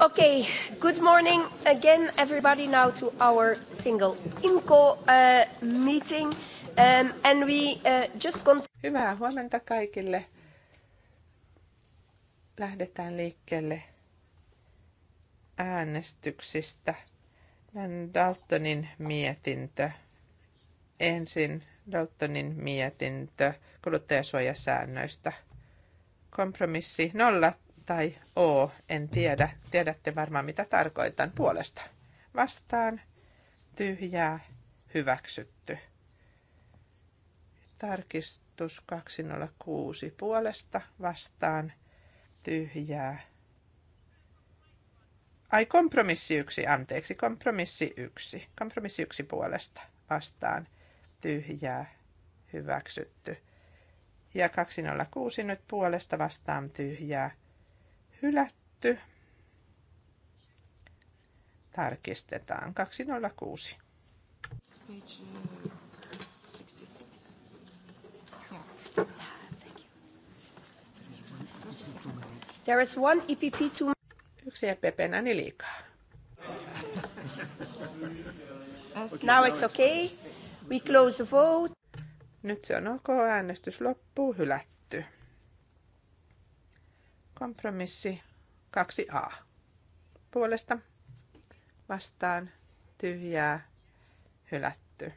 Okay, good morning again, everybody, now to our single IMCO uh, meeting. Um, and we uh, just Hyvää huomenta kaikille. Lähdetään liikkeelle äänestyksistä. Näin Daltonin mietintö. Ensin Daltonin mietintö kuluttajasuojasäännöistä. Kompromissi nolla tai O, en tiedä. Tiedätte varmaan mitä tarkoitan puolesta. Vastaan, tyhjää, hyväksytty. Tarkistus 206 puolesta vastaan, tyhjää. Ai kompromissi yksi, anteeksi, kompromissi yksi. Kompromissi yksi puolesta vastaan, tyhjää, hyväksytty. Ja 206 nyt puolesta vastaan tyhjää, Hylätty. Tarkistetaan. 206. Page There is one EPP too Yksi EPP näni niin liikaa. Now it's okay. We close the vote. Nyt se on ok. Äänestys loppuu. Hylätty. Kompromissi 2a. Puolesta vastaan tyhjää hylätty.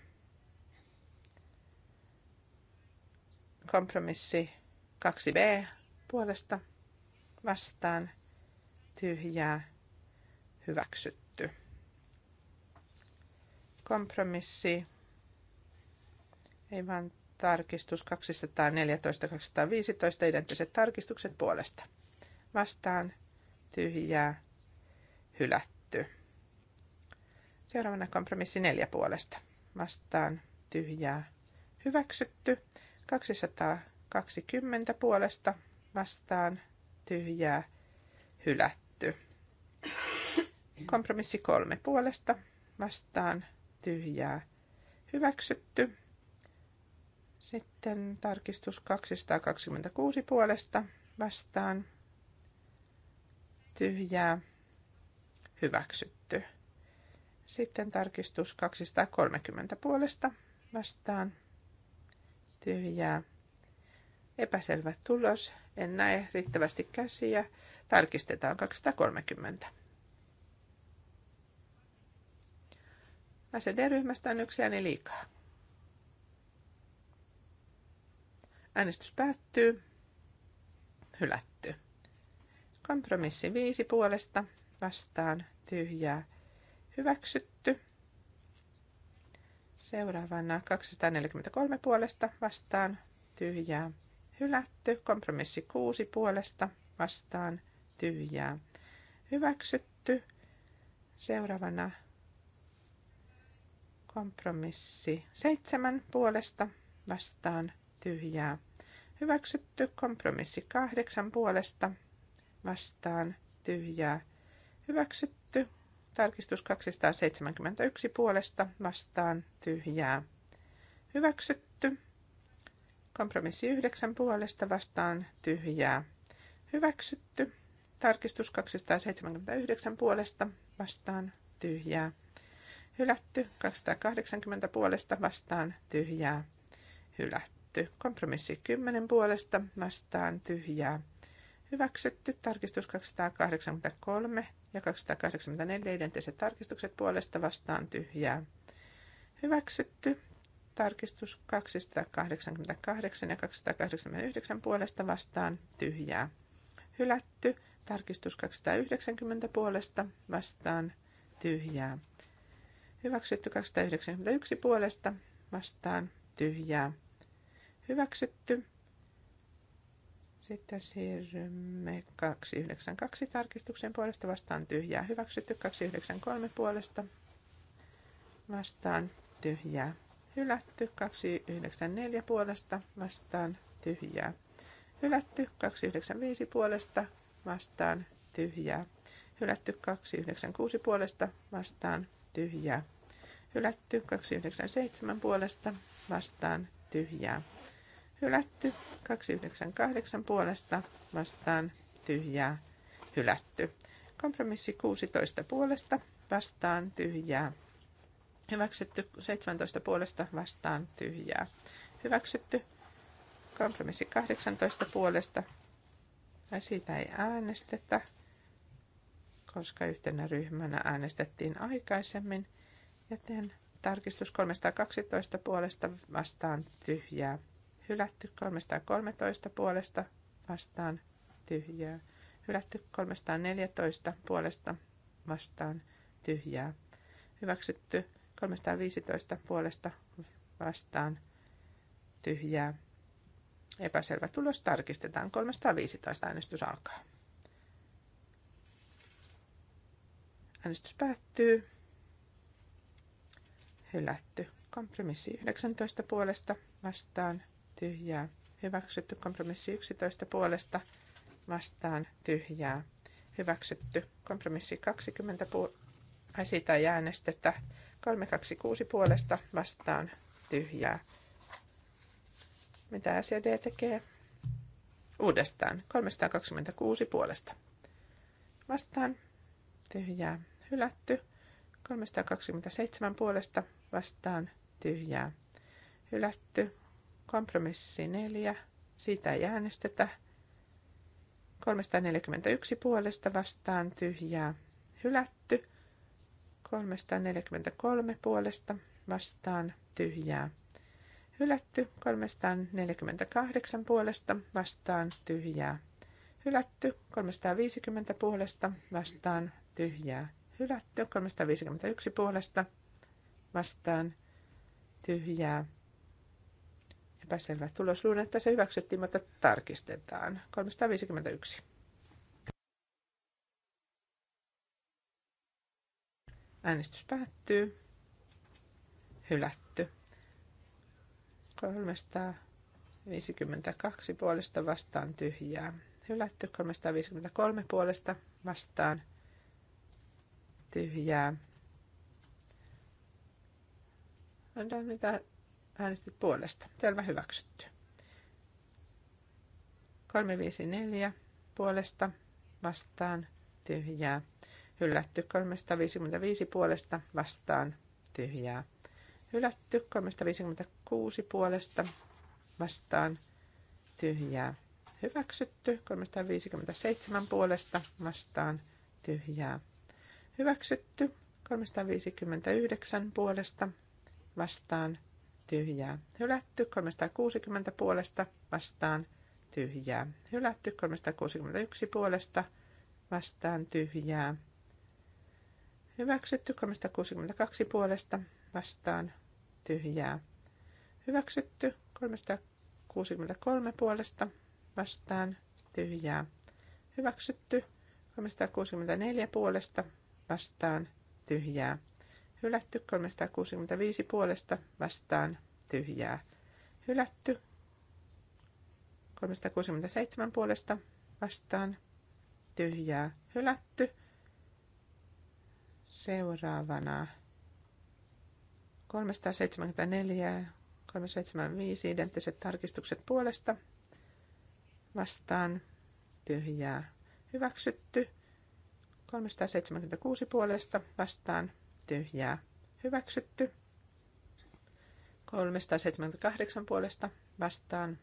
Kompromissi 2b. Puolesta vastaan tyhjää hyväksytty. Kompromissi ei vaan tarkistus 214-215, identtiset tarkistukset puolesta vastaan tyhjää hylätty. Seuraavana kompromissi neljä puolesta vastaan tyhjää hyväksytty. 220 puolesta vastaan tyhjää hylätty. Kompromissi kolme puolesta vastaan tyhjää hyväksytty. Sitten tarkistus 226 puolesta vastaan tyhjää, hyväksytty. Sitten tarkistus 230 puolesta vastaan, tyhjää, epäselvä tulos, en näe riittävästi käsiä, tarkistetaan 230. sd ryhmästä on yksi ääni liikaa. Äänestys päättyy. Hylätty. Kompromissi viisi puolesta vastaan tyhjää hyväksytty. Seuraavana 243 puolesta vastaan tyhjää hylätty. Kompromissi 6 puolesta vastaan tyhjää hyväksytty. Seuraavana kompromissi 7 puolesta vastaan tyhjää hyväksytty. Kompromissi 8 puolesta vastaan tyhjää hyväksytty. Tarkistus 271 puolesta vastaan tyhjää hyväksytty. Kompromissi 9 puolesta vastaan tyhjää hyväksytty. Tarkistus 279 puolesta vastaan tyhjää hylätty. 280 puolesta vastaan tyhjää hylätty hylätty. Kompromissi 10 puolesta vastaan tyhjää Hyväksytty tarkistus 283 ja 284 identtiset tarkistukset puolesta vastaan tyhjää. Hyväksytty tarkistus 288 ja 289 puolesta vastaan tyhjää. Hylätty tarkistus 290 puolesta vastaan tyhjää. Hyväksytty 291 puolesta vastaan tyhjää. Hyväksytty sitten siirrymme 292 tarkistuksen puolesta vastaan tyhjää hyväksytty, 293 puolesta vastaan tyhjää hylätty, 294 puolesta vastaan tyhjää hylätty, 295 puolesta vastaan tyhjää hylätty, 296 puolesta vastaan tyhjää hylätty, 297 puolesta vastaan tyhjää hylätty. 298 puolesta vastaan tyhjää hylätty. Kompromissi 16 puolesta vastaan tyhjää. Hyväksytty 17 puolesta vastaan tyhjää. Hyväksytty kompromissi 18 puolesta. Ja siitä ei äänestetä, koska yhtenä ryhmänä äänestettiin aikaisemmin. Joten tarkistus 312 puolesta vastaan tyhjää hylätty 313 puolesta vastaan tyhjää, hylätty 314 puolesta vastaan tyhjää, hyväksytty 315 puolesta vastaan tyhjää. Epäselvä tulos tarkistetaan. 315 äänestys alkaa. Äänestys päättyy. Hylätty. Kompromissi 19 puolesta vastaan tyhjää. Hyväksytty kompromissi 11 puolesta vastaan tyhjää. Hyväksytty kompromissi 20 puolesta. Ai siitä ei äänestetä. 326 puolesta vastaan tyhjää. Mitä D tekee? Uudestaan 326 puolesta. Vastaan tyhjää. Hylätty. 327 puolesta vastaan tyhjää. Hylätty. Kompromissi 4. Siitä ei äänestetä. 341 puolesta vastaan tyhjää hylätty. 343 puolesta vastaan tyhjää hylätty. 348 puolesta vastaan tyhjää hylätty. 350 puolesta vastaan tyhjää hylätty. 351 puolesta vastaan tyhjää Epäselvä tulos. Luulen, että se hyväksyttiin, mutta tarkistetaan. 351. Äänestys päättyy. Hylätty. 352 puolesta vastaan tyhjää. Hylätty 353 puolesta vastaan tyhjää. Antaa niitä Äänestit puolesta. Selvä hyväksytty. 354 puolesta vastaan tyhjää. Hylätty 355 puolesta vastaan tyhjää. Hylätty 356 puolesta vastaan tyhjää. Hyväksytty 357 puolesta vastaan tyhjää. Hyväksytty 359 puolesta vastaan tyhjää, hylätty 360 puolesta vastaan, tyhjää, hylätty 361 puolesta vastaan, tyhjää, hyväksytty 362 puolesta vastaan, tyhjää, hyväksytty 363 puolesta vastaan, tyhjää, hyväksytty 364 puolesta vastaan, tyhjää Hylätty 365 puolesta vastaan tyhjää. Hylätty 367 puolesta vastaan tyhjää. Hylätty. Seuraavana 374 375 identtiset tarkistukset puolesta vastaan tyhjää. Hyväksytty 376 puolesta vastaan tyhjää hyväksytty. 378 puolesta vastaan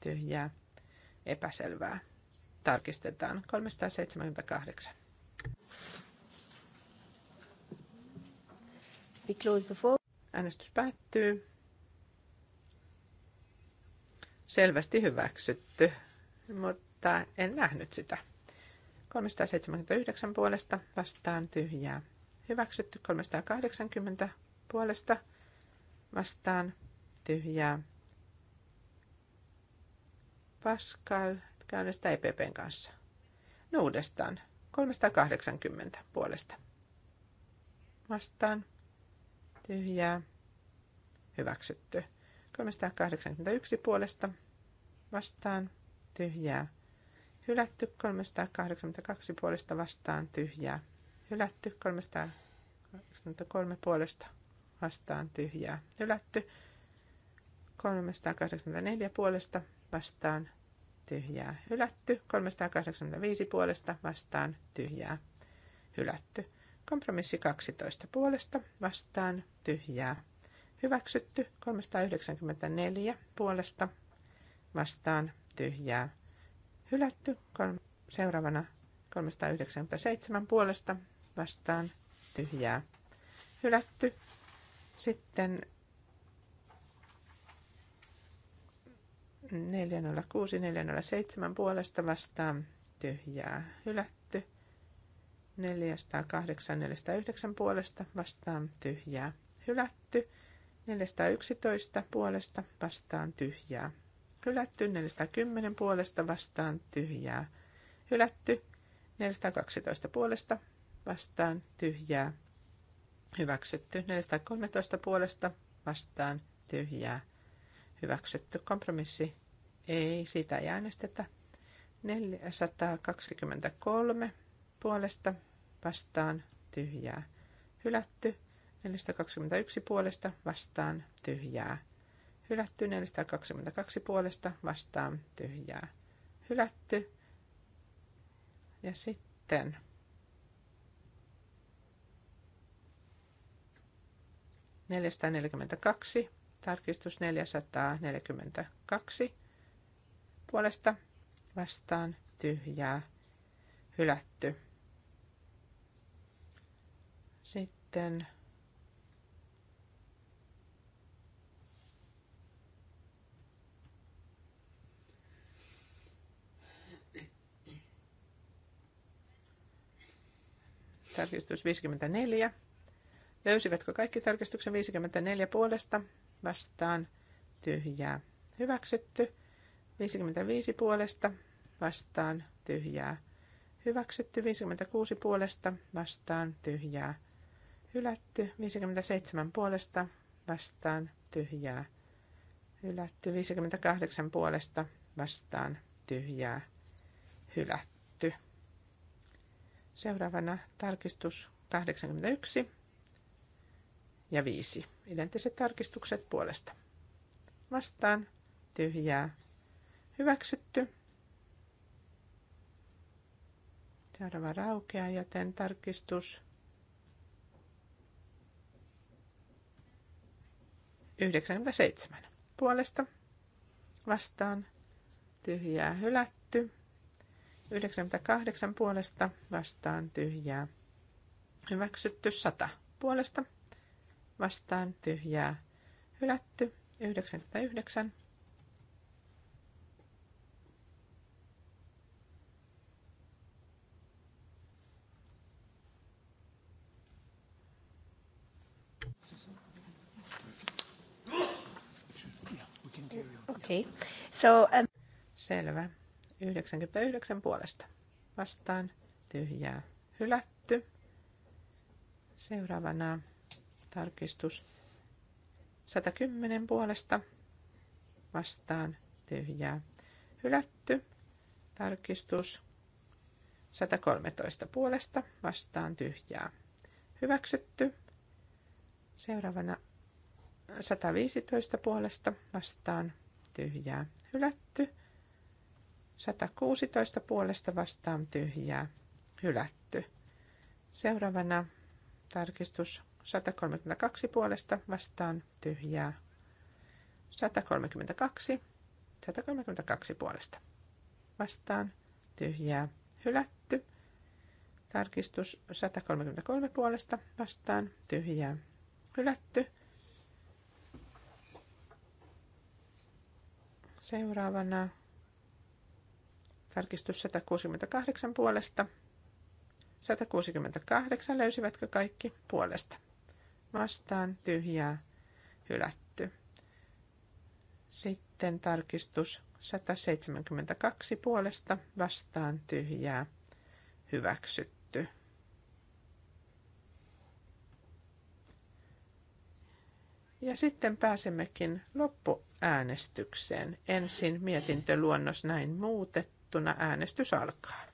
tyhjää epäselvää. Tarkistetaan 378. We close the Äänestys päättyy. Selvästi hyväksytty, mutta en nähnyt sitä. 379 puolesta vastaan tyhjää Hyväksytty 380 puolesta vastaan tyhjää. Pascal käynnistää EPPn kanssa. No uudestaan. 380 puolesta. Vastaan. Tyhjää. Hyväksytty. 381 puolesta. Vastaan. Tyhjää. Hylätty. 382 puolesta vastaan. Tyhjää hylätty 383 puolesta vastaan tyhjää hylätty 384 puolesta vastaan tyhjää hylätty 385 puolesta vastaan tyhjää hylätty kompromissi 12 puolesta vastaan tyhjää hyväksytty 394 puolesta vastaan tyhjää hylätty seuraavana 397 puolesta vastaan tyhjää hylätty. Sitten 406, 407 puolesta vastaan tyhjää hylätty. 408, 409 puolesta vastaan tyhjää hylätty. 411 puolesta vastaan tyhjää hylätty. 410 puolesta vastaan tyhjää hylätty. 412 puolesta vastaan tyhjää. Hyväksytty 413 puolesta vastaan tyhjää. Hyväksytty kompromissi. Ei, sitä ei äänestetä. 423 puolesta vastaan tyhjää. Hylätty 421 puolesta vastaan tyhjää. Hylätty 422 puolesta vastaan tyhjää. Hylätty. Ja sitten 442, tarkistus 442 puolesta vastaan tyhjää hylätty. Sitten tarkistus 54 Löysivätkö kaikki tarkistuksen 54 puolesta? Vastaan tyhjää. Hyväksytty. 55 puolesta vastaan tyhjää. Hyväksytty 56 puolesta vastaan tyhjää. Hylätty 57 puolesta vastaan tyhjää. Hylätty 58 puolesta vastaan tyhjää. Hylätty. Seuraavana tarkistus 81 ja 5. Identtiset tarkistukset puolesta. Vastaan. Tyhjää. Hyväksytty. Seuraava raukeaa, joten tarkistus 97 puolesta. Vastaan. Tyhjää hylätty. 98 puolesta vastaan tyhjää. Hyväksytty 100 puolesta vastaan tyhjää hylätty. 99 Okay. So, um... Selvä. 99 puolesta. Vastaan tyhjää hylätty. Seuraavana Tarkistus 110 puolesta vastaan tyhjää. Hylätty. Tarkistus 113 puolesta vastaan tyhjää. Hyväksytty. Seuraavana 115 puolesta vastaan tyhjää. Hylätty. 116 puolesta vastaan tyhjää. Hylätty. Seuraavana tarkistus 132 puolesta vastaan tyhjää. 132. 132 puolesta vastaan tyhjää. Hylätty. Tarkistus 133 puolesta vastaan tyhjää. Hylätty. Seuraavana tarkistus 168 puolesta 168 löysivätkö kaikki puolesta? vastaan tyhjää hylätty. Sitten tarkistus 172 puolesta vastaan tyhjää hyväksytty. Ja sitten pääsemmekin loppuäänestykseen. Ensin mietintöluonnos näin muutettuna. Äänestys alkaa.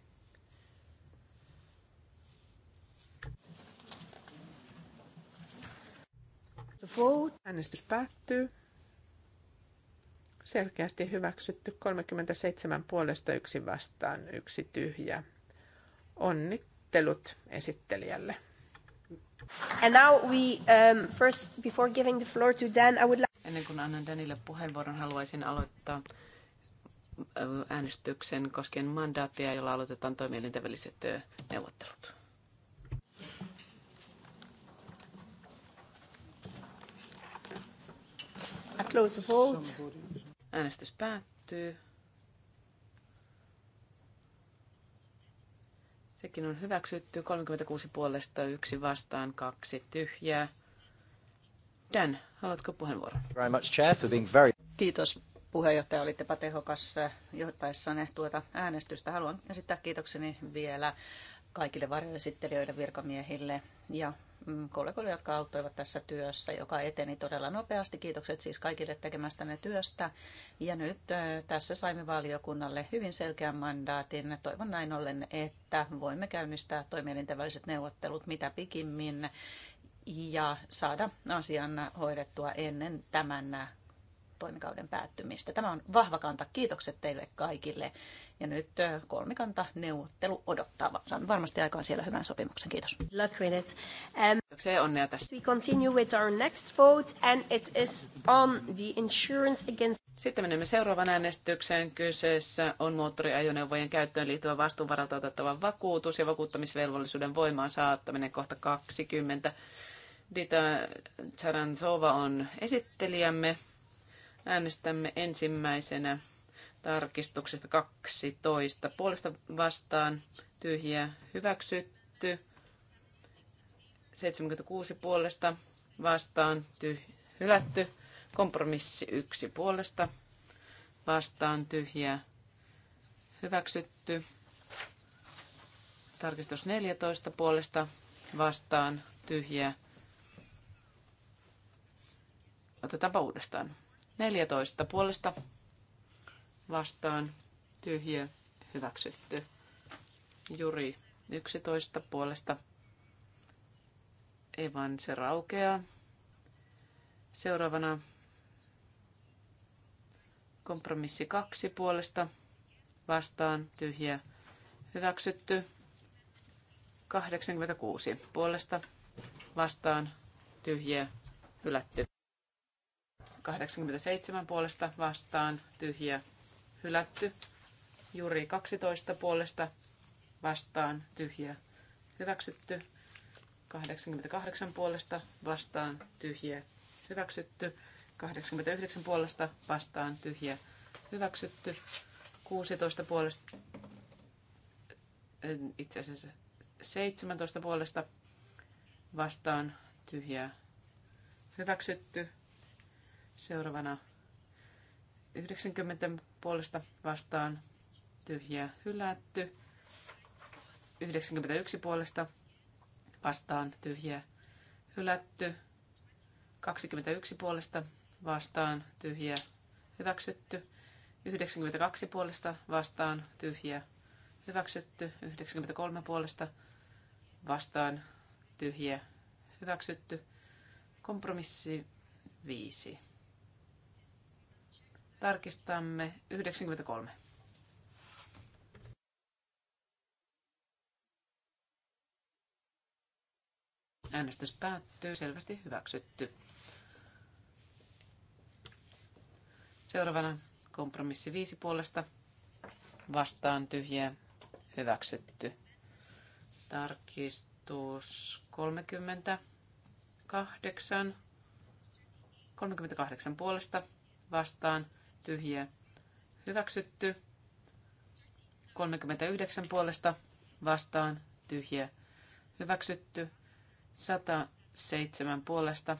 Vote. Äänestys päättyy. Selkeästi hyväksytty 37 puolesta yksi vastaan, yksi tyhjä. Onnittelut esittelijälle. And now we, um, first, before giving the floor to Dan, I would like... Ennen kuin annan Danille puheenvuoron, haluaisin aloittaa äänestyksen koskien mandaattia, jolla aloitetaan toimielintävälliset neuvottelut. I close the vote. Äänestys päättyy. Sekin on hyväksytty. 36 puolesta, yksi vastaan, kaksi tyhjää. Dan, haluatko puheenvuoron? Very much, Chair, for being very... Kiitos puheenjohtaja, olittepa tehokas johtaessanne tuota äänestystä. Haluan esittää kiitokseni vielä kaikille varjoesittelijöille, virkamiehille ja kollegoille, jotka auttoivat tässä työssä, joka eteni todella nopeasti. Kiitokset siis kaikille tekemästänne työstä. Ja nyt tässä saimme valiokunnalle hyvin selkeän mandaatin. Toivon näin ollen, että voimme käynnistää toimielintäväliset neuvottelut mitä pikimmin ja saada asian hoidettua ennen tämän toimikauden päättymistä. Tämä on vahva kanta. Kiitokset teille kaikille. Ja nyt kolmikanta neuvottelu odottaa. Saamme varmasti aikaan siellä hyvän sopimuksen. Kiitos. Luck with it. Um, onnea We continue with our next vote and it is on the insurance against... Sitten menemme seuraavaan äänestykseen. Kyseessä on moottoriajoneuvojen käyttöön liittyvä vastuunvaralta otettava vakuutus ja vakuuttamisvelvollisuuden voimaan saattaminen kohta 20. Dita Charanzova on esittelijämme. Äänestämme ensimmäisenä tarkistuksesta 12. Puolesta vastaan tyhjiä hyväksytty. 76 puolesta vastaan tyhjä hylätty. Kompromissi 1 puolesta vastaan tyhjiä hyväksytty. Tarkistus 14 puolesta vastaan tyhjiä. Otetaanpa uudestaan. 14 puolesta vastaan tyhjä hyväksytty. Juri 11 puolesta Evan se raukeaa. Seuraavana kompromissi 2 puolesta vastaan tyhjä hyväksytty. 86 puolesta vastaan tyhjä hylätty. 87 puolesta vastaan tyhjä hylätty. Juri 12 puolesta vastaan tyhjä hyväksytty. 88 puolesta vastaan tyhjä hyväksytty. 89 puolesta vastaan tyhjä hyväksytty. 16 puolesta, itse asiassa 17 puolesta vastaan tyhjä hyväksytty. Seuraavana 90 puolesta vastaan tyhjää hylätty. 91 puolesta vastaan tyhjää hylätty. 21 puolesta vastaan tyhjää hyväksytty. 92 puolesta vastaan tyhjää hyväksytty. 93 puolesta vastaan tyhjää hyväksytty. Kompromissi 5 Tarkistamme 93. Äänestys päättyy. Selvästi hyväksytty. Seuraavana kompromissi viisi puolesta. Vastaan tyhjä, Hyväksytty. Tarkistus 38. 38 puolesta vastaan tyhjiä hyväksytty. 39 puolesta vastaan tyhjiä hyväksytty. 107 puolesta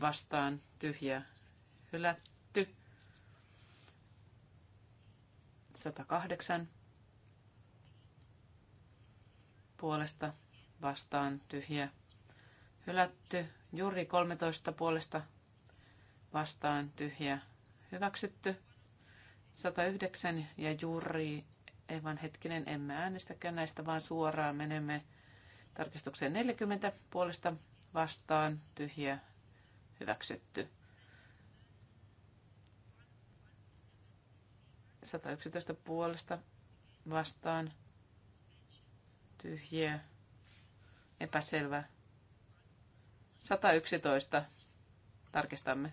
vastaan tyhjiä hylätty. 108 puolesta vastaan tyhjiä. Hylätty. Juuri 13 puolesta vastaan tyhjä hyväksytty. 109 ja juuri, ei vaan hetkinen, emme äänestäkään näistä, vaan suoraan menemme tarkistukseen 40 puolesta vastaan, tyhjä, hyväksytty. 111 puolesta vastaan, tyhjä, epäselvä. 111. Tarkistamme.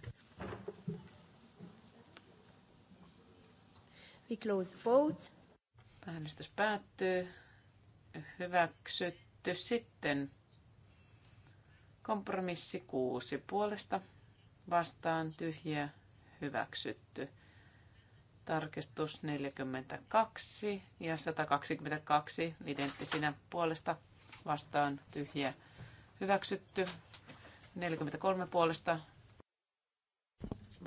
We close vote. Äänestys päättyy. Hyväksytty sitten. Kompromissi kuusi puolesta vastaan tyhjä hyväksytty. Tarkistus 42 ja 122 identtisinä puolesta vastaan tyhjä hyväksytty. 43 puolesta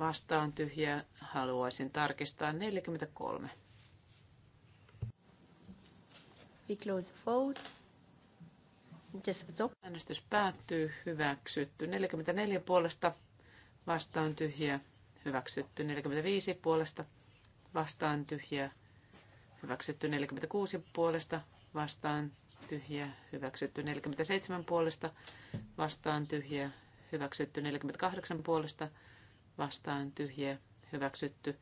vastaan tyhjä. haluaisin tarkistaa 43. We close the vote. Äänestys päättyy. Hyväksytty. 44 puolesta vastaan tyhjä. Hyväksytty. 45 puolesta vastaan tyhjä. Hyväksytty. 46 puolesta vastaan tyhjä. Hyväksytty. 47 puolesta vastaan tyhjä. Hyväksytty. 48 puolesta vastaan tyhjä hyväksytty.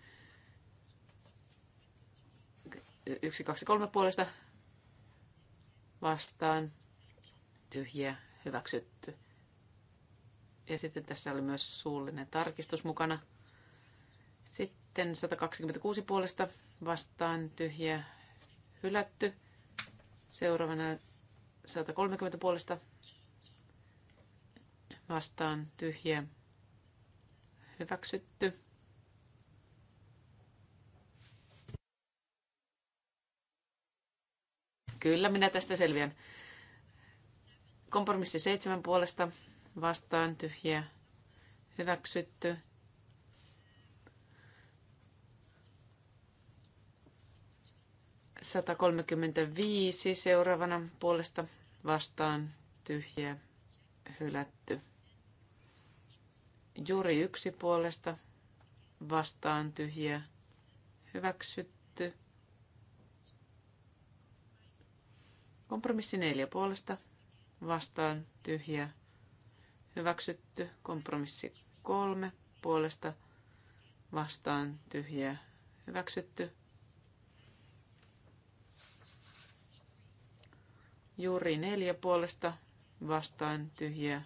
yksi kaksi kolme puolesta vastaan tyhjä hyväksytty. Ja sitten tässä oli myös suullinen tarkistus mukana. Sitten 126 puolesta vastaan tyhjä hylätty. Seuraavana 130 puolesta vastaan tyhjä Hyväksytty. Kyllä, minä tästä selviän. Kompromissi seitsemän puolesta vastaan tyhjiä. Hyväksytty. Sata viisi seuraavana puolesta vastaan tyhjiä. Hylätty. Juuri yksi puolesta vastaan tyhjä hyväksytty. Kompromissi neljä puolesta vastaan tyhjä hyväksytty. Kompromissi kolme puolesta vastaan tyhjä hyväksytty. Juuri neljä puolesta vastaan tyhjä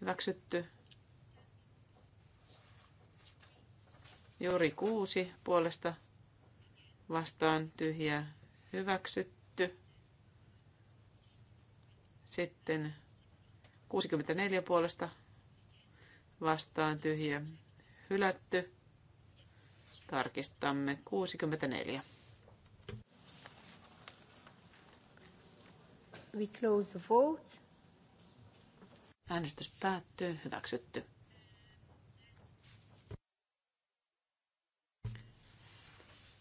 hyväksytty. Juuri kuusi puolesta vastaan tyhjä hyväksytty. Sitten 64 puolesta vastaan tyhjä hylätty. Tarkistamme 64. We close the vote. Äänestys päättyy. Hyväksytty.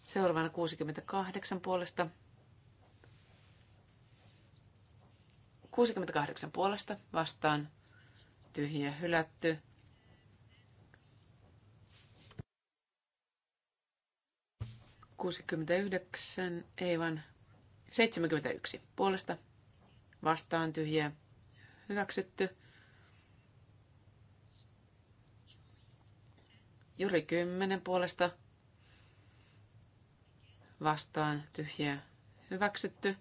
Seuraavana 68 puolesta. 68 puolesta vastaan tyhjä hylätty. Kuusikymmentäyhdeksän, ei vaan 71 puolesta vastaan tyhjä hyväksytty. Juri 10 puolesta vastaan tyhjää hyväksytty.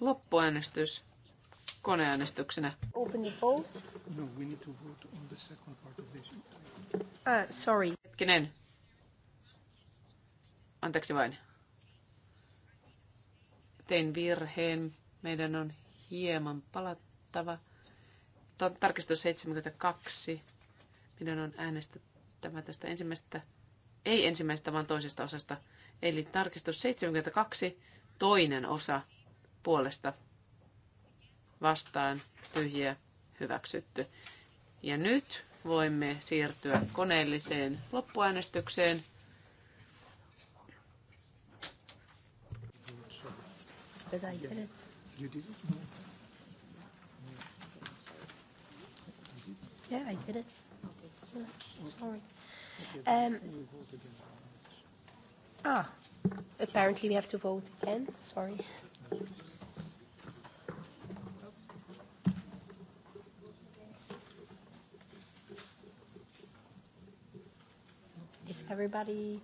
Loppuäänestys koneäänestyksenä. Open the vote. No, we need to vote on the second part of this. Uh, sorry. Hetkinen. Anteeksi vain. Tein virheen. Meidän on hieman palattava. Tarkistus 72. Meidän on äänestettävä tästä ensimmäisestä ei ensimmäisestä, vaan toisesta osasta. Eli tarkistus 72, toinen osa puolesta vastaan tyhjiä hyväksytty. Ja nyt voimme siirtyä koneelliseen loppuäänestykseen. Yeah, I did it. Sorry. Um, ah, apparently we have to vote again. Sorry. Is everybody?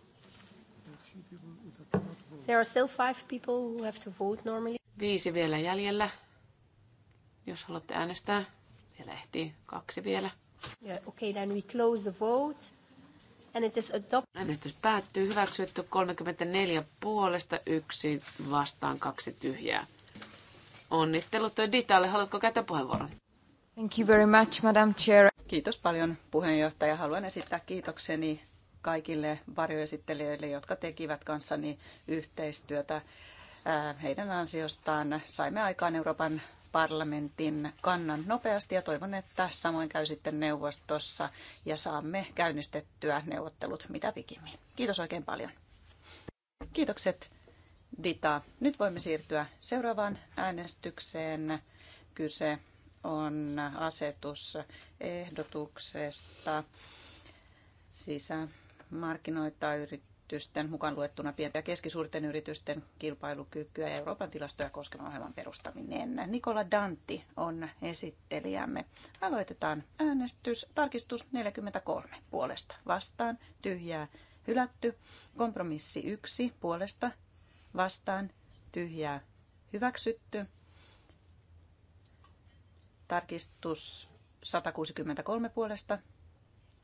There are still five people who have to vote normally. Viisi vielä jäljellä. Jos haluatte äänestää, vielä ehtii kaksi vielä. Yeah, okay, then we close the vote. And it is Äänestys päättyy. Hyväksytty 34 puolesta, yksi vastaan, kaksi tyhjää. Onnittelut Ditalle. Haluatko käyttää puheenvuoron? Thank you very much, Madam Chair. Kiitos paljon puheenjohtaja. Haluan esittää kiitokseni kaikille varjoesittelijöille, jotka tekivät kanssani yhteistyötä. Heidän ansiostaan saimme aikaan Euroopan parlamentin kannan nopeasti ja toivon, että samoin käy sitten neuvostossa ja saamme käynnistettyä neuvottelut mitä pikimmin. Kiitos oikein paljon. Kiitokset Dita. Nyt voimme siirtyä seuraavaan äänestykseen. Kyse on asetusehdotuksesta sisämarkkinoita yrittää yritysten, mukaan luettuna pienten ja keskisuurten yritysten kilpailukykyä ja Euroopan tilastoja koskevan ohjelman perustaminen. Nikola Dantti on esittelijämme. Aloitetaan äänestys. Tarkistus 43 puolesta vastaan. Tyhjää hylätty. Kompromissi 1 puolesta vastaan. Tyhjää hyväksytty. Tarkistus 163 puolesta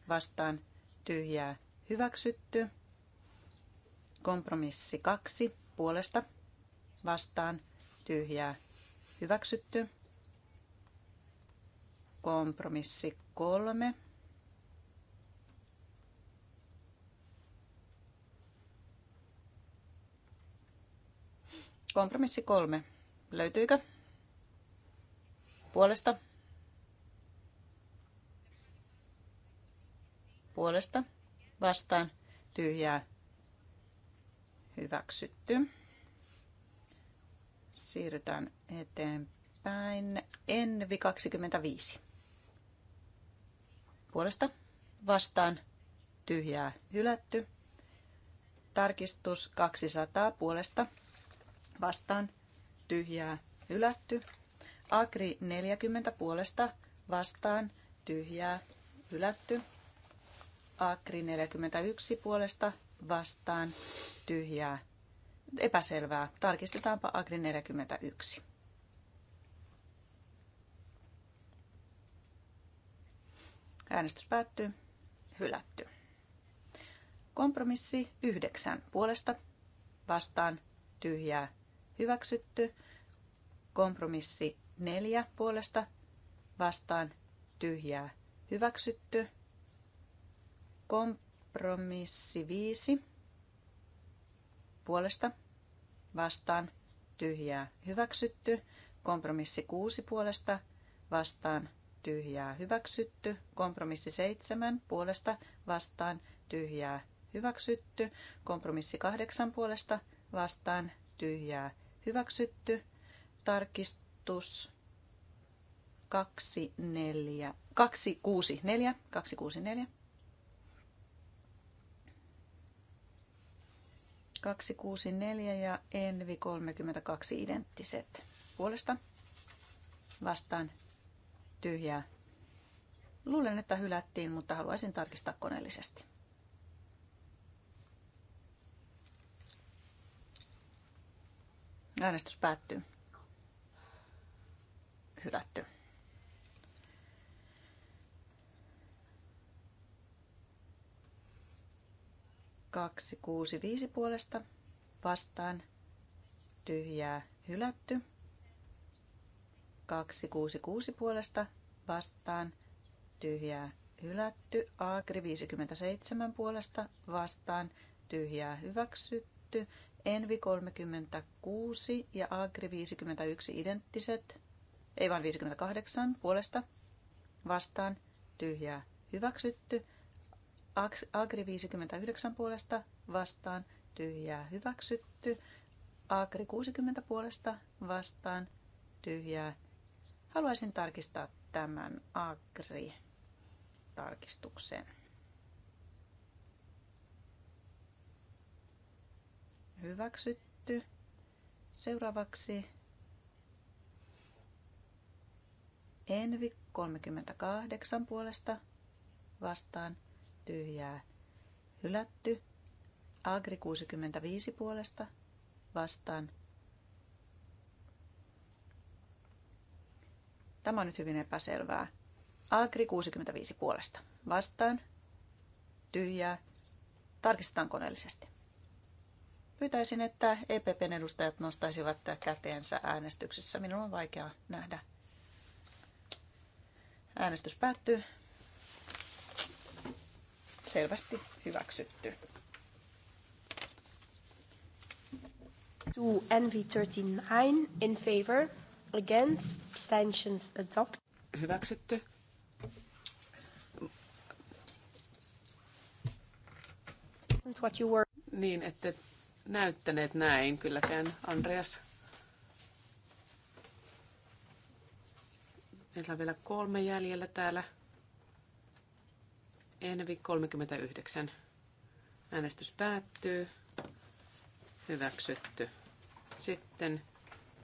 vastaan tyhjää hyväksytty. Kompromissi 2 puolesta vastaan tyhjää hyväksytty. Kompromissi 3 Kompromissi kolme. Löytyykö? Puolesta. Puolesta. Vastaan. Tyhjää. Hyväksytty. Siirrytään eteenpäin. Envi 25. Puolesta vastaan tyhjää hylätty. Tarkistus 200 puolesta vastaan tyhjää hylätty. Agri 40 puolesta vastaan tyhjää hylätty. Agri 41 puolesta vastaan tyhjää epäselvää. Tarkistetaanpa Agri 41. Äänestys päättyy. Hylätty. Kompromissi 9. Puolesta vastaan tyhjää hyväksytty. Kompromissi 4. Puolesta vastaan tyhjää hyväksytty. Kom- Kompromissi 5. Puolesta vastaan tyhjää hyväksytty. Kompromissi 6 puolesta vastaan tyhjää hyväksytty. Kompromissi 7 puolesta vastaan tyhjää hyväksytty. Kompromissi 8 puolesta vastaan tyhjää hyväksytty. Tarkistus 264, 264, 264 264 ja Envi 32 identtiset. Puolesta vastaan tyhjää. Luulen, että hylättiin, mutta haluaisin tarkistaa koneellisesti. Äänestys päättyy. Hylätty. 265 puolesta vastaan tyhjää hylätty. 266 puolesta vastaan tyhjää hylätty. Agri 57 puolesta vastaan tyhjää hyväksytty. Envi 36 ja Agri 51 identtiset, ei vaan 58 puolesta vastaan tyhjää hyväksytty. Agri 59 puolesta vastaan tyhjää hyväksytty. Agri 60 puolesta vastaan tyhjää. Haluaisin tarkistaa tämän Agri-tarkistuksen. Hyväksytty. Seuraavaksi Envi 38 puolesta vastaan tyhjää hylätty. Agri 65 puolesta vastaan. Tämä on nyt hyvin epäselvää. Agri 65 puolesta vastaan. Tyhjää. Tarkistetaan koneellisesti. Pyytäisin, että EPPn edustajat nostaisivat käteensä äänestyksessä. Minun on vaikea nähdä. Äänestys päättyy selvästi hyväksytty. To NV39 in favor, against, abstentions adopted. Hyväksytty. What you were. Niin, että näyttäneet näin kylläkään, Andreas. Meillä on vielä kolme jäljellä täällä. Envi 39. Äänestys päättyy. Hyväksytty. Sitten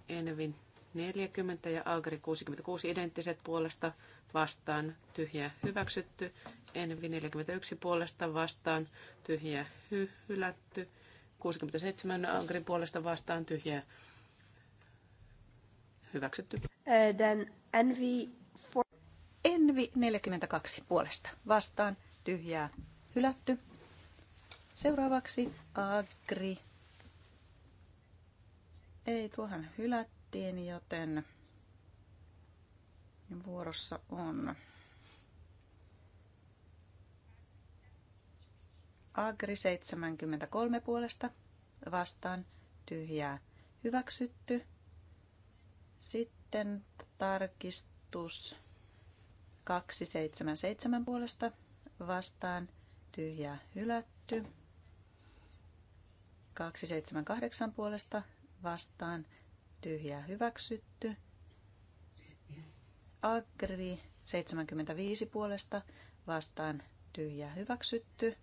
Envi 40 ja Agri 66 identtiset puolesta vastaan tyhjä hyväksytty. Envi 41 puolesta vastaan tyhjä hy- hylätty. 67 Agri puolesta vastaan tyhjä hyväksytty. then Envi Envi 42 puolesta vastaan tyhjää hylätty. Seuraavaksi Agri. Ei, tuohan hylättiin, joten vuorossa on Agri 73 puolesta vastaan tyhjää hyväksytty. Sitten tarkistus 277 puolesta vastaan tyhjä hylätty. 278 puolesta vastaan tyhjä hyväksytty. Agri 75 puolesta vastaan tyhjä hyväksytty.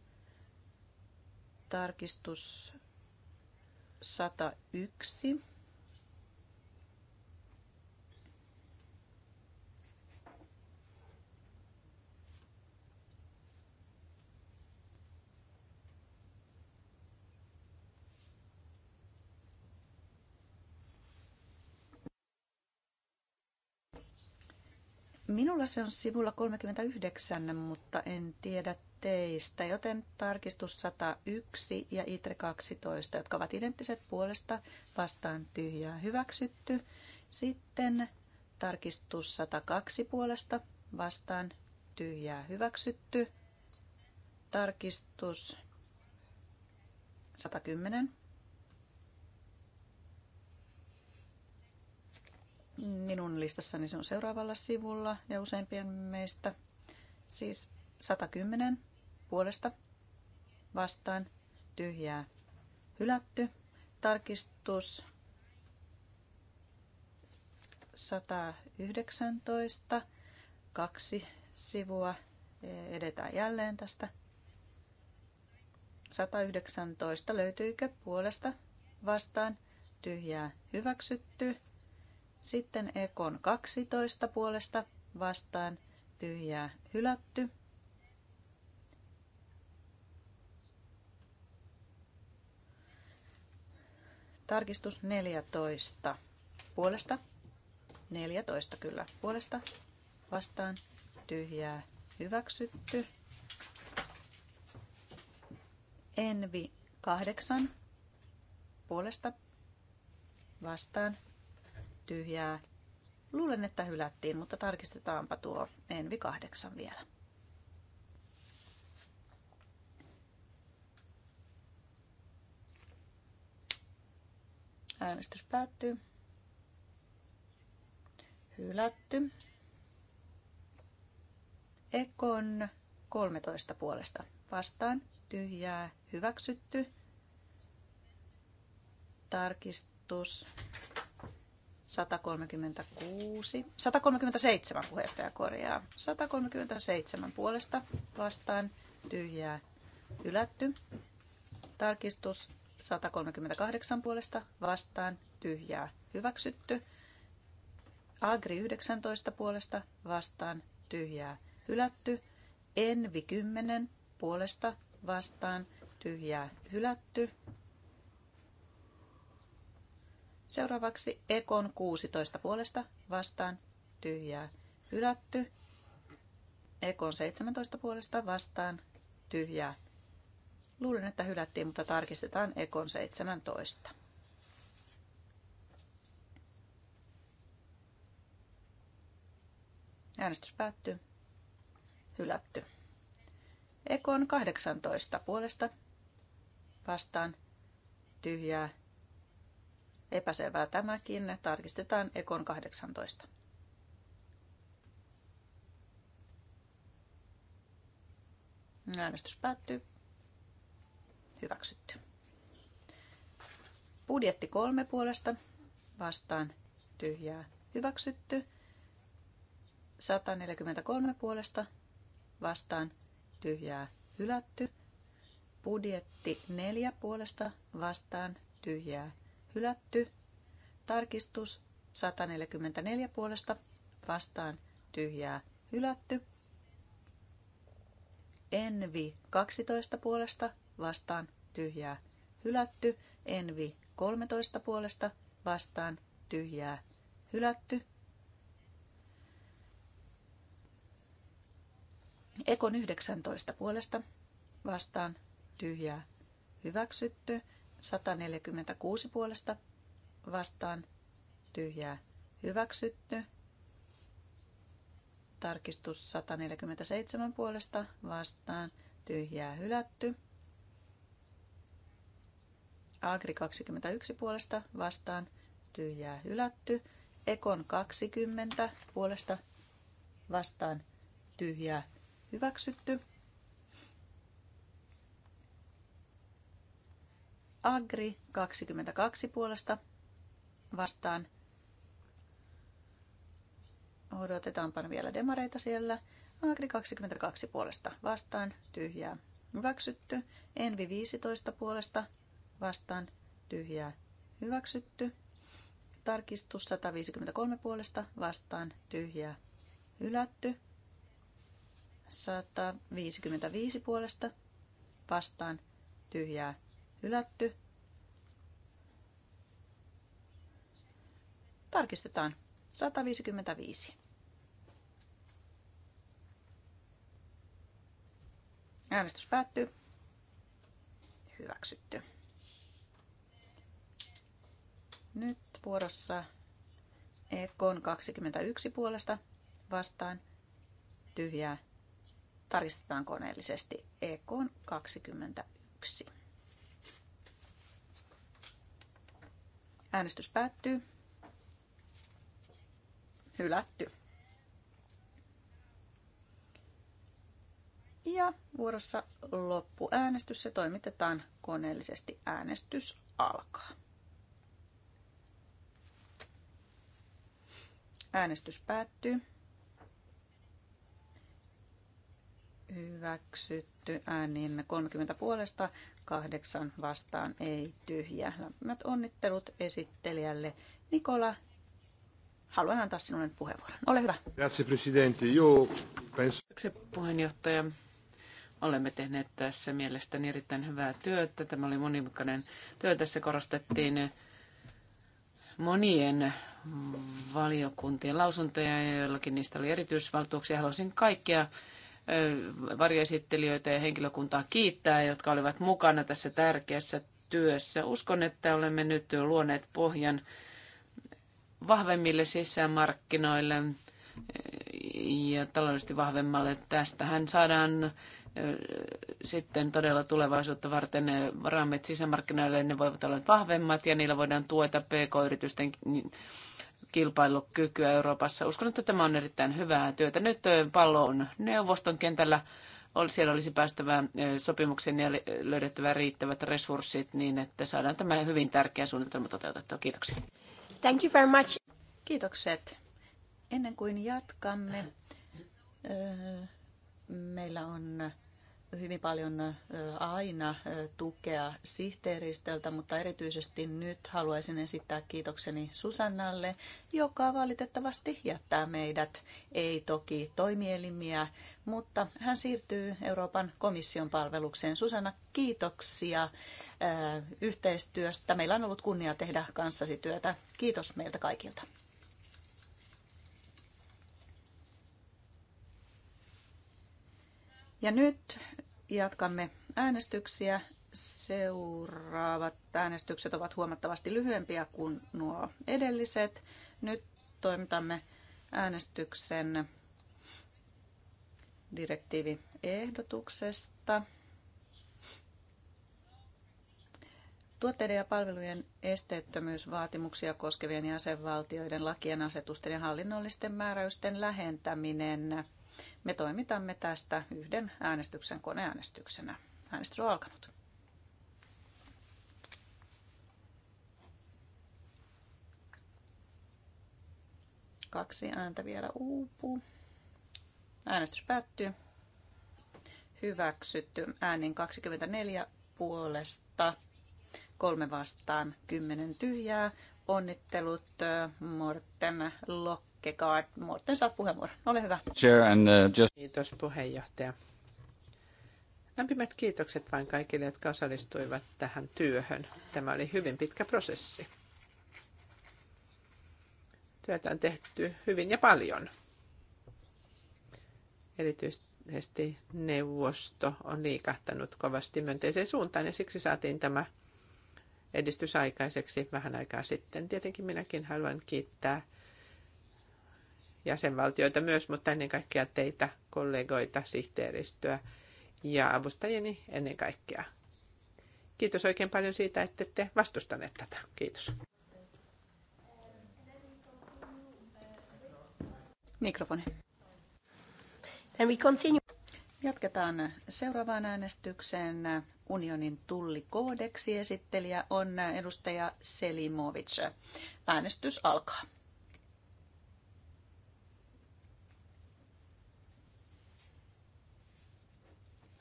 Tarkistus 101 Minulla se on sivulla 39, mutta en tiedä teistä, joten tarkistus 101 ja ITRE 12, jotka ovat identtiset puolesta vastaan tyhjää hyväksytty. Sitten tarkistus 102 puolesta vastaan tyhjää hyväksytty. Tarkistus 110 minun listassani se on seuraavalla sivulla ja useimpien meistä. Siis 110 puolesta vastaan tyhjää hylätty. Tarkistus 119, kaksi sivua. E, edetään jälleen tästä. 119 löytyykö puolesta vastaan tyhjää hyväksytty. Sitten Ekon 12 puolesta vastaan tyhjää hylätty. Tarkistus 14 puolesta. 14 kyllä puolesta vastaan tyhjää hyväksytty. Envi 8 puolesta vastaan tyhjää. Luulen, että hylättiin, mutta tarkistetaanpa tuo Envi 8 vielä. Äänestys päättyy. Hylätty. Ekon 13 puolesta vastaan. Tyhjää hyväksytty. Tarkistus 136, 137 puheenjohtaja korjaa. 137 puolesta vastaan tyhjää ylätty. Tarkistus 138 puolesta vastaan tyhjää hyväksytty. Agri 19 puolesta vastaan tyhjää hylätty. Envi 10 puolesta vastaan tyhjää hylätty. Seuraavaksi Ekon 16 puolesta vastaan tyhjää hylätty. Ekon 17 puolesta vastaan tyhjää. Luulen, että hylättiin, mutta tarkistetaan Ekon 17. Äänestys päättyy. Hylätty. Ekon 18 puolesta vastaan tyhjää Epäselvää tämäkin. Tarkistetaan Ekon 18. Äänestys päättyy. Hyväksytty. Budjetti kolme puolesta. Vastaan tyhjää. Hyväksytty. 143 puolesta. Vastaan tyhjää. Hylätty. Budjetti neljä puolesta. Vastaan tyhjää hylätty. Tarkistus 144 puolesta vastaan tyhjää hylätty. Envi 12 puolesta vastaan tyhjää hylätty. Envi 13 puolesta vastaan tyhjää hylätty. Ekon 19 puolesta vastaan tyhjää hyväksytty. 146 puolesta vastaan tyhjää hyväksytty. Tarkistus 147 puolesta vastaan tyhjää hylätty. Agri 21 puolesta vastaan tyhjää hylätty. Ekon 20 puolesta vastaan tyhjää hyväksytty. Agri 22 puolesta vastaan. Odotetaanpa vielä demareita siellä. Agri 22 puolesta vastaan. Tyhjää. Hyväksytty. Envi 15 puolesta vastaan. Tyhjää. Hyväksytty. Tarkistus 153 puolesta vastaan. Tyhjää. Hylätty. 155 puolesta vastaan. Tyhjää Hylätty. Tarkistetaan. 155. Äänestys päättyy. Hyväksytty. Nyt vuorossa Ekon 21 puolesta vastaan tyhjää. Tarkistetaan koneellisesti Ekon 21. Äänestys päättyy. Hylätty. Ja vuorossa loppuäänestys. Se toimitetaan koneellisesti. Äänestys alkaa. Äänestys päättyy. Hyväksytty äänin 30 puolesta, kahdeksan vastaan ei tyhjä. Lämpimät onnittelut esittelijälle. Nikola, haluan antaa sinulle puheenvuoron. Ole hyvä. Grazie Presidente. Joo, penso... puheenjohtaja. Olemme tehneet tässä mielestäni erittäin hyvää työtä. Tämä oli monimutkainen työ. Tässä korostettiin monien valiokuntien lausuntoja ja joillakin niistä oli erityisvaltuuksia. Haluaisin kaikkia varjoesittelijöitä ja henkilökuntaa kiittää, jotka olivat mukana tässä tärkeässä työssä. Uskon, että olemme nyt luoneet pohjan vahvemmille sisämarkkinoille ja taloudellisesti vahvemmalle. Tästähän saadaan sitten todella tulevaisuutta varten raamit sisämarkkinoille, ne voivat olla vahvemmat ja niillä voidaan tueta pk-yritysten kilpailukykyä Euroopassa. Uskon, että tämä on erittäin hyvää työtä. Nyt pallo on neuvoston kentällä. Siellä olisi päästävä sopimuksen ja löydettävä riittävät resurssit niin, että saadaan tämä hyvin tärkeä suunnitelma toteutettua. Kiitoksia. Thank you very much. Kiitokset. Ennen kuin jatkamme, meillä on hyvin paljon aina tukea sihteeristöltä, mutta erityisesti nyt haluaisin esittää kiitokseni Susannalle, joka valitettavasti jättää meidät, ei toki toimielimiä, mutta hän siirtyy Euroopan komission palvelukseen. Susanna, kiitoksia yhteistyöstä. Meillä on ollut kunnia tehdä kanssasi työtä. Kiitos meiltä kaikilta. Ja nyt Jatkamme äänestyksiä. Seuraavat äänestykset ovat huomattavasti lyhyempiä kuin nuo edelliset. Nyt toimitamme äänestyksen direktiiviehdotuksesta. Tuotteiden ja palvelujen esteettömyysvaatimuksia koskevien jäsenvaltioiden lakien asetusten ja hallinnollisten määräysten lähentäminen me toimitamme tästä yhden äänestyksen koneäänestyksenä. Äänestys on alkanut. Kaksi ääntä vielä uupuu. Äänestys päättyy. Hyväksytty äänin 24 puolesta, kolme vastaan, kymmenen tyhjää. Onnittelut äh, Morten Lokka Kierkegaard. Muuten saat puheenvuoron. Ole hyvä. Chair and, uh, just... Kiitos puheenjohtaja. Lämpimät kiitokset vain kaikille, jotka osallistuivat tähän työhön. Tämä oli hyvin pitkä prosessi. Työtä on tehty hyvin ja paljon. Erityisesti neuvosto on liikahtanut kovasti myönteiseen suuntaan ja siksi saatiin tämä edistys aikaiseksi vähän aikaa sitten. Tietenkin minäkin haluan kiittää jäsenvaltioita myös, mutta ennen kaikkea teitä, kollegoita, sihteeristöä ja avustajieni ennen kaikkea. Kiitos oikein paljon siitä, että ette vastustaneet tätä. Kiitos. Mikrofoni. Then we continue. Jatketaan seuraavaan äänestykseen unionin tullikoodeksi. Esittelijä on edustaja Selimovic. Äänestys alkaa.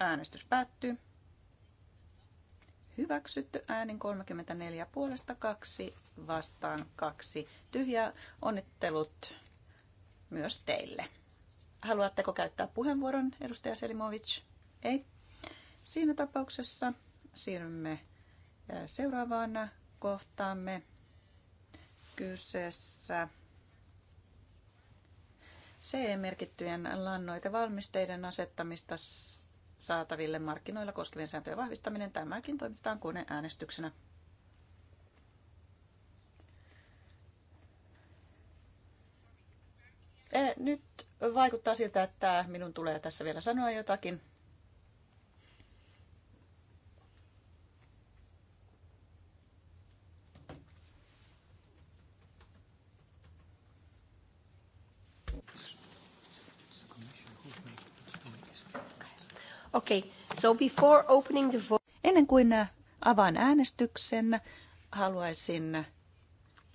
Äänestys päättyy. Hyväksytty äänin 34 puolesta 2 vastaan 2 tyhjää. Onnittelut myös teille. Haluatteko käyttää puheenvuoron, edustaja Selimovic? Ei. Siinä tapauksessa siirrymme äh, seuraavaan kohtaamme. Kyseessä CE-merkittyjen lannoitevalmisteiden asettamista saataville markkinoilla koskevien sääntöjen vahvistaminen. Tämäkin toimitetaan äänestyksenä. Eh, nyt vaikuttaa siltä, että minun tulee tässä vielä sanoa jotakin. Okay. So before opening the vote... Ennen kuin äh, avaan äänestyksen, haluaisin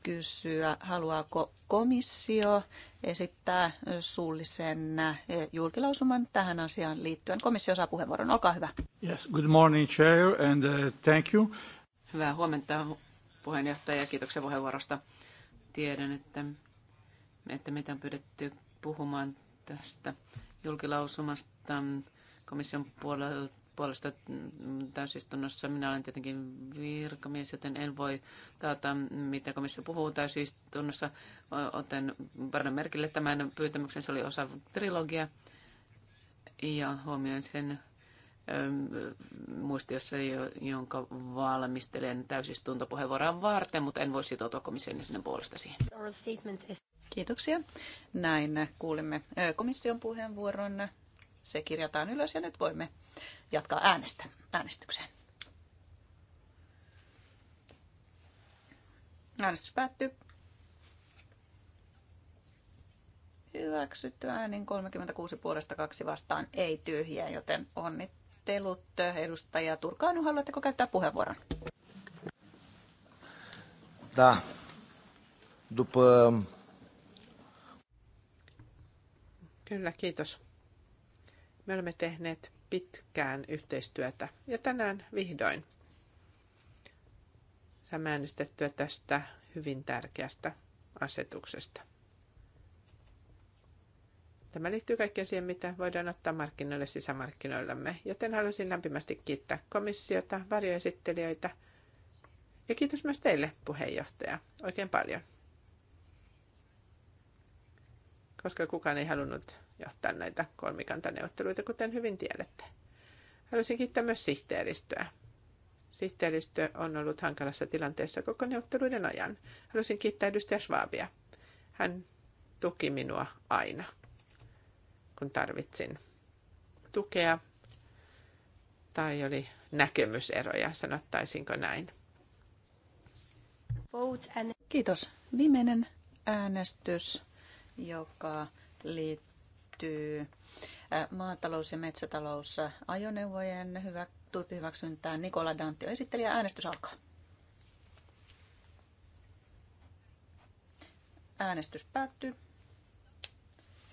kysyä, haluaako komissio esittää äh, suullisen äh, julkilausuman tähän asiaan liittyen. Komissio saa puheenvuoron. Olkaa hyvä. Yes, good morning, Chair, and uh, thank you. Hyvää huomenta, puheenjohtaja. Kiitoksia puheenvuorosta. Tiedän, että, että meitä on pyydetty puhumaan tästä julkilausumasta komission puolelta puolesta mm, täysistunnossa. Minä olen tietenkin virkamies, joten en voi taata, mitä komissio puhuu täysistunnossa. Otan varmaan merkille tämän pyytämyksen. Se oli osa trilogia ja huomioin sen muistiossa, jonka valmistelen täysistuntopuheenvuoroa varten, mutta en voi sitoutua komission sinne puolesta siihen. Kiitoksia. Näin kuulimme komission puheenvuoron se kirjataan ylös ja nyt voimme jatkaa äänestä, äänestykseen. Äänestys päättyy. Hyväksytty äänin 36 puolesta kaksi vastaan, ei tyhjiä, joten onnittelut edustaja Turkaanu. Haluatteko käyttää puheenvuoron? Da. După... Kyllä, kiitos. Me olemme tehneet pitkään yhteistyötä ja tänään vihdoin saamme äänestettyä tästä hyvin tärkeästä asetuksesta. Tämä liittyy kaikkeen siihen, mitä voidaan ottaa markkinoille sisämarkkinoillamme, joten haluaisin lämpimästi kiittää komissiota, varjoesittelijöitä ja kiitos myös teille, puheenjohtaja, oikein paljon. Koska kukaan ei halunnut johtaa näitä kolmikantaneuvotteluita, kuten hyvin tiedätte. Haluaisin kiittää myös sihteeristöä. Sihteeristö on ollut hankalassa tilanteessa koko neuvotteluiden ajan. Haluaisin kiittää edustaja Schwabia. Hän tuki minua aina, kun tarvitsin tukea tai oli näkemyseroja, sanottaisinko näin. Kiitos. Viimeinen äänestys, joka liittyy liittyy maatalous- ja metsätalous ajoneuvojen hyvä, tyyppihyväksyntään. Nikola Dantio esittelijä. Äänestys alkaa. Äänestys päättyy.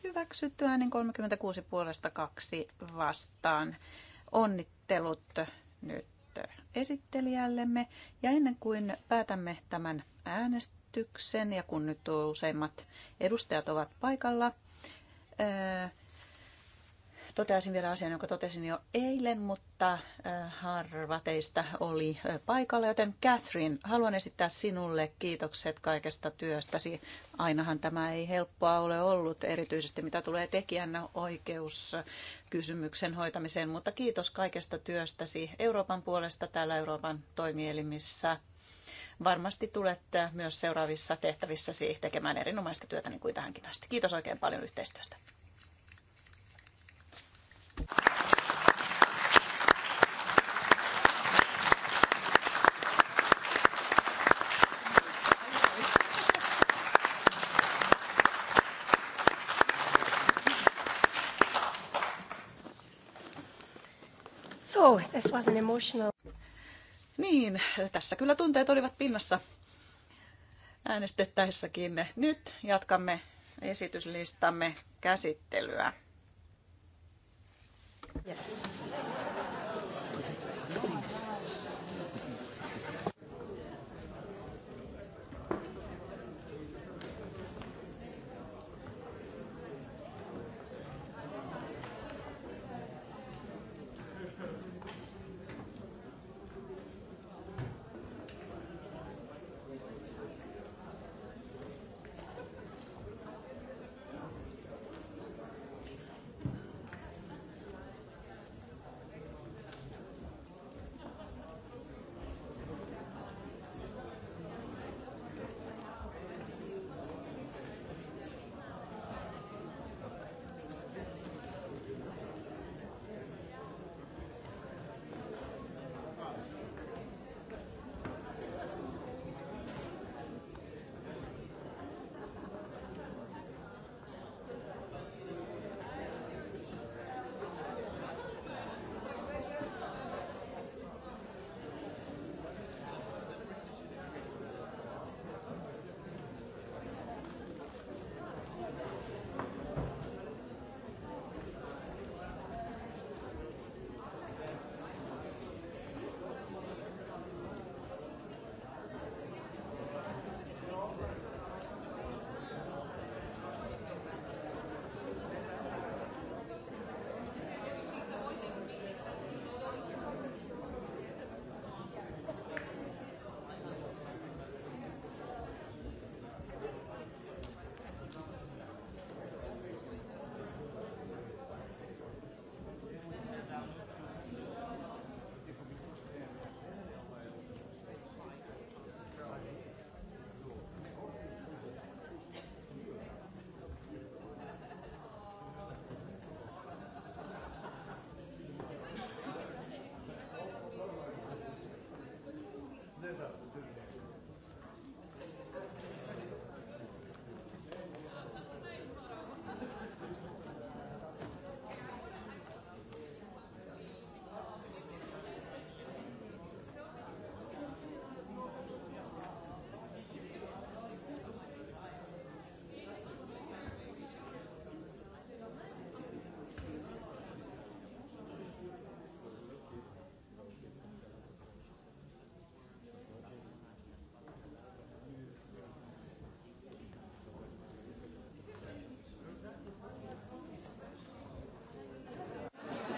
Hyväksytty äänen 36 puolesta 2 vastaan. Onnittelut nyt esittelijällemme. Ja ennen kuin päätämme tämän äänestyksen ja kun nyt useimmat edustajat ovat paikalla, toteaisin vielä asian, jonka totesin jo eilen, mutta harva teistä oli paikalla. Joten Catherine, haluan esittää sinulle kiitokset kaikesta työstäsi. Ainahan tämä ei helppoa ole ollut, erityisesti mitä tulee tekijän oikeuskysymyksen hoitamiseen, mutta kiitos kaikesta työstäsi Euroopan puolesta täällä Euroopan toimielimissä – varmasti tulette äh, myös seuraavissa tehtävissäsi tekemään erinomaista työtä niin kuin tähänkin asti. Kiitos oikein paljon yhteistyöstä. So, this was an emotional niin, tässä kyllä tunteet olivat pinnassa äänestettäessäkin. Nyt jatkamme esityslistamme käsittelyä. Yes.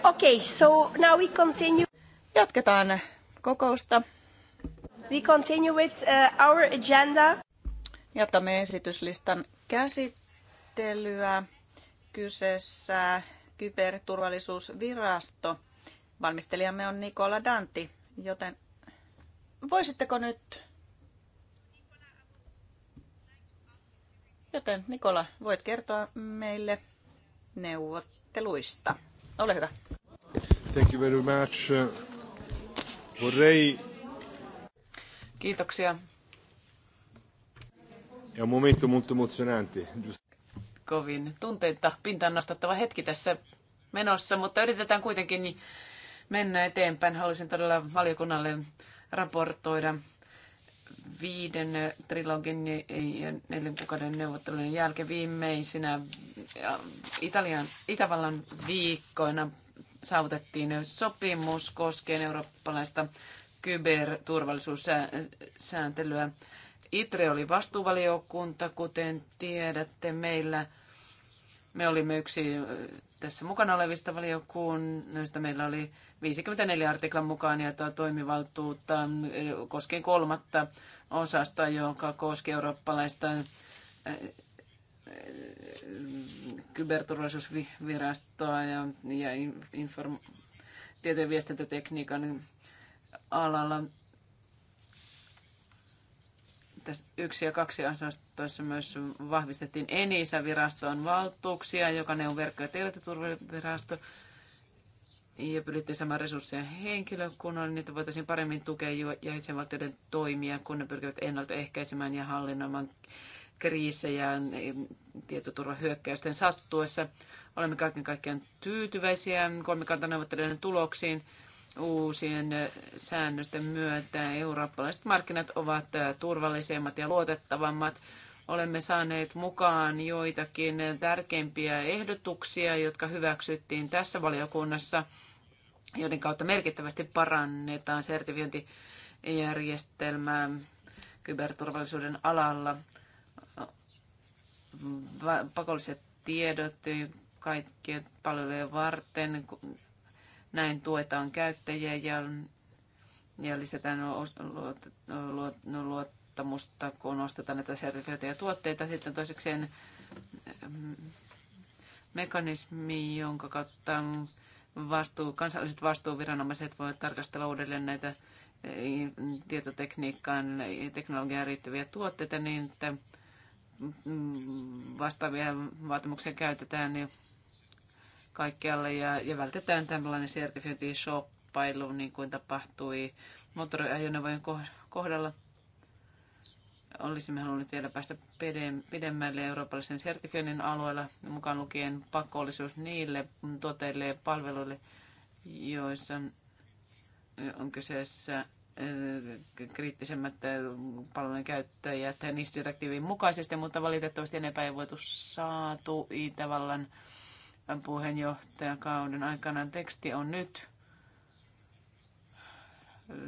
Okay, so now we continue. Jatketaan kokousta. We continue with uh, our agenda. Jatkamme esityslistan käsittelyä. Kyseessä kyberturvallisuusvirasto. Valmistelijamme on Nikola Danti, joten voisitteko nyt... Joten Nikola, voit kertoa meille neuvotteluista. Ole hyvä. Thank you very much. Vorrei... Kiitoksia. Ja momento molto emozionante. Kovin tunteita pintaan nostattava hetki tässä menossa, mutta yritetään kuitenkin mennä eteenpäin. Haluaisin todella valiokunnalle raportoida viiden trilogin ja neljän kuukauden neuvottelujen jälkeen viimeisinä Italian, Itävallan viikkoina saavutettiin sopimus koskien eurooppalaista kyberturvallisuussääntelyä. ITRE oli vastuuvaliokunta, kuten tiedätte meillä. Me olimme yksi tässä mukana olevista valiokunnista. Meillä oli 54 artiklan mukaan ja toimivaltuutta koskien kolmatta osasta, joka koski eurooppalaista kyberturvallisuusvirastoa ja, ja inform, tieteen viestintätekniikan alalla. Tässä yksi ja kaksi asioista myös vahvistettiin ENISA-viraston valtuuksia, joka ne on verkko- ja tietoturvavirasto. Ja pyrittiin saamaan resursseja henkilökunnalle, niin että voitaisiin paremmin tukea jäsenvaltioiden toimia, kun ne pyrkivät ennaltaehkäisemään ja hallinnoimaan kriisejä niin tietoturvahyökkäysten sattuessa. Olemme kaiken kaikkiaan tyytyväisiä kolmikantaneuvottelujen tuloksiin uusien eh, säännösten myötä. Eurooppalaiset markkinat ovat eh, turvallisemmat ja luotettavammat. Olemme saaneet mukaan joitakin eh, tärkeimpiä ehdotuksia, jotka hyväksyttiin tässä valiokunnassa, joiden kautta merkittävästi parannetaan sertifiointijärjestelmää kyberturvallisuuden alalla pakolliset tiedot kaikkien palvelujen varten. Näin tuetaan käyttäjiä ja, ja lisätään luot, luot, no luottamusta, kun ostetaan näitä sertifioita ja tuotteita. Sitten toisekseen mm, mekanismi, jonka kautta vastuu, kansalliset vastuuviranomaiset voivat tarkastella uudelleen näitä eh, tietotekniikkaan, teknologiaan riittäviä tuotteita niin, että Mm, vastaavia vaatimuksia käytetään niin kaikkialle ja, ja vältetään tällainen shoppailu, niin kuin tapahtui moottoriajoneuvojen kohdalla. Olisimme halunneet vielä päästä pidemmälle eurooppalaisen sertifioinnin alueella, mukaan lukien pakollisuus niille tuotteille ja palveluille, joissa on kyseessä kriittisemmät palvelujen käyttäjät niistä direktiivin mukaisesti, mutta valitettavasti enempää ei voitu saatu Itävallan puheenjohtajakauden aikana. Teksti on nyt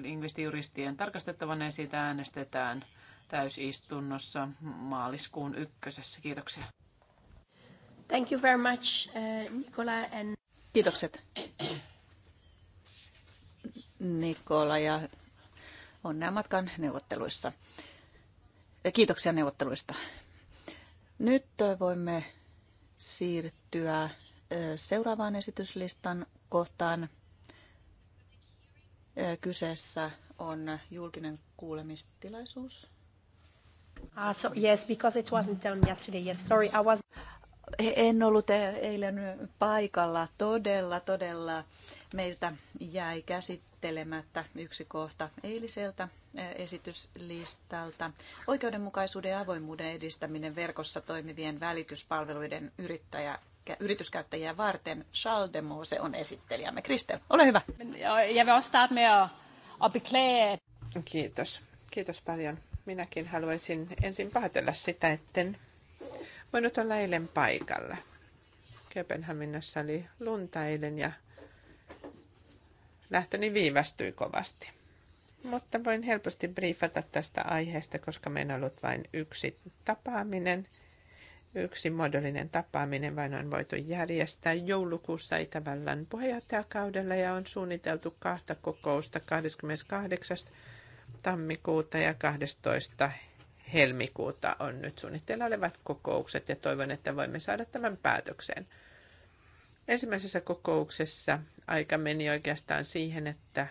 lingvistijuristien tarkastettavana ja siitä äänestetään täysistunnossa maaliskuun ykkösessä. Kiitoksia. Thank you very much, uh, Nicola and... Kiitokset. Nikola ja Onnea matkan neuvotteluissa. Kiitoksia neuvotteluista. Nyt voimme siirtyä seuraavaan esityslistan kohtaan. Kyseessä on julkinen kuulemistilaisuus. Uh, so yes, because it wasn't done yesterday. Yes, sorry, I was... En ollut eh, eilen paikalla. Todella, todella meiltä jäi käsittelemättä yksi kohta eiliseltä eh, esityslistalta. Oikeudenmukaisuuden ja avoimuuden edistäminen verkossa toimivien välityspalveluiden yrittäjä, yrityskäyttäjiä varten. Charles de Mose on esittelijämme. Kristel, ole hyvä. Jag vill Kiitos. Kiitos paljon. Minäkin haluaisin ensin pahoitella sitä, etten voinut olla eilen paikalla. Kööpenhaminassa oli lunta eilen ja lähtöni viivästyi kovasti. Mutta voin helposti briefata tästä aiheesta, koska meillä on ollut vain yksi tapaaminen. Yksi muodollinen tapaaminen vain on voitu järjestää joulukuussa Itävallan puheenjohtajakaudella ja on suunniteltu kahta kokousta 28. tammikuuta ja 12 helmikuuta on nyt suunnitteilla olevat kokoukset ja toivon, että voimme saada tämän päätökseen. Ensimmäisessä kokouksessa aika meni oikeastaan siihen, että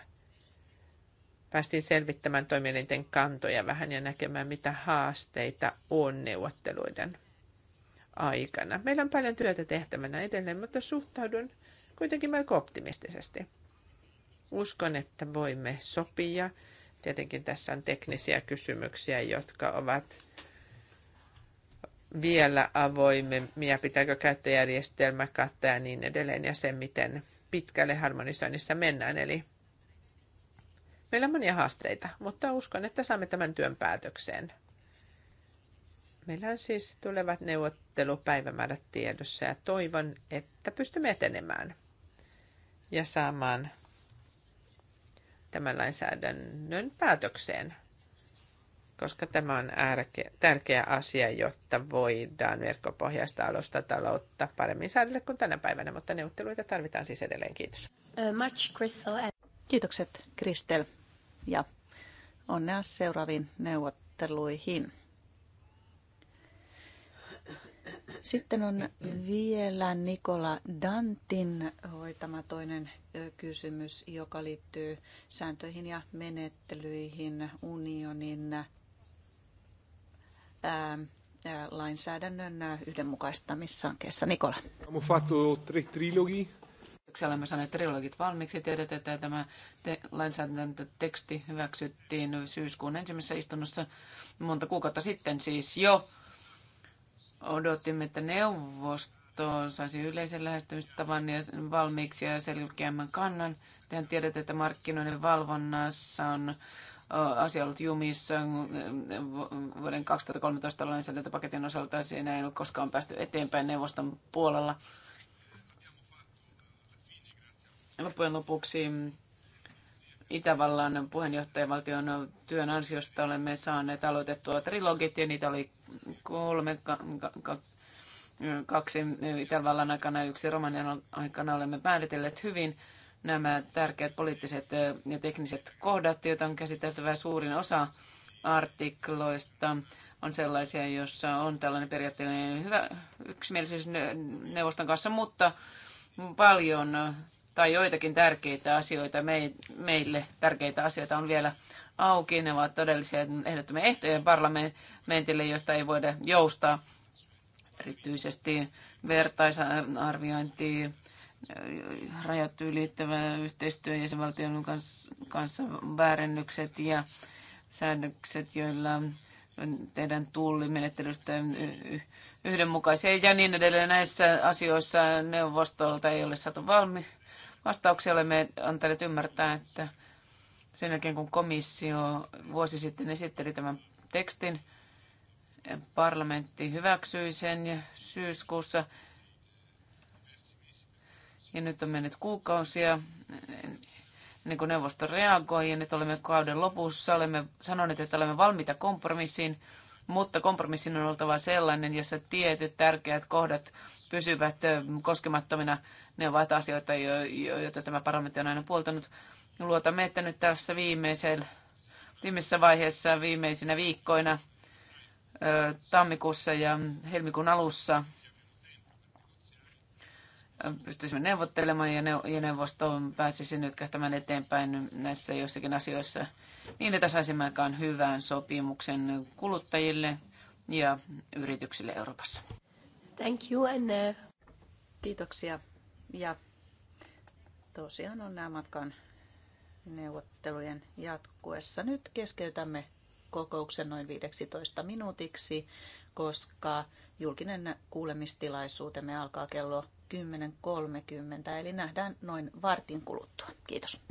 päästiin selvittämään toimielinten kantoja vähän ja näkemään, mitä haasteita on neuvotteluiden aikana. Meillä on paljon työtä tehtävänä edelleen, mutta suhtaudun kuitenkin melko optimistisesti. Uskon, että voimme sopia Tietenkin tässä on teknisiä kysymyksiä, jotka ovat vielä avoimemmia, pitääkö käyttöjärjestelmä kattaa ja niin edelleen, ja se, miten pitkälle harmonisoinnissa mennään. Eli meillä on monia haasteita, mutta uskon, että saamme tämän työn päätökseen. Meillä on siis tulevat neuvottelupäivämäärät tiedossa ja toivon, että pystymme etenemään ja saamaan tämän lainsäädännön päätökseen, koska tämä on tärkeä asia, jotta voidaan verkkopohjaista taloutta paremmin säädellä kuin tänä päivänä, mutta neuvotteluita tarvitaan siis edelleen. Kiitos. Uh, much, Crystal. Kiitokset, Kristel, ja onnea seuraaviin neuvotteluihin. Sitten on vielä Nikola Dantin hoitama toinen kysymys, joka liittyy sääntöihin ja menettelyihin unionin ää, lainsäädännön yhdenmukaistamissankkeessa. Nikola. Abbiamo fatto trilogi. Olemme saaneet trilogit valmiiksi. Tiedätte, että tämä lainsäädäntöteksti hyväksyttiin syyskuun ensimmäisessä istunnossa monta kuukautta sitten siis jo. Odotimme, että neuvosto saisi yleisen lähestymistavan ja valmiiksi ja selkeämmän kannan. Tehän tiedätte, että markkinoiden valvonnassa on asia ollut jumissa vuoden 2013 lainsäädäntöpaketin osalta. Siinä ei ole koskaan päästy eteenpäin neuvoston puolella. Loppujen lopuksi Itävallan puheenjohtajavaltion työn ansiosta olemme saaneet aloitettua trilogit ja niitä oli kolme, kaksi Itävallan aikana ja yksi Romanian aikana. Olemme määritelleet hyvin nämä tärkeät poliittiset ja tekniset kohdat, joita on käsiteltävä suurin osa artikloista on sellaisia, joissa on tällainen periaatteellinen hyvä yksimielisyys neuvoston kanssa, mutta paljon tai joitakin tärkeitä asioita meille, tärkeitä asioita on vielä auki. Ne ovat todellisia ehdottomia ehtoja parlamentille, josta ei voida joustaa. Erityisesti vertaisarviointi, rajat ylittävä yhteistyö jäsenvaltion kanssa väärennykset ja säännökset, joilla teidän tullimenettelystä yhdenmukaisia ja niin edelleen. Näissä asioissa neuvostolta ei ole saatu valmi, vastauksia olemme antaneet ymmärtää, että sen jälkeen kun komissio vuosi sitten esitteli tämän tekstin, parlamentti hyväksyi sen syyskuussa. Ja nyt on mennyt kuukausia, niin kuin neuvosto reagoi, ja nyt olemme kauden lopussa, olemme sanoneet, että olemme valmiita kompromissiin, mutta kompromissin on oltava sellainen, jossa tietyt tärkeät kohdat pysyvät koskemattomina. Ne ovat asioita, joita tämä parlamentti on aina puoltanut. Luotamme, että nyt tässä viimeisellä, viimeisessä vaiheessa, viimeisinä viikkoina, tammikuussa ja helmikuun alussa pystyisimme neuvottelemaan ja neuvosto pääsisi nyt kähtämään eteenpäin näissä joissakin asioissa niin, että saisimme aikaan hyvän sopimuksen kuluttajille ja yrityksille Euroopassa. Thank you and... Uh, Kiitoksia. Ja tosiaan on nämä matkan neuvottelujen jatkuessa. Nyt keskeytämme kokouksen noin 15 minuutiksi, koska julkinen kuulemistilaisuutemme alkaa kello 10.30, eli nähdään noin vartin kuluttua. Kiitos.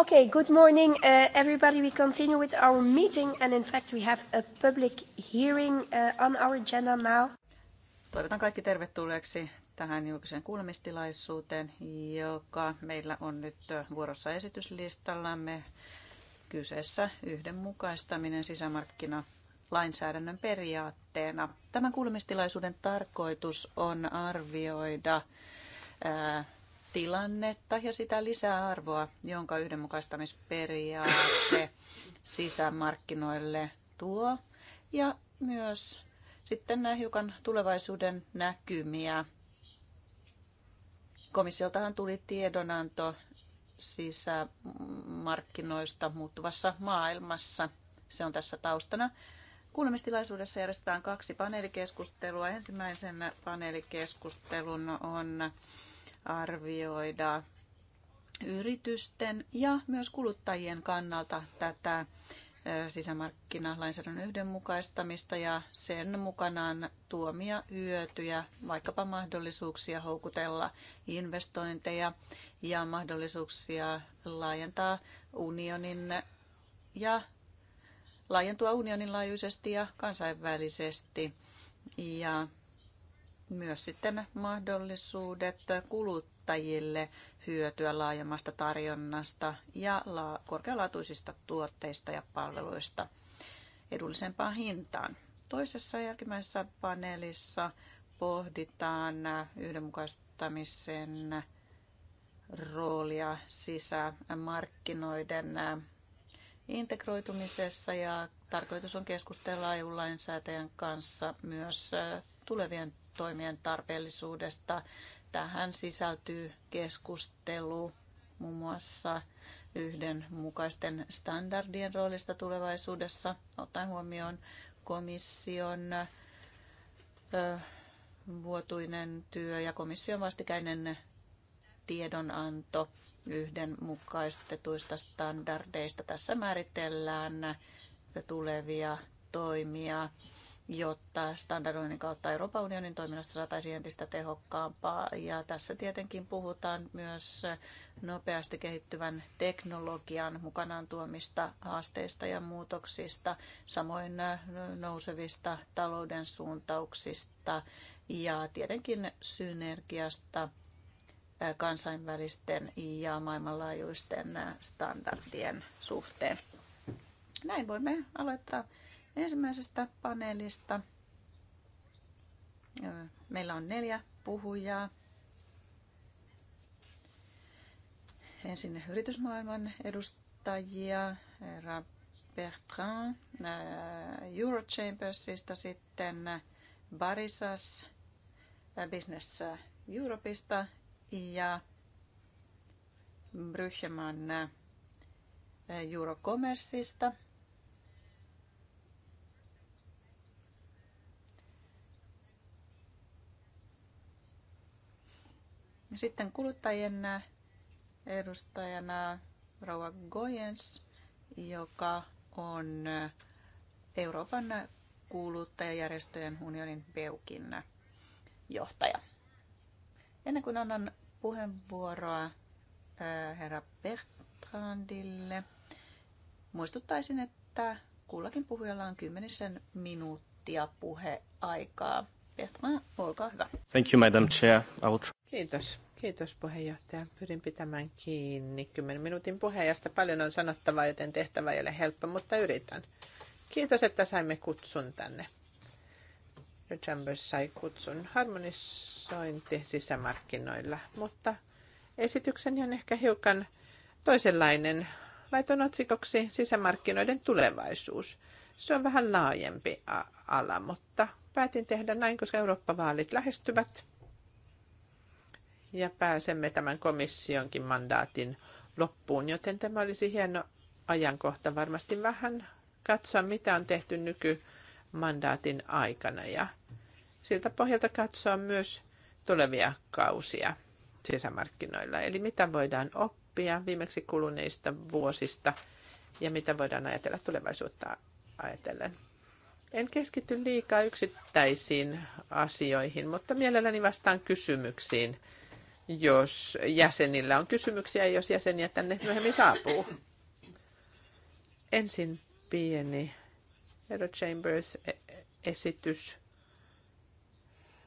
Okay, good morning, uh, everybody. We continue with our meeting, and in fact, we have a public hearing uh, on our agenda now. Toivotan kaikki tervetulleeksi tähän julkiseen kuulemistilaisuuteen, joka meillä on nyt vuorossa esityslistallamme. Kyseessä yhdenmukaistaminen sisämarkkina lainsäädännön periaatteena. Tämän kuulemistilaisuuden tarkoitus on arvioida tilannetta ja sitä lisäarvoa, jonka yhdenmukaistamisperiaate sisämarkkinoille tuo. Ja myös sitten nämä hiukan tulevaisuuden näkymiä. Komissioltahan tuli tiedonanto sisämarkkinoista muuttuvassa maailmassa. Se on tässä taustana. Kuulemistilaisuudessa järjestetään kaksi paneelikeskustelua. Ensimmäisen paneelikeskustelun on arvioida yritysten ja myös kuluttajien kannalta tätä sisämarkkinalainsäädännön yhdenmukaistamista ja sen mukanaan tuomia hyötyjä, vaikkapa mahdollisuuksia houkutella investointeja ja mahdollisuuksia laajentaa unionin ja laajentua unionin laajuisesti ja kansainvälisesti. Ja myös sitten mahdollisuudet kuluttajille hyötyä laajemmasta tarjonnasta ja la- korkealaatuisista tuotteista ja palveluista edullisempaan hintaan. Toisessa jälkimmäisessä paneelissa pohditaan yhdenmukaistamisen roolia sisämarkkinoiden integroitumisessa ja tarkoitus on keskustella EU-lainsäätäjän kanssa myös tulevien toimien tarpeellisuudesta. Tähän sisältyy keskustelu muun muassa yhdenmukaisten standardien roolista tulevaisuudessa, ottaen huomioon komission vuotuinen työ ja komission vastikäinen tiedonanto yhdenmukaistetuista standardeista. Tässä määritellään tulevia toimia jotta standardoinnin kautta Euroopan unionin toiminnasta saataisiin entistä tehokkaampaa. Ja tässä tietenkin puhutaan myös nopeasti kehittyvän teknologian mukanaan tuomista haasteista ja muutoksista, samoin nousevista talouden suuntauksista ja tietenkin synergiasta kansainvälisten ja maailmanlaajuisten standardien suhteen. Näin voimme aloittaa ensimmäisestä paneelista. Meillä on neljä puhujaa. Ensin yritysmaailman edustajia, herra Bertrand Eurochambersista, sitten Barisas Business Europeista ja Brycheman Eurocommerceista. Sitten kuluttajien äh, edustajana Rauha Goyens, joka on äh, Euroopan kuluttajajärjestöjen unionin Beukin äh, johtaja. Ennen kuin annan puheenvuoroa herra Bertrandille, muistuttaisin, että kullakin puhujalla on kymmenisen minuuttia puheaikaa. Bertrand, olkaa hyvä. Thank you, Madam Chair. I will try Kiitos. Kiitos puheenjohtaja. Pyrin pitämään kiinni 10 minuutin puheenjohtajasta. Paljon on sanottavaa, joten tehtävä ei ole helppo, mutta yritän. Kiitos, että saimme kutsun tänne. The Chambers sai kutsun harmonisointi sisämarkkinoilla, mutta esitykseni on ehkä hiukan toisenlainen. Laitan otsikoksi sisämarkkinoiden tulevaisuus. Se on vähän laajempi ala, mutta päätin tehdä näin, koska Eurooppa-vaalit lähestyvät – ja pääsemme tämän komissionkin mandaatin loppuun, joten tämä olisi hieno ajankohta varmasti vähän katsoa, mitä on tehty nykymandaatin aikana ja siltä pohjalta katsoa myös tulevia kausia sisämarkkinoilla. Eli mitä voidaan oppia viimeksi kuluneista vuosista ja mitä voidaan ajatella tulevaisuutta ajatellen. En keskity liikaa yksittäisiin asioihin, mutta mielelläni vastaan kysymyksiin jos jäsenillä on kysymyksiä, jos jäseniä tänne myöhemmin saapuu. Ensin pieni Eero Chambers-esitys. E-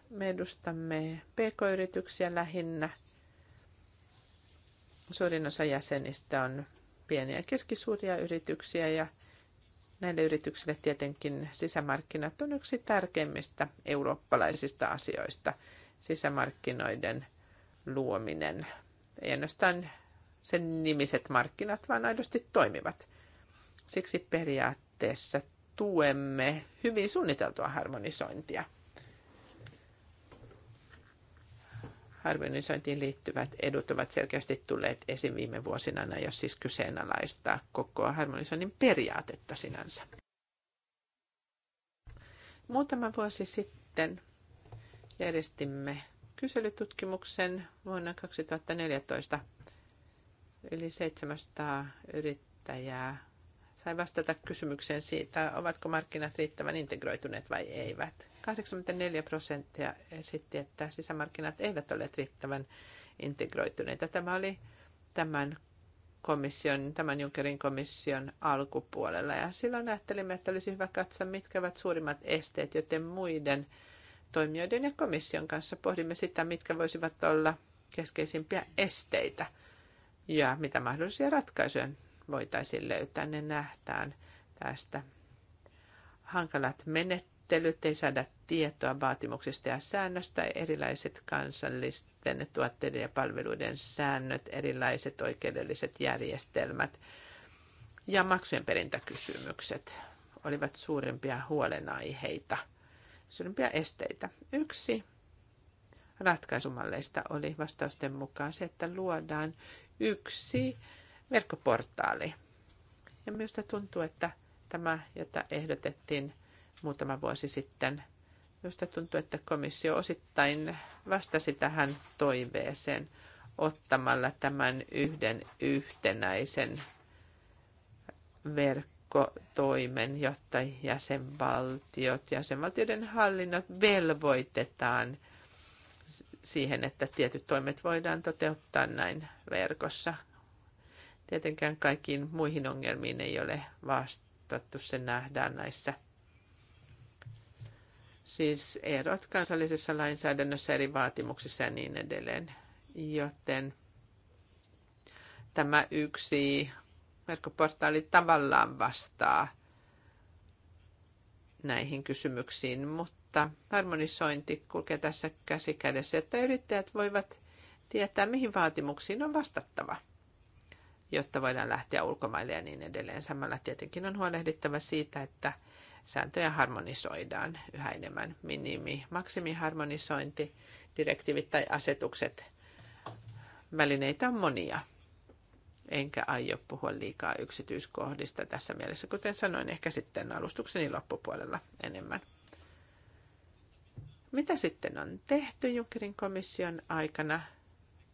Me edustamme pk-yrityksiä lähinnä. Suurin osa jäsenistä on pieniä ja keskisuuria yrityksiä ja näille yrityksille tietenkin sisämarkkinat on yksi tärkeimmistä eurooppalaisista asioista. Sisämarkkinoiden luominen. Ei ainoastaan sen nimiset markkinat, vaan aidosti toimivat. Siksi periaatteessa tuemme hyvin suunniteltua harmonisointia. harmonisointiin liittyvät edut ovat selkeästi tulleet esiin viime vuosina, jos siis kyseenalaistaa koko harmonisoinnin periaatetta sinänsä. Muutama vuosi sitten järjestimme kyselytutkimuksen vuonna 2014. Eli 700 yrittäjää sai vastata kysymykseen siitä, ovatko markkinat riittävän integroituneet vai eivät. 84 prosenttia esitti, että sisämarkkinat eivät ole riittävän integroituneita. Tämä oli tämän komission, tämän Junckerin komission alkupuolella. Ja silloin ajattelimme, että olisi hyvä katsoa, mitkä ovat suurimmat esteet, joten muiden toimijoiden ja komission kanssa pohdimme sitä, mitkä voisivat olla keskeisimpiä esteitä ja mitä mahdollisia ratkaisuja voitaisiin löytää. Ne nähtään tästä. Hankalat menettelyt, ei saada tietoa vaatimuksista ja säännöstä, erilaiset kansallisten tuotteiden ja palveluiden säännöt, erilaiset oikeudelliset järjestelmät ja maksujen perintäkysymykset olivat suurimpia huolenaiheita – suurimpia esteitä. Yksi ratkaisumalleista oli vastausten mukaan se, että luodaan yksi verkkoportaali. Ja minusta tuntuu, että tämä, jota ehdotettiin muutama vuosi sitten, minusta tuntuu, että komissio osittain vastasi tähän toiveeseen ottamalla tämän yhden yhtenäisen verkkoportaalin toimen jotta jäsenvaltiot, jäsenvaltioiden hallinnot velvoitetaan siihen, että tietyt toimet voidaan toteuttaa näin verkossa. Tietenkään kaikkiin muihin ongelmiin ei ole vastattu, se nähdään näissä siis erot kansallisessa lainsäädännössä eri vaatimuksissa ja niin edelleen. Joten tämä yksi verkkoportaali tavallaan vastaa näihin kysymyksiin, mutta harmonisointi kulkee tässä käsi kädessä, että yrittäjät voivat tietää, mihin vaatimuksiin on vastattava, jotta voidaan lähteä ulkomaille ja niin edelleen. Samalla tietenkin on huolehdittava siitä, että sääntöjä harmonisoidaan yhä enemmän. Minimi, maksimiharmonisointi, direktiivit tai asetukset, välineitä on monia – enkä aio puhua liikaa yksityiskohdista tässä mielessä, kuten sanoin ehkä sitten alustukseni loppupuolella enemmän. Mitä sitten on tehty Junckerin komission aikana?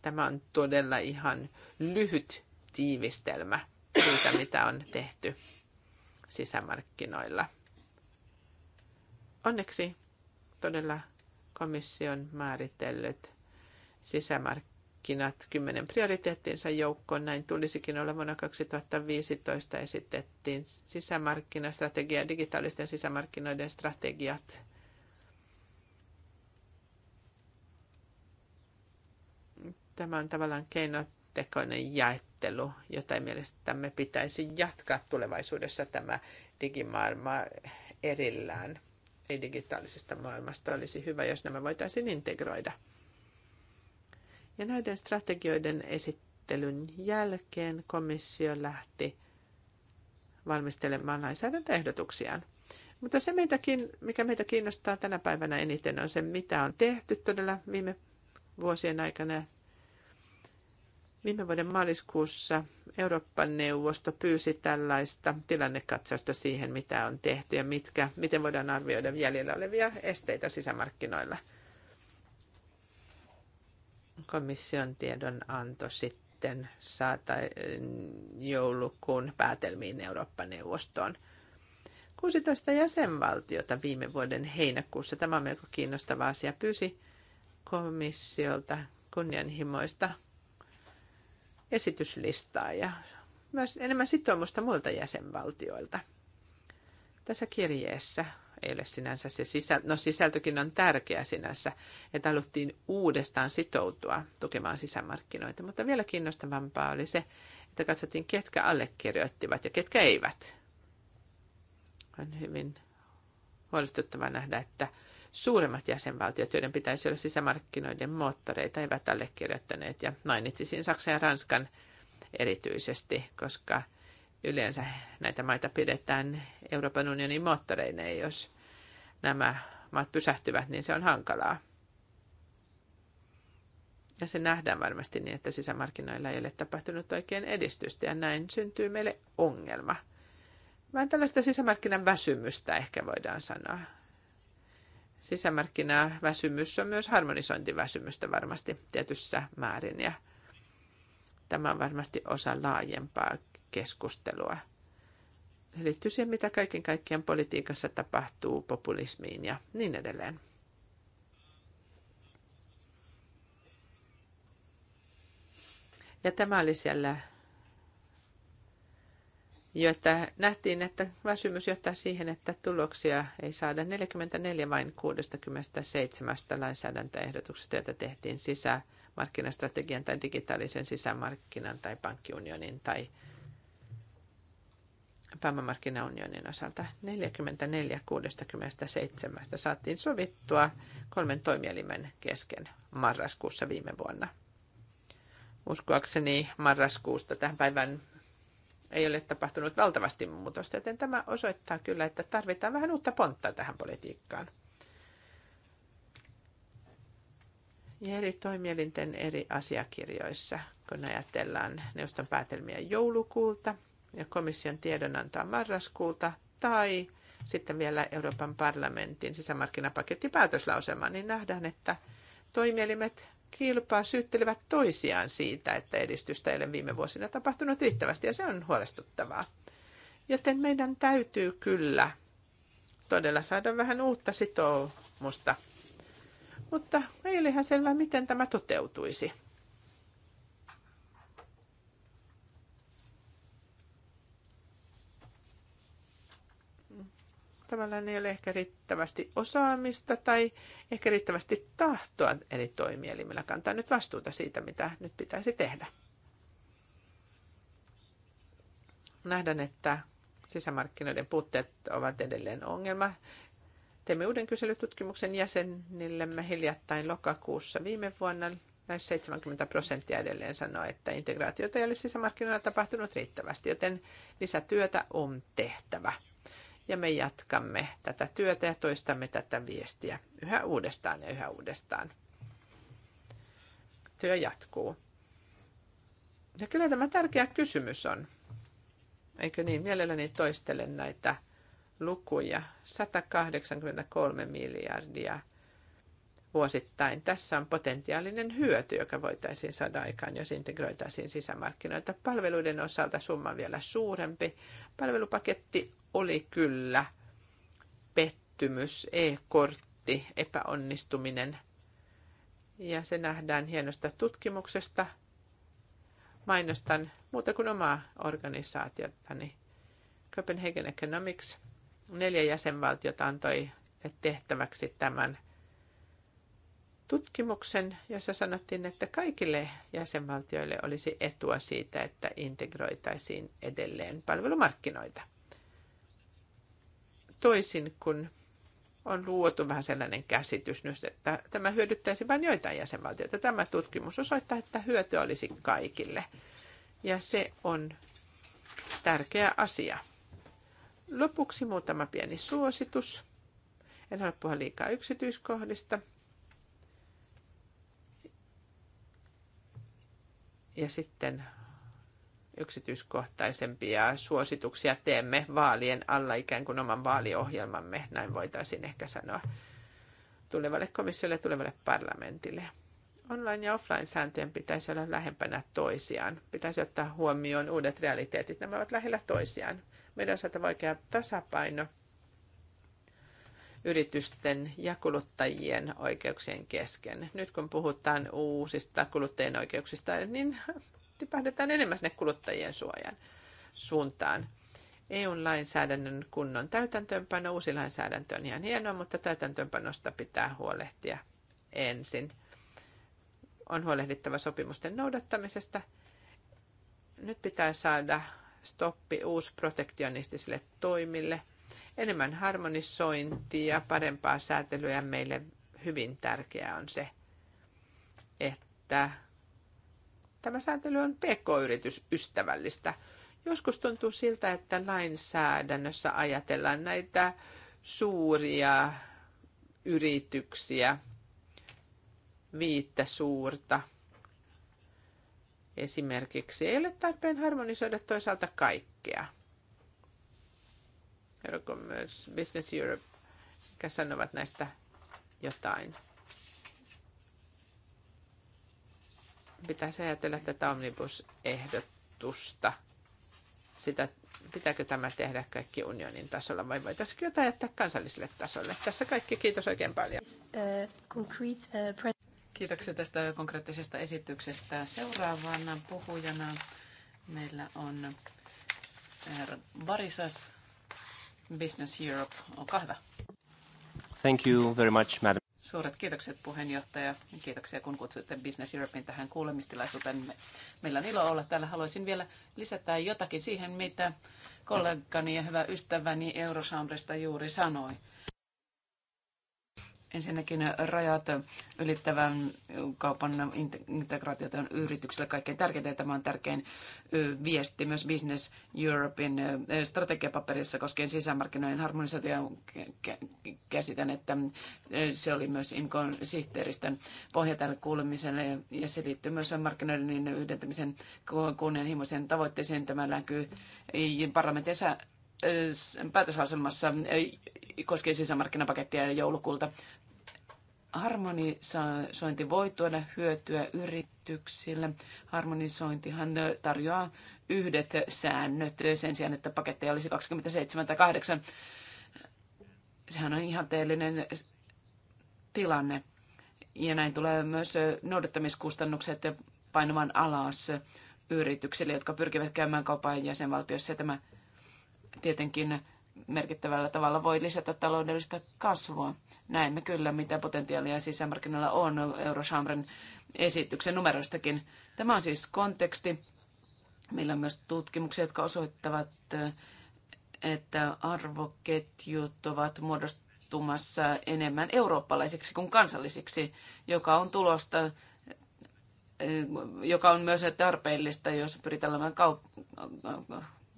Tämä on todella ihan lyhyt tiivistelmä siitä, mitä on tehty sisämarkkinoilla. Onneksi todella komission määritellyt sisämarkkinoilla markkinat kymmenen prioriteettinsa joukkoon. Näin tulisikin olla vuonna 2015 esitettiin sisämarkkinastrategia, digitaalisten sisämarkkinoiden strategiat. Tämä on tavallaan keinotekoinen jaettelu, jota mielestämme pitäisi jatkaa tulevaisuudessa tämä digimaailma erillään. Ei digitaalisesta maailmasta olisi hyvä, jos nämä voitaisiin integroida. Ja näiden strategioiden esittelyn jälkeen komissio lähti valmistelemaan lainsäädäntöehdotuksiaan. Mutta se, meitäkin, mikä meitä kiinnostaa tänä päivänä eniten, on se, mitä on tehty todella viime vuosien aikana. Viime vuoden maaliskuussa Euroopan neuvosto pyysi tällaista tilannekatsausta siihen, mitä on tehty ja mitkä, miten voidaan arvioida jäljellä olevia esteitä sisämarkkinoilla – komission tiedonanto sitten saata joulukuun päätelmiin Eurooppa-neuvostoon. 16 jäsenvaltiota viime vuoden heinäkuussa, tämä on melko kiinnostava asia, pyysi komissiolta kunnianhimoista esityslistaa ja myös enemmän sitoumusta muilta jäsenvaltioilta. Tässä kirjeessä ei ole sinänsä se sisältö. No sisältökin on tärkeä sinänsä, että haluttiin uudestaan sitoutua tukemaan sisämarkkinoita, mutta vielä kiinnostavampaa oli se, että katsottiin, ketkä allekirjoittivat ja ketkä eivät. On hyvin huolestuttavaa nähdä, että suuremmat jäsenvaltiot, joiden pitäisi olla sisämarkkinoiden moottoreita, eivät allekirjoittaneet. Ja mainitsisin Saksan ja Ranskan erityisesti, koska – yleensä näitä maita pidetään Euroopan unionin moottoreina, jos nämä maat pysähtyvät, niin se on hankalaa. Ja se nähdään varmasti niin, että sisämarkkinoilla ei ole tapahtunut oikein edistystä, ja näin syntyy meille ongelma. Vähän tällaista sisämarkkinan väsymystä ehkä voidaan sanoa. Sisämarkkinaväsymys on myös harmonisointiväsymystä varmasti tietyssä määrin, ja tämä on varmasti osa laajempaa keskustelua. Se liittyy siihen, mitä kaiken kaikkiaan politiikassa tapahtuu, populismiin ja niin edelleen. Ja tämä oli siellä jo, että nähtiin, että väsymys johtaa siihen, että tuloksia ei saada 44 vain 67 lainsäädäntöehdotuksesta, joita tehtiin sisämarkkinastrategian tai digitaalisen sisämarkkinan tai pankkiunionin tai pääomamarkkinaunionin osalta. 44 67 saatiin sovittua kolmen toimielimen kesken marraskuussa viime vuonna. Uskoakseni marraskuusta tähän päivään ei ole tapahtunut valtavasti muutosta, joten tämä osoittaa kyllä, että tarvitaan vähän uutta pontta tähän politiikkaan. Ja eri toimielinten eri asiakirjoissa, kun ajatellaan neuvoston päätelmiä joulukuulta – ja komission tiedonantoa marraskuulta tai sitten vielä Euroopan parlamentin sisämarkkinapaketti päätöslausema, niin nähdään, että toimielimet kilpaa syyttelevät toisiaan siitä, että edistystä ei ole viime vuosina tapahtunut riittävästi ja se on huolestuttavaa. Joten meidän täytyy kyllä todella saada vähän uutta sitoumusta. Mutta ei ole ihan selvää, miten tämä toteutuisi. Tavallaan ei ole ehkä riittävästi osaamista tai ehkä riittävästi tahtoa eri toimielimillä kantaa nyt vastuuta siitä, mitä nyt pitäisi tehdä. Nähdään, että sisämarkkinoiden puutteet ovat edelleen ongelma. Teimme uuden kyselytutkimuksen jäsenillemme hiljattain lokakuussa viime vuonna. Lähes 70 prosenttia edelleen sanoi, että integraatiota ei ole sisämarkkinoilla tapahtunut riittävästi, joten lisätyötä on tehtävä ja me jatkamme tätä työtä ja toistamme tätä viestiä yhä uudestaan ja yhä uudestaan. Työ jatkuu. Ja kyllä tämä tärkeä kysymys on. Eikö niin? Mielelläni toistelen näitä lukuja. 183 miljardia vuosittain. Tässä on potentiaalinen hyöty, joka voitaisiin saada aikaan, jos integroitaisiin sisämarkkinoita. Palveluiden osalta summa on vielä suurempi. Palvelupaketti oli kyllä pettymys, e-kortti, epäonnistuminen. Ja se nähdään hienosta tutkimuksesta. Mainostan muuta kuin omaa organisaatiotani. Copenhagen Economics, neljä jäsenvaltiota antoi tehtäväksi tämän tutkimuksen, jossa sanottiin, että kaikille jäsenvaltioille olisi etua siitä, että integroitaisiin edelleen palvelumarkkinoita toisin kuin on luotu vähän sellainen käsitys nyt, että tämä hyödyttäisi vain joitain jäsenvaltioita. Tämä tutkimus osoittaa, että hyöty olisi kaikille. Ja se on tärkeä asia. Lopuksi muutama pieni suositus. En halua puhua liikaa yksityiskohdista. Ja sitten yksityiskohtaisempia suosituksia teemme vaalien alla ikään kuin oman vaaliohjelmamme, näin voitaisiin ehkä sanoa, tulevalle komissiolle ja tulevalle parlamentille. Online- ja offline-sääntöjen pitäisi olla lähempänä toisiaan. Pitäisi ottaa huomioon uudet realiteetit. Nämä ovat lähellä toisiaan. Meidän on saatava oikea tasapaino yritysten ja kuluttajien oikeuksien kesken. Nyt kun puhutaan uusista kuluttajien oikeuksista, niin tipahdetaan enemmän sinne kuluttajien suojan suuntaan. EU-lainsäädännön kunnon täytäntöönpano, uusi lainsäädäntö on ihan hienoa, mutta täytäntöönpanosta pitää huolehtia ensin. On huolehdittava sopimusten noudattamisesta. Nyt pitää saada stoppi protektionistisille toimille. Enemmän harmonisointia, parempaa säätelyä meille hyvin tärkeää on se, että tämä sääntely on pk-yritysystävällistä. Joskus tuntuu siltä, että lainsäädännössä ajatellaan näitä suuria yrityksiä, viittä suurta. Esimerkiksi ei ole tarpeen harmonisoida toisaalta kaikkea. Business Europe, mikä sanovat näistä jotain. pitäisi ajatella tätä omnibus-ehdotusta. Sitä, pitääkö tämä tehdä kaikki unionin tasolla vai voitaisiinko jotain jättää kansalliselle tasolle. Tässä kaikki. Kiitos oikein paljon. Kiitoksia tästä konkreettisesta esityksestä. Seuraavana puhujana meillä on Barisas Business Europe. Olkaa hyvä. Thank you very much, Madam Suuret kiitokset puheenjohtaja. Kiitoksia, kun kutsuitte Business Europein tähän kuulemistilaisuuteen. Meillä on ilo olla täällä. Haluaisin vielä lisätä jotakin siihen, mitä kollegani ja hyvä ystäväni Eurochambresta juuri sanoi. Ensinnäkin rajat ylittävän kaupan integraatiota on yrityksille kaikkein tärkeintä. Tämä on tärkein viesti myös Business Europein strategiapaperissa koskien sisämarkkinoiden harmonisaatio. Käsitän, että se oli myös Inkon sihteeristön pohja tälle kuulemiselle ja se liittyy myös markkinoiden yhdentämisen kunnianhimoisen tavoitteeseen. Tämä näkyy parlamentin päätösasemassa koskee sisämarkkinapakettia joulukuulta. Harmonisointi voi tuoda hyötyä yrityksille. Harmonisointihan tarjoaa yhdet säännöt sen sijaan, että paketteja olisi 27 tai 8. Sehän on teellinen tilanne. Ja näin tulee myös noudattamiskustannukset painamaan alas yrityksille, jotka pyrkivät käymään kaupan jäsenvaltiossa. Tämä tietenkin merkittävällä tavalla voi lisätä taloudellista kasvua. Näemme kyllä, mitä potentiaalia sisämarkkinoilla on Eurochambren esityksen numeroistakin. Tämä on siis konteksti. Meillä on myös tutkimuksia, jotka osoittavat, että arvoketjut ovat muodostumassa enemmän eurooppalaisiksi kuin kansallisiksi, joka on tulosta joka on myös tarpeellista, jos pyritään olemaan kaup-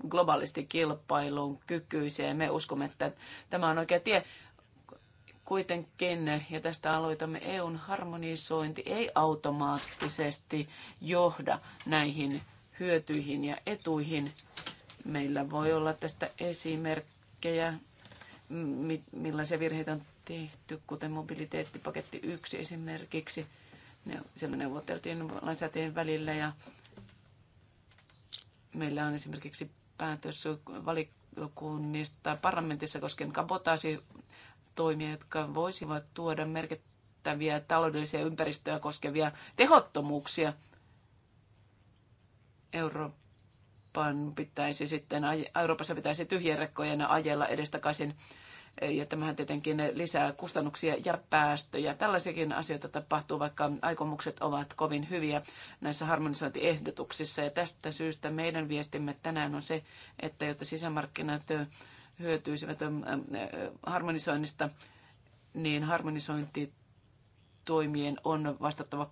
globaalisti kilpailuun kykyiseen. Me uskomme, että tämä on oikea tie. Kuitenkin, ja tästä aloitamme, EUn harmonisointi ei automaattisesti johda näihin hyötyihin ja etuihin. Meillä voi olla tästä esimerkkejä, millaisia virheitä on tehty, kuten mobiliteettipaketti 1 esimerkiksi. Ne, siellä neuvoteltiin lainsäätäjien välillä ja meillä on esimerkiksi päätös valikunnista parlamentissa koskien kabotaasitoimia, jotka voisivat tuoda merkittäviä taloudellisia ympäristöä koskevia tehottomuuksia. Euroopan pitäisi sitten, Euroopassa pitäisi tyhjien rekkojen ajella edestakaisin ja tämähän tietenkin lisää kustannuksia ja päästöjä. Tällaisiakin asioita tapahtuu, vaikka aikomukset ovat kovin hyviä näissä harmonisointiehdotuksissa. Ja tästä syystä meidän viestimme tänään on se, että jotta sisämarkkinat hyötyisivät ähm, äh, harmonisoinnista, niin harmonisointi toimien on vastattava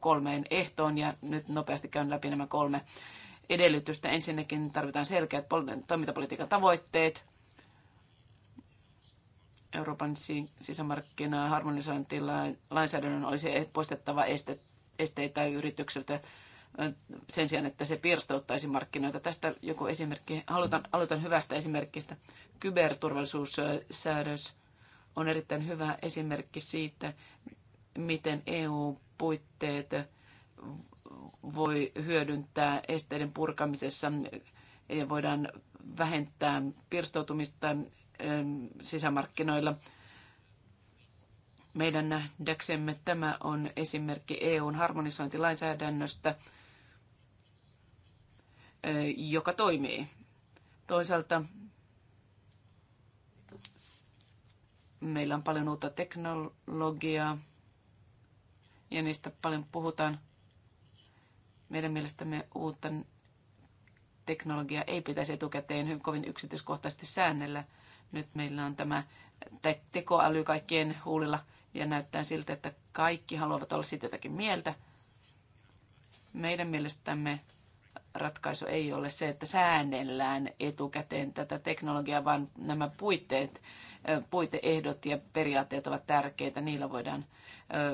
kolmeen ehtoon ja nyt nopeasti käyn läpi nämä kolme edellytystä. Ensinnäkin tarvitaan selkeät toimintapolitiikan tavoitteet, Euroopan sisämarkkinan harmonisointilainsäädännön olisi poistettava este, esteitä yritykseltä sen sijaan, että se pirstouttaisi markkinoita. Tästä joku esimerkki. Halutan, aloitan hyvästä esimerkistä. Kyberturvallisuussäädös on erittäin hyvä esimerkki siitä, miten EU-puitteet voi hyödyntää esteiden purkamisessa ja voidaan vähentää pirstoutumista Ähm, sisämarkkinoilla. Meidän nähdäksemme tämä on esimerkki EUn harmonisointilainsäädännöstä, äh, joka toimii. Toisaalta meillä on paljon uutta teknologiaa ja niistä paljon puhutaan. Meidän mielestämme uutta teknologiaa ei pitäisi etukäteen hyvin kovin yksityiskohtaisesti säännellä – nyt meillä on tämä tekoäly kaikkien huulilla ja näyttää siltä, että kaikki haluavat olla siitä jotakin mieltä. Meidän mielestämme ratkaisu ei ole se, että säännellään etukäteen tätä teknologiaa, vaan nämä puitteet, puiteehdot ja periaatteet ovat tärkeitä. Niillä voidaan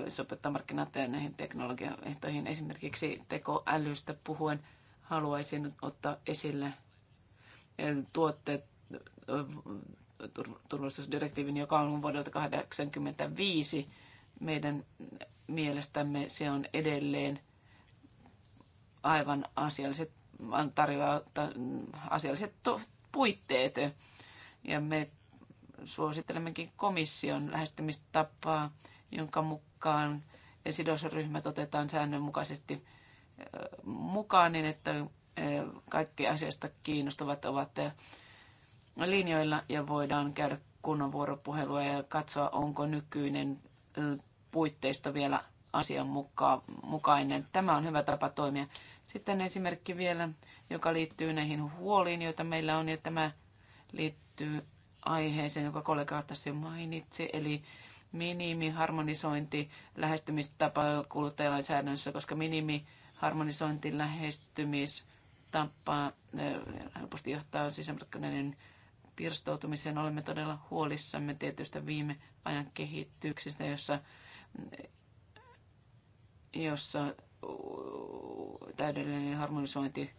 sopeuttaa markkinat näihin teknologiaehtoihin. Esimerkiksi tekoälystä puhuen haluaisin ottaa esille tuotteet turvallisuusdirektiivin, joka on vuodelta 1985. Meidän mielestämme se on edelleen aivan asialliset, tarjoaa asialliset puitteet. Ja me suosittelemmekin komission lähestymistapaa, jonka mukaan sidosryhmät otetaan säännönmukaisesti mukaan niin, että kaikki asiasta kiinnostuvat ovat linjoilla ja voidaan käydä kunnon vuoropuhelua ja katsoa, onko nykyinen puitteisto vielä asianmukainen. Tämä on hyvä tapa toimia. Sitten esimerkki vielä, joka liittyy näihin huoliin, joita meillä on, ja tämä liittyy aiheeseen, joka kollega tässä mainitsi, eli minimiharmonisointi lähestymistapa kuluttajalainsäädännössä, koska minimiharmonisointi lähestymistapa helposti johtaa sisämarkkinoiden pirstoutumiseen. Olemme todella huolissamme tietystä viime ajan kehityksestä, jossa, jossa täydellinen harmonisointi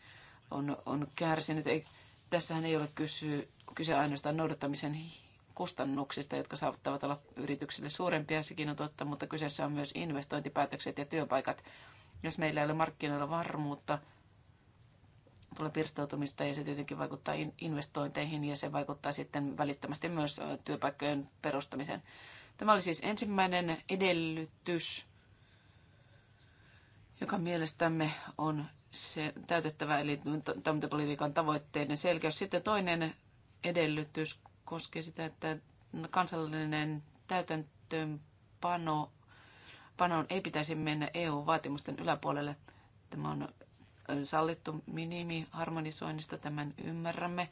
on, on kärsinyt. Ei, tässähän ei ole kysy, kyse ainoastaan noudattamisen kustannuksista, jotka saavuttavat olla yrityksille suurempia, sekin on totta, mutta kyseessä on myös investointipäätökset ja työpaikat. Jos meillä ei ole markkinoilla varmuutta tulee pirstoutumista ja se tietenkin vaikuttaa investointeihin ja se vaikuttaa sitten välittömästi myös työpaikkojen perustamiseen. Tämä oli siis ensimmäinen edellytys, joka mielestämme on se täytettävä, eli toimintapolitiikan tavoitteiden selkeys. Sitten toinen edellytys koskee sitä, että kansallinen täytäntöönpano panon ei pitäisi mennä EU-vaatimusten yläpuolelle. Tämä on sallittu minimi harmonisoinnista, tämän ymmärrämme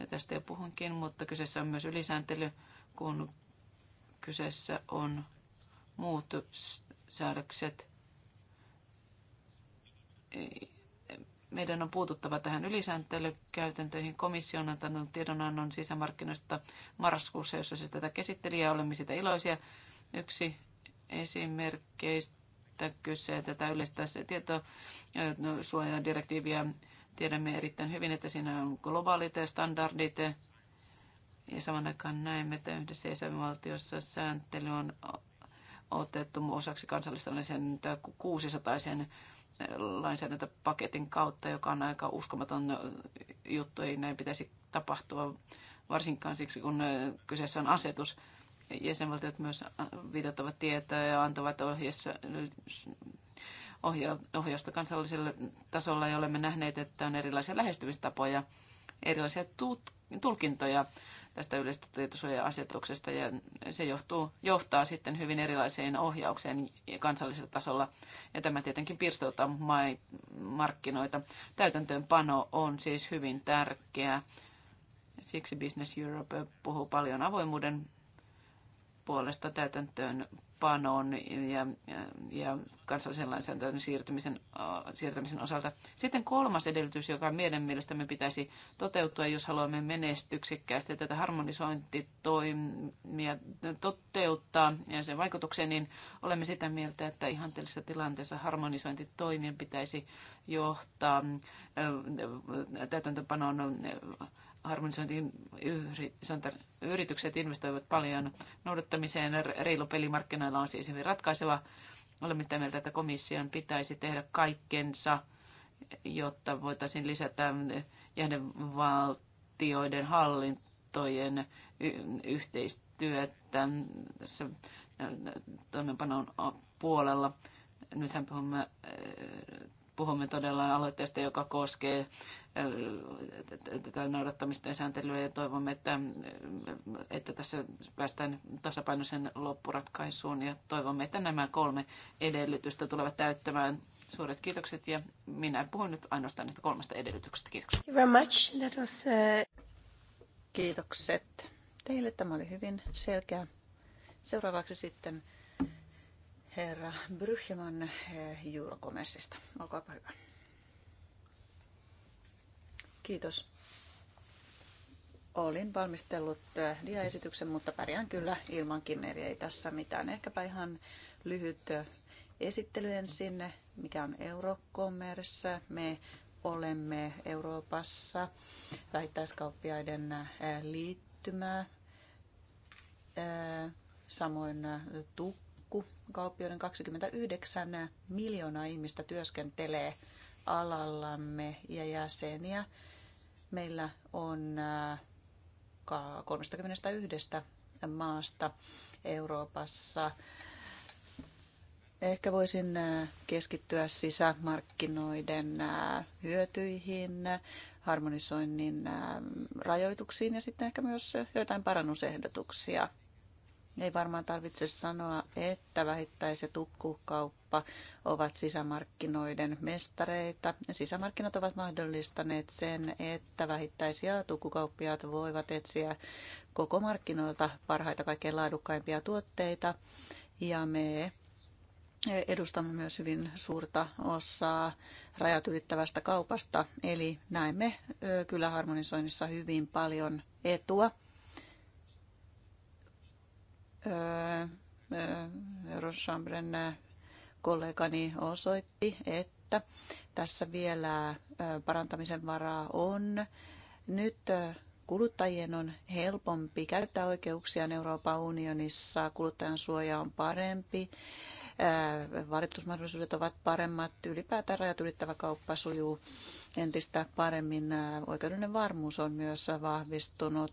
ja tästä jo puhunkin, mutta kyseessä on myös ylisääntely, kun kyseessä on muut säädökset. Meidän on puututtava tähän ylisääntelykäytäntöihin. Komissio on antanut tiedonannon sisämarkkinoista marraskuussa, jossa se tätä käsitteli ja olemme sitä iloisia. Yksi esimerkkeistä kyse tätä yleistä tietosuojadirektiiviä. No, tiedämme erittäin hyvin, että siinä on globaalit standardit ja saman aikaan näemme, että yhdessä jäsenvaltiossa sääntely on otettu osaksi kansallista 600 lainsäädäntöpaketin kautta, joka on aika uskomaton juttu. Ei näin pitäisi tapahtua, varsinkaan siksi kun kyseessä on asetus jäsenvaltiot myös äh, viitattavat tietoa ja antavat ohjeessa, ohjausta kansallisella tasolla ja olemme nähneet, että on erilaisia lähestymistapoja, erilaisia tulkintoja tästä yleistä tietosuoja-asetuksesta ja se johtuu, johtaa sitten hyvin erilaiseen ohjaukseen kansallisella tasolla ja tämä tietenkin mai- markkinoita. Täytäntöönpano on siis hyvin tärkeää. Siksi Business Europe puhuu paljon avoimuuden puolesta täytäntöön panon ja, ja, ja kansallisen lainsäädännön siirtymisen, siirtämisen osalta. Sitten kolmas edellytys, joka meidän mielestämme pitäisi toteutua, jos haluamme menestyksekkäästi tätä harmonisointitoimia toteuttaa ja sen vaikutuksen, niin olemme sitä mieltä, että ihanteellisessa tilanteessa harmonisointitoimien pitäisi johtaa täytäntöpanon harmonisointiin yritykset investoivat paljon noudattamiseen. Reilu pelimarkkinoilla on siis hyvin ratkaiseva. Olemme sitä mieltä, että komission pitäisi tehdä kaikkensa, jotta voitaisiin lisätä jäsenvaltioiden hallintojen yhteistyötä tässä toimeenpanon puolella. Nythän puhumme puhumme todella aloitteesta, joka koskee tätä noudattamista ja sääntelyä ja toivomme, että, että tässä päästään tasapainoisen loppuratkaisuun ja toivomme, että nämä kolme edellytystä tulevat täyttämään suuret kiitokset ja minä puhun nyt ainoastaan näistä kolmesta edellytyksestä. Kiitoksia. Thank you very much. That was, uh... Kiitokset teille. Tämä oli hyvin selkeä. Seuraavaksi sitten herra Bryhjeman Eurocommerceista. Eh, Olkaapa hyvä. Kiitos. Olin valmistellut eh, diaesityksen, mutta pärjään kyllä ilman kinneriä. Ei tässä mitään. Ehkäpä ihan lyhyt eh, esittely ensin, mikä on Eurocommerce. Me olemme Euroopassa vähittäiskauppiaiden liittymää, samoin tukka Kauppioiden 29 miljoonaa ihmistä työskentelee alallamme ja jäseniä. Meillä on 31 äh, maasta Euroopassa. Ehkä voisin äh, keskittyä sisämarkkinoiden äh, hyötyihin, harmonisoinnin rajoituksiin ja sitten ehkä myös joitain parannusehdotuksia. Ei varmaan tarvitse sanoa, että vähittäiset tukkukauppa ovat sisämarkkinoiden mestareita. Sisämarkkinat ovat mahdollistaneet sen, että vähittäisiä tukkukauppiaat voivat etsiä koko markkinoilta parhaita, kaikkein laadukkaimpia tuotteita. Ja me edustamme myös hyvin suurta osaa rajat ylittävästä kaupasta, eli näemme kyllä harmonisoinnissa hyvin paljon etua Eurochambren kollegani osoitti, että tässä vielä parantamisen varaa on. Nyt kuluttajien on helpompi käyttää oikeuksia Euroopan unionissa, kuluttajan suoja on parempi, valitusmahdollisuudet ovat paremmat, ylipäätään rajat ylittävä kauppa sujuu entistä paremmin, oikeudellinen varmuus on myös vahvistunut,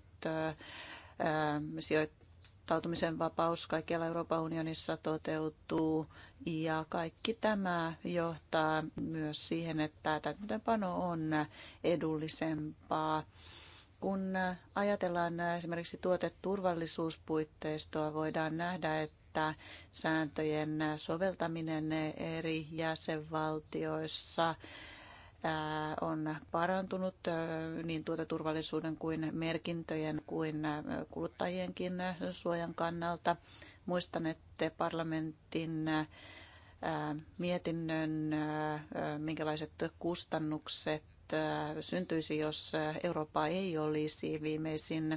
sijoittajien kouluttautumisen vapaus kaikkialla Euroopan unionissa toteutuu ja kaikki tämä johtaa myös siihen, että täytäntöönpano on edullisempaa. Kun ajatellaan esimerkiksi tuoteturvallisuuspuitteistoa, voidaan nähdä, että sääntöjen soveltaminen eri jäsenvaltioissa – on parantunut niin tuota turvallisuuden kuin merkintöjen kuin kuluttajienkin suojan kannalta. Muistan, että parlamentin mietinnön, minkälaiset kustannukset syntyisi, jos Eurooppa ei olisi viimeisin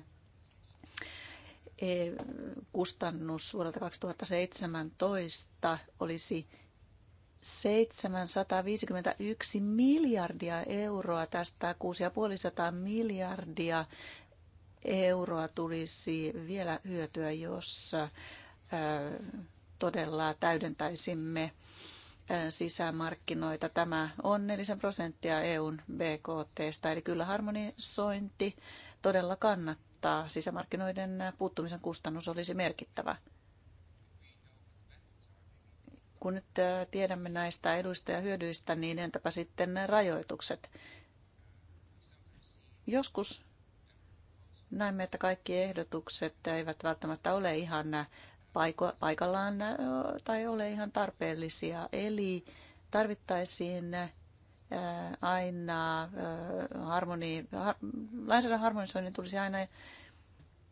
e, kustannus vuodelta 2017 olisi 751 miljardia euroa tästä 6500 miljardia euroa tulisi vielä hyötyä, jos todella täydentäisimme sisämarkkinoita. Tämä on 4 prosenttia EUn BKTstä, eli kyllä harmonisointi todella kannattaa. Sisämarkkinoiden puuttumisen kustannus olisi merkittävä. Kun nyt tiedämme näistä eduista ja hyödyistä, niin entäpä sitten ne rajoitukset? Joskus näemme, että kaikki ehdotukset eivät välttämättä ole ihan paikallaan tai ole ihan tarpeellisia. Eli tarvittaisiin aina harmoni, lainsäädännön harmonisoinnin tulisi aina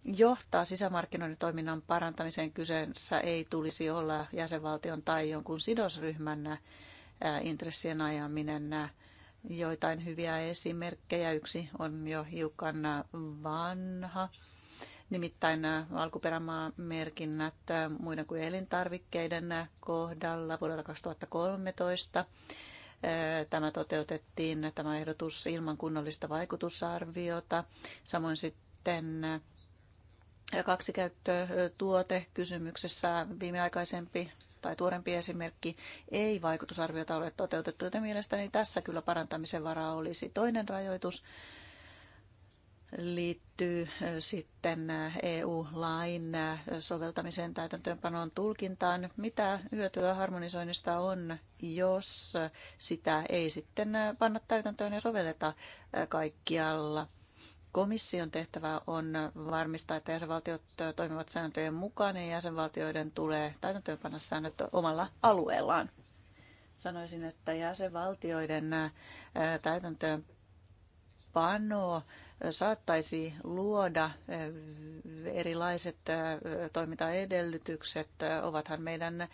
johtaa sisämarkkinoiden toiminnan parantamiseen, kyseessä ei tulisi olla jäsenvaltion tai jonkun sidosryhmän äh, intressien ajaminen. Joitain hyviä esimerkkejä. Yksi on jo hiukan äh, vanha. Nimittäin äh, alkuperämaamerkinnät muiden kuin elintarvikkeiden kohdalla vuodelta 2013. Tämä toteutettiin, tämä ehdotus ilman kunnollista vaikutusarviota. Samoin sitten ja kaksikäyttötuote kysymyksessä viimeaikaisempi tai tuorempi esimerkki ei vaikutusarviota ole toteutettu, joten mielestäni tässä kyllä parantamisen varaa olisi. Toinen rajoitus liittyy äh, sitten äh, EU-lain äh, soveltamiseen täytäntöönpanoon tulkintaan. Mitä hyötyä harmonisoinnista on, jos sitä ei sitten panna täytäntöön ja sovelleta kaikkialla? Komission tehtävä on varmistaa, että jäsenvaltiot toimivat sääntöjen mukaan ja jäsenvaltioiden tulee täytäntöönpanna säännöt omalla alueellaan. Sanoisin, että jäsenvaltioiden täytäntöönpano saattaisi luoda erilaiset toimintaedellytykset. Ovathan meidän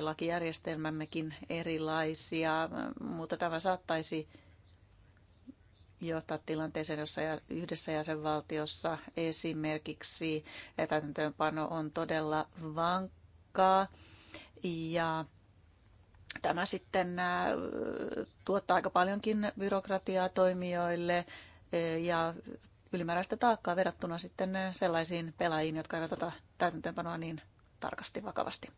lakijärjestelmämmekin erilaisia, mutta tämä saattaisi johtaa tilanteeseen, jossa yhdessä jäsenvaltiossa esimerkiksi täytäntöönpano on todella vankkaa ja Tämä sitten tuottaa aika paljonkin byrokratiaa toimijoille ja ylimääräistä taakkaa verrattuna sitten sellaisiin pelaajiin, jotka eivät ota täytäntöönpanoa niin tarkasti vakavasti.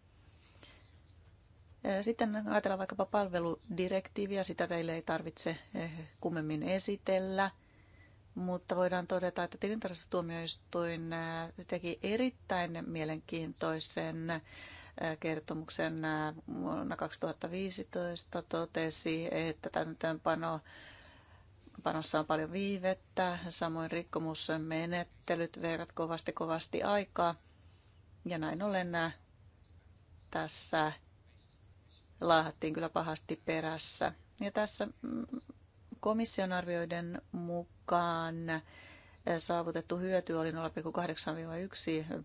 Sitten ajatellaan vaikkapa palveludirektiiviä, sitä teille ei tarvitse kummemmin esitellä, mutta voidaan todeta, että tilintarkastustuomioistuin teki erittäin mielenkiintoisen kertomuksen vuonna 2015 totesi, että täytäntöönpano panossa on paljon viivettä, samoin rikkomusmenettelyt veivät kovasti kovasti aikaa. Ja näin ollen tässä laahattiin kyllä pahasti perässä. Ja tässä mm, komission arvioiden mukaan saavutettu hyöty oli 0,8-1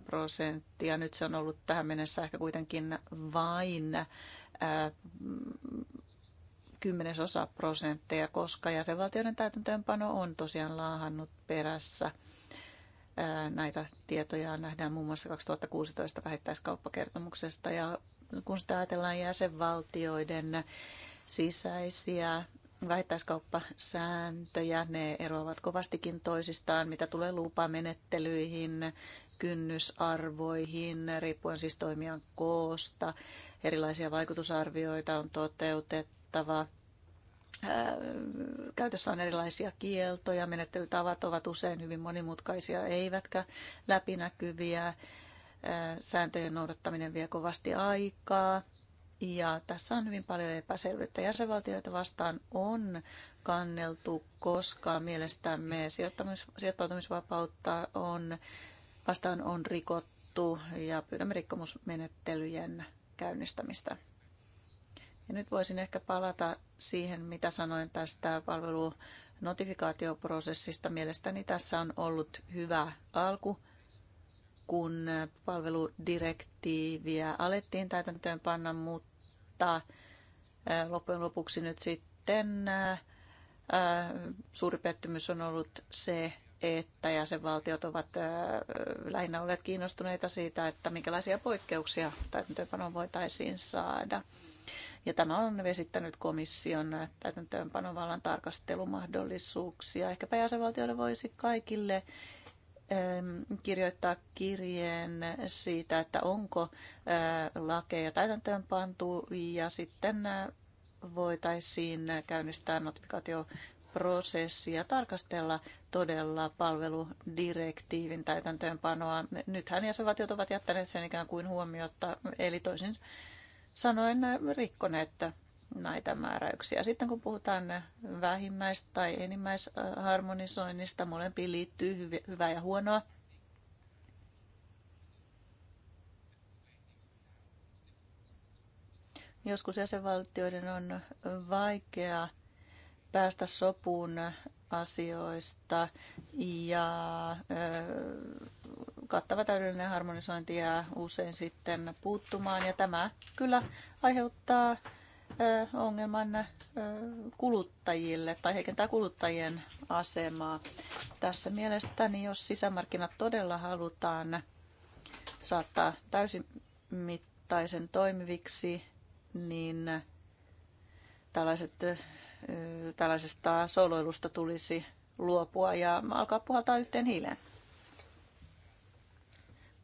prosenttia. Nyt se on ollut tähän mennessä ehkä kuitenkin vain kymmenesosa prosentteja, koska jäsenvaltioiden täytäntöönpano on tosiaan laahannut perässä. Näitä tietoja nähdään muun muassa 2016 vähittäiskauppakertomuksesta ja kun sitä ajatellaan jäsenvaltioiden sisäisiä vähittäiskauppasääntöjä, ne eroavat kovastikin toisistaan, mitä tulee lupamenettelyihin, kynnysarvoihin, riippuen siis toimijan koosta. Erilaisia vaikutusarvioita on toteutettava. Käytössä on erilaisia kieltoja, menettelytavat ovat usein hyvin monimutkaisia, eivätkä läpinäkyviä sääntöjen noudattaminen vie kovasti aikaa. Ja tässä on hyvin paljon epäselvyyttä. Jäsenvaltioita vastaan on kanneltu, koska mielestämme sijoittautumisvapautta on, vastaan on rikottu ja pyydämme rikkomusmenettelyjen käynnistämistä. Ja nyt voisin ehkä palata siihen, mitä sanoin tästä palvelunotifikaatioprosessista. Mielestäni tässä on ollut hyvä alku kun palveludirektiiviä alettiin täytäntöönpanna, mutta loppujen lopuksi nyt sitten suuri pettymys on ollut se, että jäsenvaltiot ovat lähinnä olleet kiinnostuneita siitä, että minkälaisia poikkeuksia täytäntöönpanoon voitaisiin saada. Ja tämä on vesittänyt komission täytäntöönpanovallan tarkastelumahdollisuuksia. Ehkäpä jäsenvaltioille voisi kaikille kirjoittaa kirjeen siitä, että onko lakeja täytäntöön pantu ja sitten voitaisiin käynnistää notifikaatioprosessi ja tarkastella todella palveludirektiivin täytäntöönpanoa. Nythän jäsenvaltiot ovat jättäneet sen ikään kuin huomiota, eli toisin sanoen rikkoneet näitä määräyksiä. Sitten kun puhutaan vähimmäis- tai enimmäisharmonisoinnista, molempiin liittyy hyvää ja huonoa. Joskus jäsenvaltioiden on vaikea päästä sopuun asioista ja kattava täydellinen harmonisointi jää usein sitten puuttumaan ja tämä kyllä aiheuttaa ongelman kuluttajille tai heikentää kuluttajien asemaa. Tässä mielestäni, jos sisämarkkinat todella halutaan saattaa täysimittaisen toimiviksi, niin tällaiset, tällaisesta soloilusta tulisi luopua ja alkaa puhaltaa yhteen hiileen.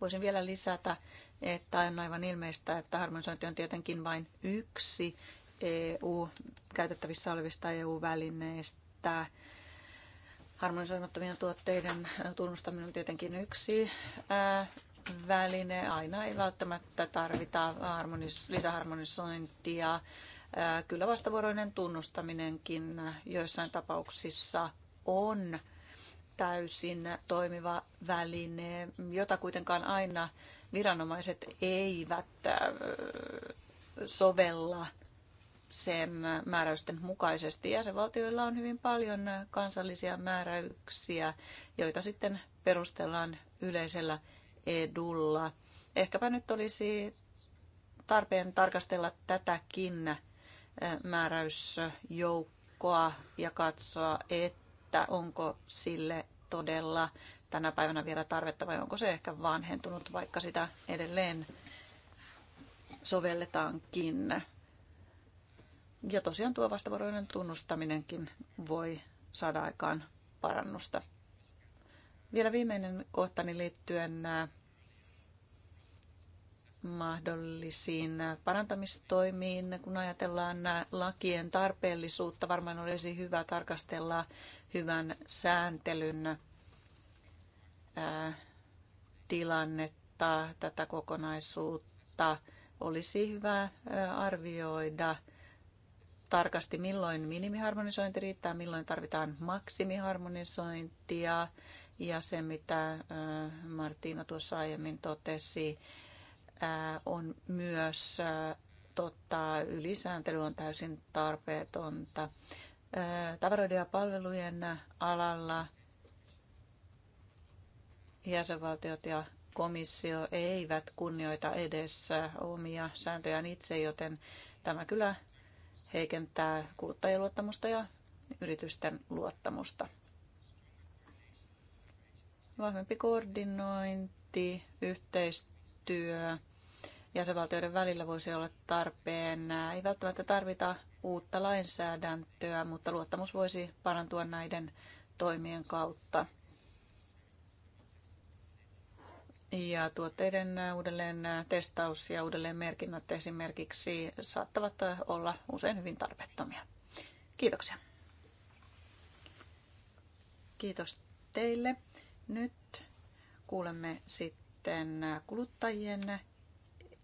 Voisin vielä lisätä, että on aivan ilmeistä, että harmonisointi on tietenkin vain yksi EU, käytettävissä olevista EU-välineistä. Harmonisoimattomien tuotteiden tunnustaminen on tietenkin yksi väline. Aina ei välttämättä tarvita harmonis- lisäharmonisointia. Kyllä vastavuoroinen tunnustaminenkin joissain tapauksissa on täysin toimiva väline, jota kuitenkaan aina viranomaiset eivät sovella sen määräysten mukaisesti. Jäsenvaltioilla on hyvin paljon kansallisia määräyksiä, joita sitten perustellaan yleisellä edulla. Ehkäpä nyt olisi tarpeen tarkastella tätäkin määräysjoukkoa ja katsoa, että onko sille todella tänä päivänä vielä tarvetta vai onko se ehkä vanhentunut, vaikka sitä edelleen sovelletaankin. Ja tosiaan tuo vastavuoroinen tunnustaminenkin voi saada aikaan parannusta. Vielä viimeinen kohtani liittyen äh, mahdollisiin parantamistoimiin, kun ajatellaan äh, lakien tarpeellisuutta. Varmaan olisi hyvä tarkastella hyvän sääntelyn tilannetta, tätä kokonaisuutta. Olisi hyvä arvioida tarkasti, milloin minimiharmonisointi riittää, milloin tarvitaan maksimiharmonisointia ja se, mitä Martina tuossa aiemmin totesi, on myös totta, ylisääntely on täysin tarpeetonta. Tavaroiden ja palvelujen alalla jäsenvaltiot ja komissio eivät kunnioita edessä omia sääntöjään itse, joten tämä kyllä heikentää kuluttajien luottamusta ja yritysten luottamusta. Vahvempi koordinointi, yhteistyö jäsenvaltioiden välillä voisi olla tarpeen. Ei välttämättä tarvita uutta lainsäädäntöä, mutta luottamus voisi parantua näiden toimien kautta. Ja tuotteiden uudelleen testaus ja uudelleen merkinnät esimerkiksi saattavat olla usein hyvin tarpeettomia. Kiitoksia. Kiitos teille. Nyt kuulemme sitten kuluttajien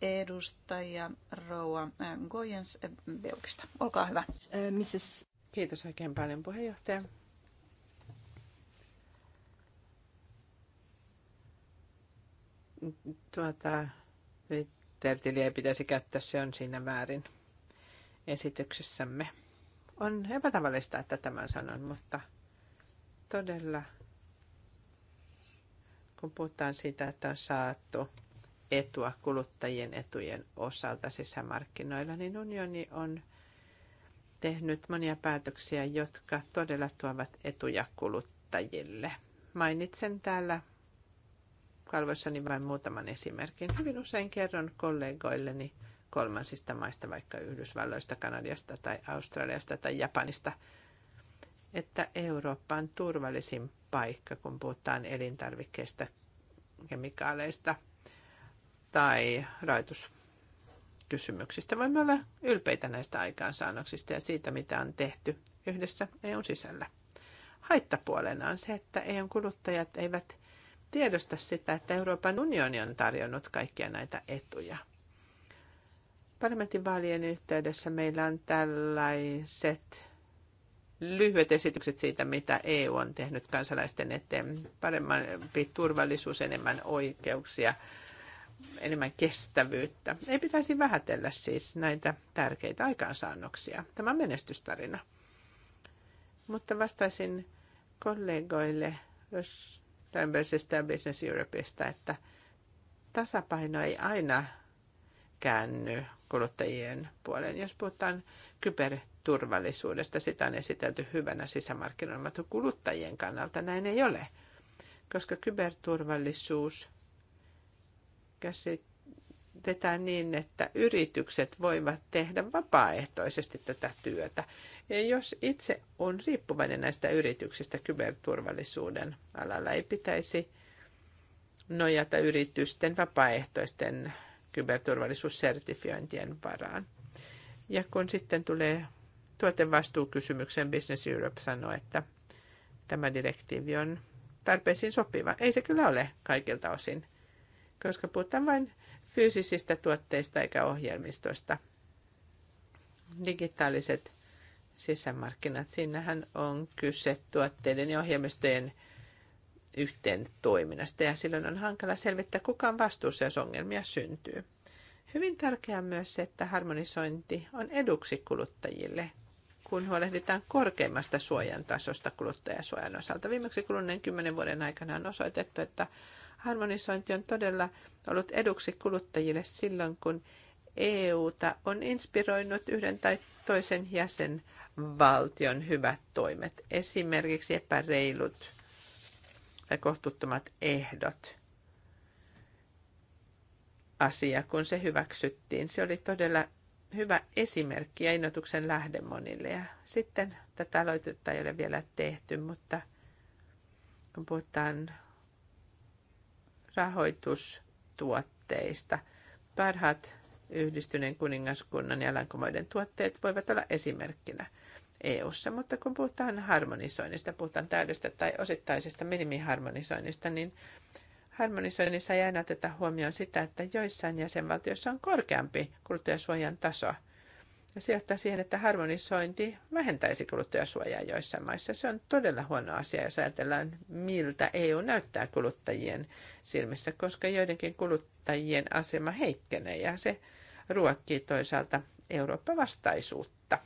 edustaja Rouva Goyens Belkista. Olkaa hyvä. Äh, Kiitos oikein paljon puheenjohtaja. tuota, Twitter-tiliä ei pitäisi käyttää, se on siinä väärin esityksessämme. On epätavallista, että tämän sanon, mutta todella kun puhutaan siitä, että on saatu etua kuluttajien etujen osalta sisämarkkinoilla, niin unioni on tehnyt monia päätöksiä, jotka todella tuovat etuja kuluttajille. Mainitsen täällä kalvoissani vain muutaman esimerkin. Hyvin usein kerron kollegoilleni kolmansista maista, vaikka Yhdysvalloista, Kanadasta tai Australiasta tai Japanista, että Eurooppa on turvallisin paikka, kun puhutaan elintarvikkeista, kemikaaleista tai Kysymyksistä. Voimme olla ylpeitä näistä aikaansaannoksista ja siitä, mitä on tehty yhdessä EUn sisällä. Haittapuolena on se, että EUn kuluttajat eivät tiedosta sitä, että Euroopan unioni on tarjonnut kaikkia näitä etuja. Parlamentin vaalien yhteydessä meillä on tällaiset lyhyet esitykset siitä, mitä EU on tehnyt kansalaisten eteen. Paremmampi turvallisuus, enemmän oikeuksia, enemmän kestävyyttä. Ei pitäisi vähätellä siis näitä tärkeitä aikaansaannoksia. Tämä on menestystarina. Mutta vastaisin kollegoille, jos Reimbursista ja Business Europeista, että tasapaino ei aina käänny kuluttajien puoleen. Jos puhutaan kyberturvallisuudesta, sitä on esitelty hyvänä sisämarkkinoilla, mutta kuluttajien kannalta näin ei ole, koska kyberturvallisuus käsittää kehitetään niin, että yritykset voivat tehdä vapaaehtoisesti tätä työtä. Ja jos itse on riippuvainen näistä yrityksistä kyberturvallisuuden alalla, ei pitäisi nojata yritysten vapaaehtoisten kyberturvallisuussertifiointien varaan. Ja kun sitten tulee tuotevastuukysymykseen, Business Europe sanoi, että tämä direktiivi on tarpeisiin sopiva. Ei se kyllä ole kaikilta osin, koska puhutaan vain fyysisistä tuotteista eikä ohjelmistosta. Digitaaliset sisämarkkinat, siinähän on kyse tuotteiden ja ohjelmistojen yhteen toiminnasta ja silloin on hankala selvittää, kuka on vastuussa, jos ongelmia syntyy. Hyvin tärkeää on myös se, että harmonisointi on eduksi kuluttajille, kun huolehditaan korkeimmasta suojan tasosta kuluttajasuojan osalta. Viimeksi kuluneen kymmenen vuoden aikana on osoitettu, että Harmonisointi on todella ollut eduksi kuluttajille silloin, kun EUta on inspiroinut yhden tai toisen jäsenvaltion hyvät toimet, esimerkiksi epäreilut tai kohtuuttomat ehdot. Asia, kun se hyväksyttiin, se oli todella hyvä esimerkki ja innoituksen lähde monille. Ja sitten tätä aloitetta ei ole vielä tehty, mutta kun puhutaan rahoitustuotteista. Parhaat yhdistyneen kuningaskunnan ja lankomaiden tuotteet voivat olla esimerkkinä eu mutta kun puhutaan harmonisoinnista, puhutaan täydestä tai osittaisesta minimiharmonisoinnista, niin harmonisoinnissa ei aina oteta huomioon sitä, että joissain jäsenvaltioissa on korkeampi kuluttajasuojan taso – ja se johtaa siihen, että harmonisointi vähentäisi kuluttajasuojaa joissain maissa. Se on todella huono asia, jos ajatellaan, miltä EU näyttää kuluttajien silmissä, koska joidenkin kuluttajien asema heikkenee ja se ruokkii toisaalta Eurooppa-vastaisuutta.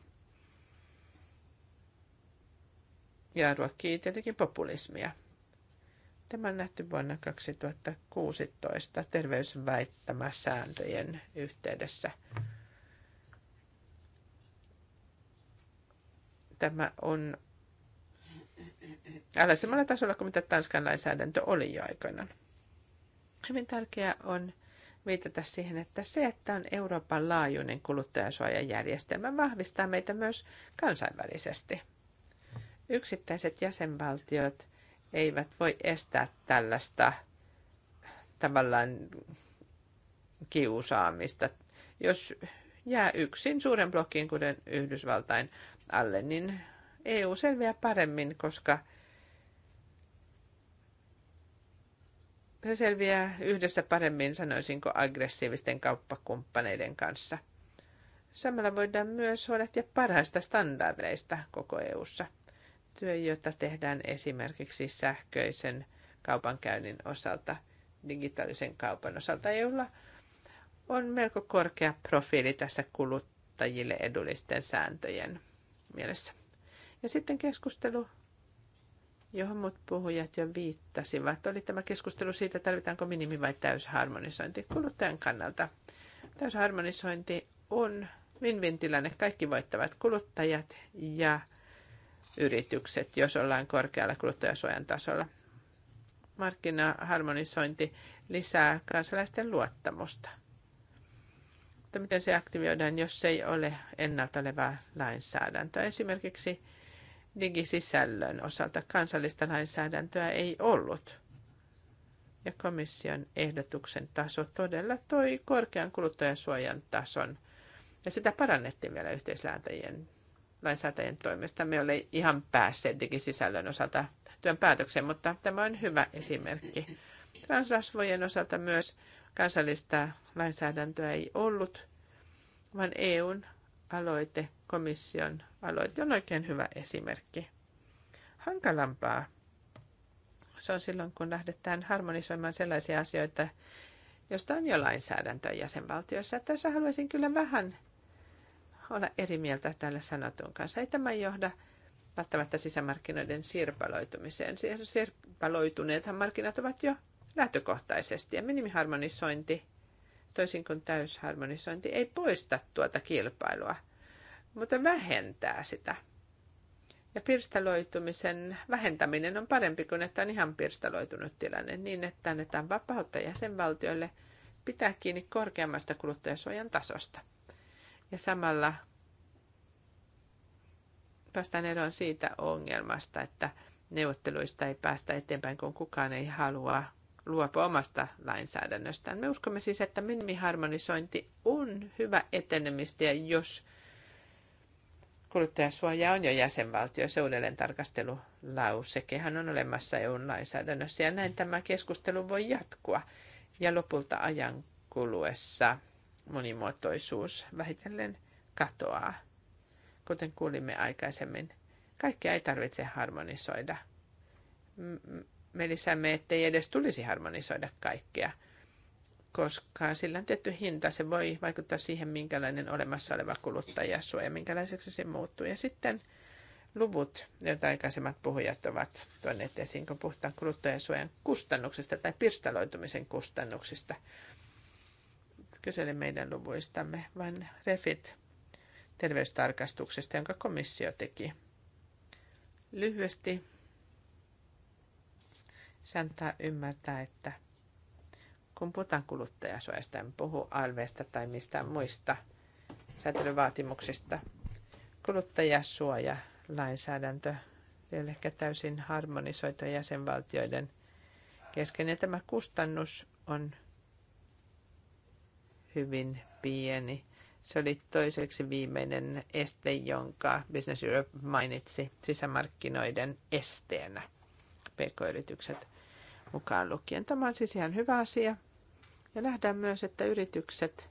Ja ruokkii tietenkin populismia. Tämä on nähty vuonna 2016 terveysväittämäsääntöjen yhteydessä. tämä on alaisemmalla tasolla kuin mitä Tanskan lainsäädäntö oli jo aikoinaan. Hyvin tärkeää on viitata siihen, että se, että on Euroopan laajuinen kuluttajasuojajärjestelmä, vahvistaa meitä myös kansainvälisesti. Yksittäiset jäsenvaltiot eivät voi estää tällaista tavallaan kiusaamista. Jos jää yksin suuren blokin, kuten Yhdysvaltain alle, niin EU selviää paremmin, koska se selviää yhdessä paremmin, sanoisinko, aggressiivisten kauppakumppaneiden kanssa. Samalla voidaan myös huolehtia parhaista standardeista koko EU:ssa. Työ, jota tehdään esimerkiksi sähköisen kaupankäynnin osalta, digitaalisen kaupan osalta EUlla on melko korkea profiili tässä kuluttajille edullisten sääntöjen mielessä. Ja sitten keskustelu, johon muut puhujat jo viittasivat, oli tämä keskustelu siitä, tarvitaanko minimi- vai täysharmonisointi kuluttajan kannalta. Täysharmonisointi on win-win tilanne. Kaikki voittavat kuluttajat ja yritykset, jos ollaan korkealla kuluttajasuojan tasolla. Markkinaharmonisointi lisää kansalaisten luottamusta että miten se aktivoidaan, jos se ei ole ennaltalevaa lainsäädäntöä. Esimerkiksi digisisällön osalta kansallista lainsäädäntöä ei ollut. Ja komission ehdotuksen taso todella toi korkean kuluttajansuojan tason. Ja sitä parannettiin vielä yhteislääntäjien lainsäätäjien toimesta. Me ole ihan päässeet digisisällön osalta työn päätökseen, mutta tämä on hyvä esimerkki. Transrasvojen osalta myös Kansallista lainsäädäntöä ei ollut, vaan EUn aloite, komission aloite on oikein hyvä esimerkki. Hankalampaa se on silloin, kun lähdetään harmonisoimaan sellaisia asioita, josta on jo lainsäädäntöä jäsenvaltioissa. Tässä haluaisin kyllä vähän olla eri mieltä tällä sanotun kanssa. Ei tämä johda välttämättä sisämarkkinoiden sirpaloitumiseen. Sirpaloituneethan markkinat ovat jo lähtökohtaisesti. Ja minimiharmonisointi, toisin kuin täysharmonisointi, ei poista tuota kilpailua, mutta vähentää sitä. Ja pirstaloitumisen vähentäminen on parempi kuin että on ihan pirstaloitunut tilanne niin, että annetaan vapautta jäsenvaltioille pitää kiinni korkeammasta kuluttajasuojan tasosta. Ja samalla päästään eroon siitä ongelmasta, että neuvotteluista ei päästä eteenpäin, kun kukaan ei halua luopua omasta lainsäädännöstään. Me uskomme siis, että minimiharmonisointi on hyvä etenemistä ja jos kuluttajasuoja on jo jäsenvaltioissa uudelleen tarkastelulausekehan on olemassa EUn lainsäädännössä ja näin tämä keskustelu voi jatkua ja lopulta ajan kuluessa monimuotoisuus vähitellen katoaa. Kuten kuulimme aikaisemmin, kaikkea ei tarvitse harmonisoida me lisäämme, ettei edes tulisi harmonisoida kaikkea, koska sillä on tietty hinta. Se voi vaikuttaa siihen, minkälainen olemassa oleva ja minkälaiseksi se muuttuu. Ja sitten luvut, joita aikaisemmat puhujat ovat tuoneet esiin, kun puhutaan kuluttajasuojan kustannuksista tai pirstaloitumisen kustannuksista. Kysele meidän luvuistamme, vain refit terveystarkastuksesta, jonka komissio teki. Lyhyesti se antaa ymmärtää, että kun puhutaan kuluttajasuojasta, en puhu alveista tai mistä muista säätelyvaatimuksista. Kuluttajasuoja lainsäädäntö ei ehkä täysin harmonisoitu jäsenvaltioiden kesken. Ja tämä kustannus on hyvin pieni. Se oli toiseksi viimeinen este, jonka Business Europe mainitsi sisämarkkinoiden esteenä pk-yritykset mukaan lukien. Tämä on siis ihan hyvä asia. Ja nähdään myös, että yritykset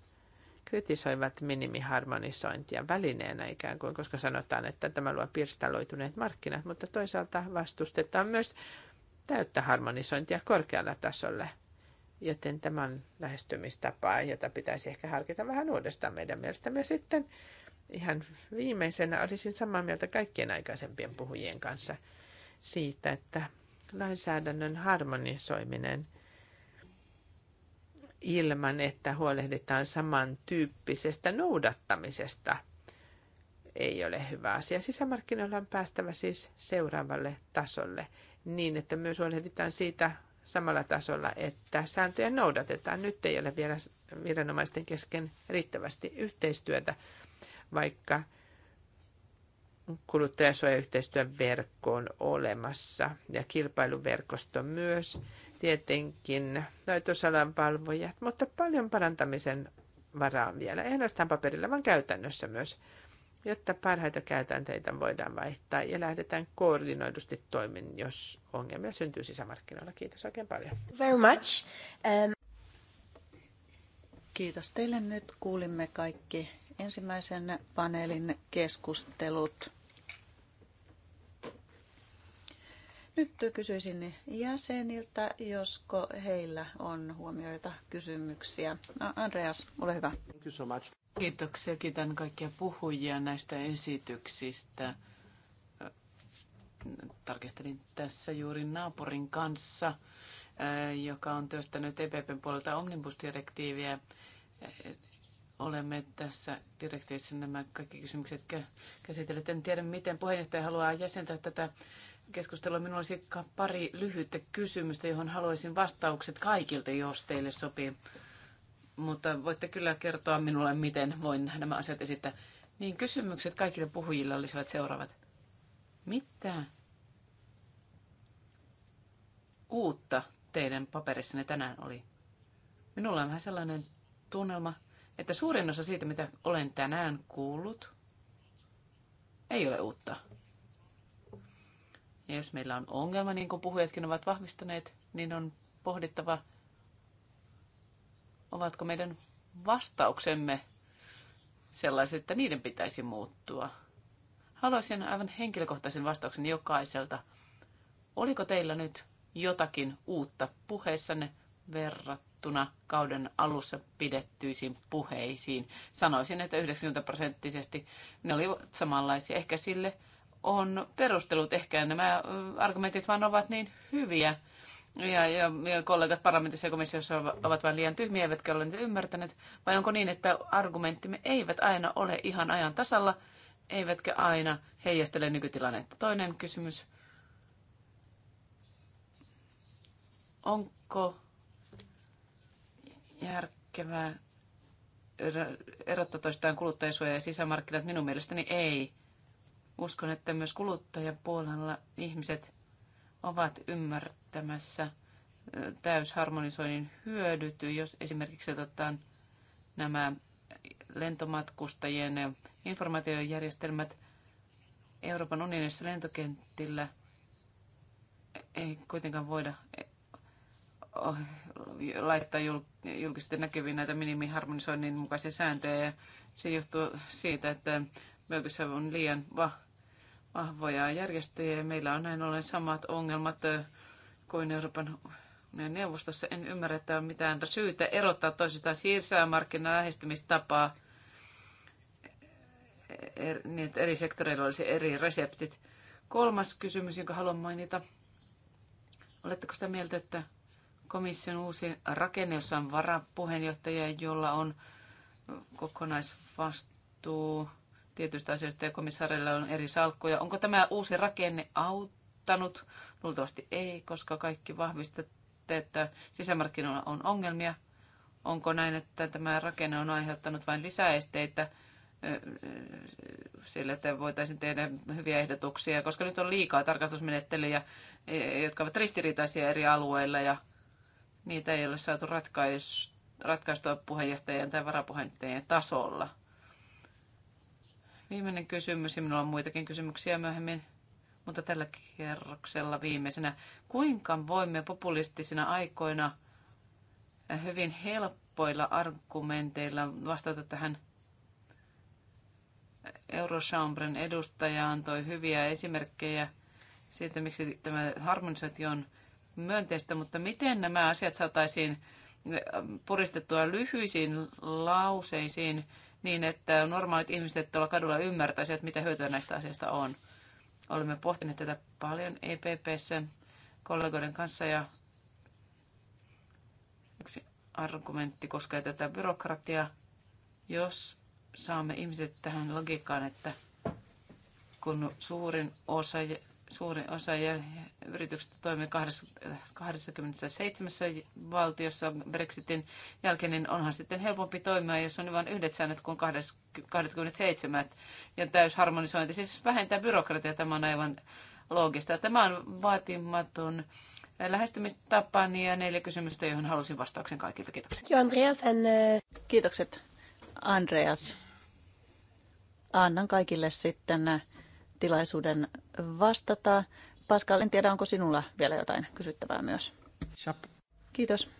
kritisoivat minimiharmonisointia välineenä ikään kuin, koska sanotaan, että tämä luo pirstaloituneet markkinat, mutta toisaalta vastustetaan myös täyttä harmonisointia korkealla tasolla. Joten tämän lähestymistapaa, jota pitäisi ehkä harkita vähän uudestaan meidän mielestämme sitten, ihan viimeisenä olisin samaa mieltä kaikkien aikaisempien puhujien kanssa siitä, että lainsäädännön harmonisoiminen ilman, että huolehditaan samantyyppisestä noudattamisesta ei ole hyvä asia. Sisämarkkinoilla on päästävä siis seuraavalle tasolle niin, että myös huolehditaan siitä samalla tasolla, että sääntöjä noudatetaan. Nyt ei ole vielä viranomaisten kesken riittävästi yhteistyötä, vaikka kuluttajansuojayhteistyön verkko on olemassa ja kilpailuverkosto myös. Tietenkin laitosalan valvojat, mutta paljon parantamisen varaa vielä, ei ainoastaan paperilla, vaan käytännössä myös, jotta parhaita käytänteitä voidaan vaihtaa ja lähdetään koordinoidusti toimin, jos ongelmia syntyy sisämarkkinoilla. Kiitos oikein paljon. Very much. Um... Kiitos teille. Nyt kuulimme kaikki ensimmäisen paneelin keskustelut. Nyt kysyisin jäseniltä, josko heillä on huomioita, kysymyksiä. No, Andreas, ole hyvä. Thank you so much. Kiitoksia. Kiitän kaikkia puhujia näistä esityksistä. Tarkistelin tässä juuri naapurin kanssa, eh, joka on työstänyt EPPn puolelta omnibusdirektiiviä. Eh, olemme tässä direktiivissä nämä kaikki kysymykset käsitelleet. En tiedä, miten puheenjohtaja haluaa jäsentää tätä keskustelua. Minulla olisi pari lyhyttä kysymystä, johon haluaisin vastaukset kaikilta, jos teille sopii. Mutta voitte kyllä kertoa minulle, miten voin nämä asiat esittää. Niin kysymykset kaikille puhujille olisivat seuraavat. Mitä uutta teidän paperissanne tänään oli? Minulla on vähän sellainen tunnelma, että suurin osa siitä, mitä olen tänään kuullut, ei ole uutta. Ja jos meillä on ongelma, niin kuin puhujatkin ovat vahvistaneet, niin on pohdittava, ovatko meidän vastauksemme sellaiset, että niiden pitäisi muuttua. Haluaisin aivan henkilökohtaisen vastauksen jokaiselta. Oliko teillä nyt jotakin uutta puheessanne verrattuna kauden alussa pidettyisiin puheisiin? Sanoisin, että 90 prosenttisesti ne olivat samanlaisia. Ehkä sille on perustelut. Ehkä nämä argumentit vaan ovat niin hyviä. Ja, ja, ja kollegat parlamentissa ja komissiossa ovat vain liian tyhmiä, eivätkä ole niitä ymmärtäneet. Vai onko niin, että argumenttimme eivät aina ole ihan ajan tasalla, eivätkä aina heijastele nykytilannetta? Toinen kysymys. Onko järkevää er- erottaa toistaan kuluttajasuoja ja sisämarkkinat? Minun mielestäni ei. Uskon, että myös kuluttajapuolella ihmiset ovat ymmärtämässä täysharmonisoinnin hyödyt, jos esimerkiksi otetaan nämä lentomatkustajien informaatiojärjestelmät Euroopan unionissa lentokentillä ei kuitenkaan voida e, laittaa julkisesti näkyviin näitä minimiharmonisoinnin mukaisia sääntöjä. Ja se johtuu siitä, että Belgiassa on liian va- vahvoja järjestöjä ja meillä on näin ollen samat ongelmat kuin Euroopan neuvostossa. En ymmärrä, että on mitään syytä erottaa toisistaan siirsämarkkinan lähestymistapaa er, niin, että eri sektoreilla olisi eri reseptit. Kolmas kysymys, jonka haluan mainita. Oletteko sitä mieltä, että komission uusi rakenne, jossa on varapuheenjohtaja, jolla on kokonaisvastuu tietystä asioista ja komissaarilla on eri salkkuja. Onko tämä uusi rakenne auttanut? Luultavasti ei, koska kaikki vahvistatte, että sisämarkkinoilla on ongelmia. Onko näin, että tämä rakenne on aiheuttanut vain lisäesteitä sillä, että voitaisiin tehdä hyviä ehdotuksia, koska nyt on liikaa tarkastusmenettelyjä, e, jotka ovat ristiriitaisia eri alueilla ja niitä ei ole saatu ratkaistua puheenjohtajien tai varapuheenjohtajien tasolla. Viimeinen kysymys, ja minulla on muitakin kysymyksiä myöhemmin, mutta tällä kierroksella viimeisenä. Kuinka voimme populistisina aikoina hyvin helppoilla argumenteilla vastata tähän Eurochambren edustaja antoi hyviä esimerkkejä siitä, miksi tämä harmonisaatio on myönteistä, mutta miten nämä asiat saataisiin puristettua lyhyisiin lauseisiin, niin, että normaalit ihmiset tuolla kadulla ymmärtäisivät, mitä hyötyä näistä asioista on. Olemme pohtineet tätä paljon EPPssä kollegoiden kanssa ja yksi argumentti koskee tätä byrokratiaa. Jos saamme ihmiset tähän logiikkaan, että kun suurin osa suuri osa ja yritykset toimii 27 valtiossa Brexitin jälkeen, niin onhan sitten helpompi toimia, jos on vain yhdet säännöt kuin 27. Ja täysharmonisointi siis vähentää byrokratiaa, tämä on aivan loogista. Tämä on vaatimaton niin ja neljä kysymystä, johon halusin vastauksen kaikilta. Kiitoksia. Andreas, uh, Kiitokset Andreas. Annan kaikille sitten uh, tilaisuuden vastata. Pascal, en tiedä, onko sinulla vielä jotain kysyttävää myös? Shop. Kiitos.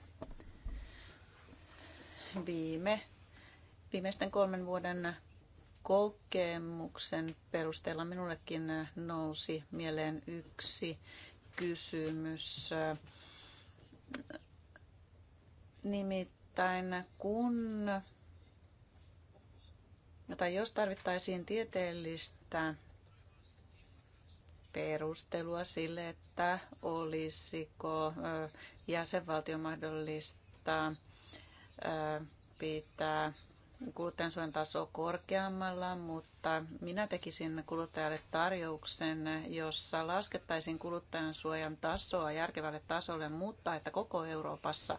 Viime, viimeisten kolmen vuoden kokemuksen perusteella minullekin nousi mieleen yksi kysymys. Nimittäin kun, tai jos tarvittaisiin tieteellistä perustelua sille, että olisiko jäsenvaltio mahdollista pitää kuluttajansuojan taso korkeammalla, mutta minä tekisin kuluttajalle tarjouksen, jossa laskettaisiin kuluttajansuojan tasoa järkevälle tasolle, mutta että koko Euroopassa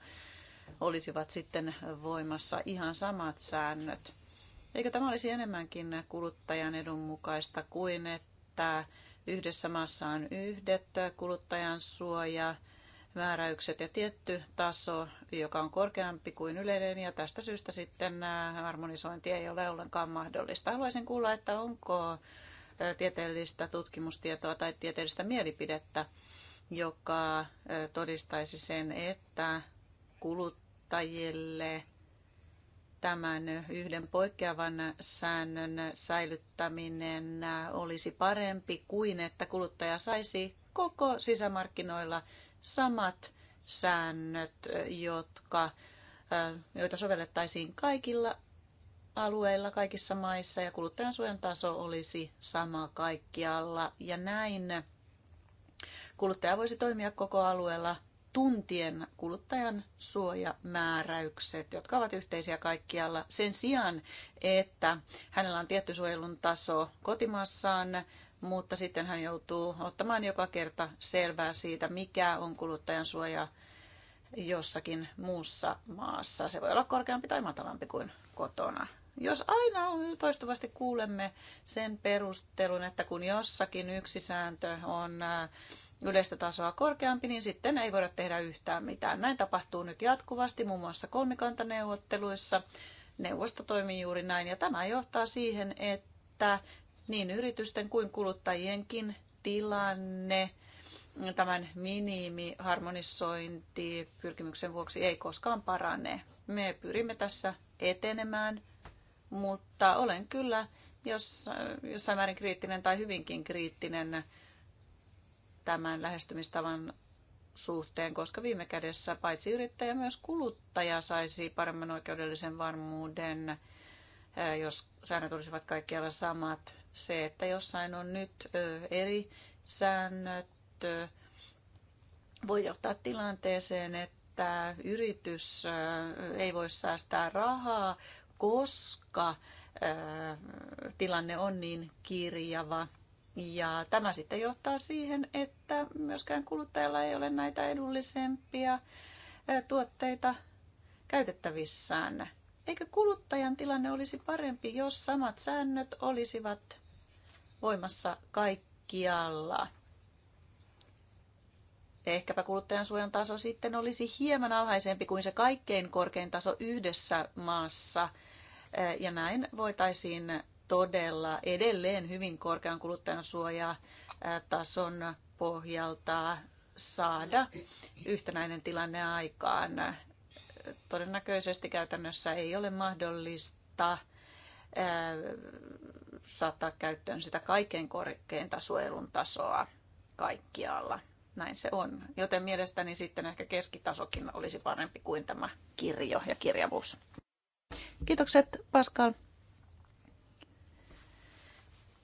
olisivat sitten voimassa ihan samat säännöt. Eikö tämä olisi enemmänkin kuluttajan edun mukaista kuin että Yhdessä maassa on yhdet kuluttajan suoja, määräykset ja tietty taso, joka on korkeampi kuin yleinen, ja tästä syystä sitten äh, harmonisointi ei ole ollenkaan mahdollista. Haluaisin kuulla, että onko äh, tieteellistä tutkimustietoa tai tieteellistä mielipidettä, joka äh, todistaisi sen, että kuluttajille – tämän yhden poikkeavan säännön säilyttäminen olisi parempi kuin että kuluttaja saisi koko sisämarkkinoilla samat säännöt, jotka, joita sovellettaisiin kaikilla alueilla, kaikissa maissa ja suojan taso olisi sama kaikkialla. Ja näin kuluttaja voisi toimia koko alueella tuntien kuluttajan suojamääräykset, jotka ovat yhteisiä kaikkialla sen sijaan, että hänellä on tietty suojelun taso kotimaassaan, mutta sitten hän joutuu ottamaan joka kerta selvää siitä, mikä on kuluttajan suoja jossakin muussa maassa. Se voi olla korkeampi tai matalampi kuin kotona. Jos aina toistuvasti kuulemme sen perustelun, että kun jossakin yksi sääntö on äh, yleistä tasoa korkeampi, niin sitten ei voida tehdä yhtään mitään. Näin tapahtuu nyt jatkuvasti muun muassa kolmikantaneuvotteluissa. Neuvosto toimii juuri näin ja tämä johtaa siihen, että niin yritysten kuin kuluttajienkin tilanne tämän minimiharmonisointi pyrkimyksen vuoksi ei koskaan parane. Me pyrimme tässä etenemään, mutta olen kyllä jossain määrin kriittinen tai hyvinkin kriittinen tämän lähestymistavan suhteen, koska viime kädessä paitsi yrittäjä myös kuluttaja saisi paremman oikeudellisen varmuuden, eh, jos säännöt olisivat kaikkialla samat. Se, että jossain on nyt eri säännöt, voi johtaa tilanteeseen, että yritys ei voi säästää rahaa, koska tilanne on niin kirjava ja tämä sitten johtaa siihen, että myöskään kuluttajalla ei ole näitä edullisempia tuotteita käytettävissään. Eikö kuluttajan tilanne olisi parempi, jos samat säännöt olisivat voimassa kaikkialla? Ehkäpä kuluttajan suojan taso sitten olisi hieman alhaisempi kuin se kaikkein korkein taso yhdessä maassa. Ja näin voitaisiin todella edelleen hyvin korkean kuluttajan tason pohjalta saada yhtenäinen tilanne aikaan. Todennäköisesti käytännössä ei ole mahdollista saattaa käyttöön sitä kaikkein korkeinta suojelun tasoa kaikkialla. Näin se on. Joten mielestäni sitten ehkä keskitasokin olisi parempi kuin tämä kirjo ja kirjavuus. Kiitokset Pascal.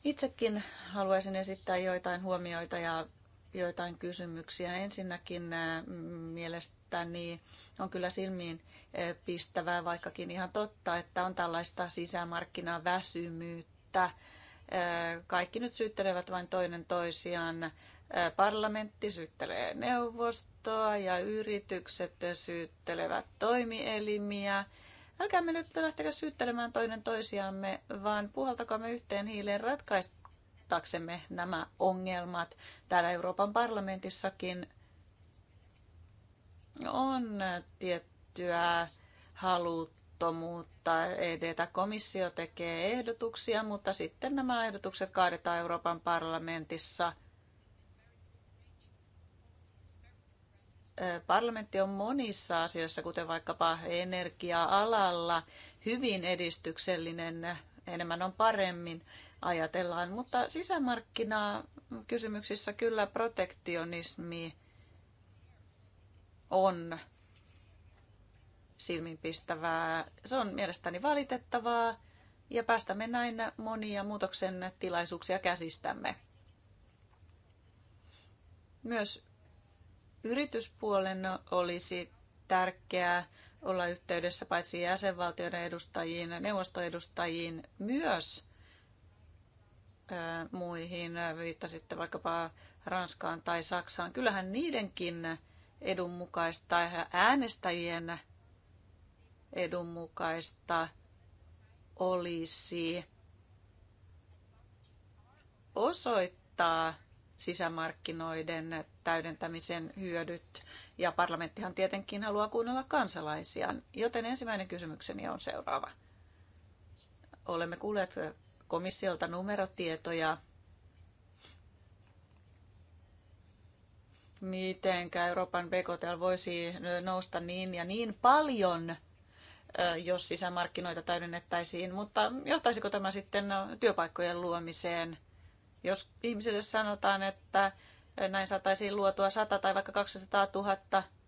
Itsekin haluaisin esittää joitain huomioita ja joitain kysymyksiä. Ensinnäkin äh, mielestäni on kyllä silmiin äh, pistävää, vaikkakin ihan totta, että on tällaista väsymyyttä. Äh, kaikki nyt syyttelevät vain toinen toisiaan. Parlamentti syyttelee neuvostoa ja yritykset syyttelevät toimielimiä me nyt lähtekö syyttelemään toinen toisiamme, vaan puhaltakaamme yhteen hiileen ratkaistaksemme nämä ongelmat. Täällä Euroopan parlamentissakin on tiettyä haluttomuutta edetä. Komissio tekee ehdotuksia, mutta sitten nämä ehdotukset kaadetaan Euroopan parlamentissa – parlamentti on monissa asioissa, kuten vaikkapa energia-alalla, hyvin edistyksellinen, enemmän on paremmin ajatellaan, mutta sisämarkkinaa kysymyksissä kyllä protektionismi on silminpistävää. Se on mielestäni valitettavaa ja päästämme näin monia muutoksen tilaisuuksia käsistämme. Myös yrityspuolen olisi tärkeää olla yhteydessä paitsi jäsenvaltioiden edustajiin ja neuvostoedustajiin myös muihin, viittasitte vaikkapa Ranskaan tai Saksaan. Kyllähän niidenkin edunmukaista, ja äänestäjien edunmukaista olisi osoittaa sisämarkkinoiden täydentämisen hyödyt. Ja parlamenttihan tietenkin haluaa kuunnella kansalaisiaan. Joten ensimmäinen kysymykseni on seuraava. Olemme kuulleet komissiolta numerotietoja miten Euroopan BKT voisi nousta niin ja niin paljon, jos sisämarkkinoita täydennettäisiin, mutta johtaisiko tämä sitten työpaikkojen luomiseen – jos ihmisille sanotaan, että näin saataisiin luotua 100 tai vaikka 200 000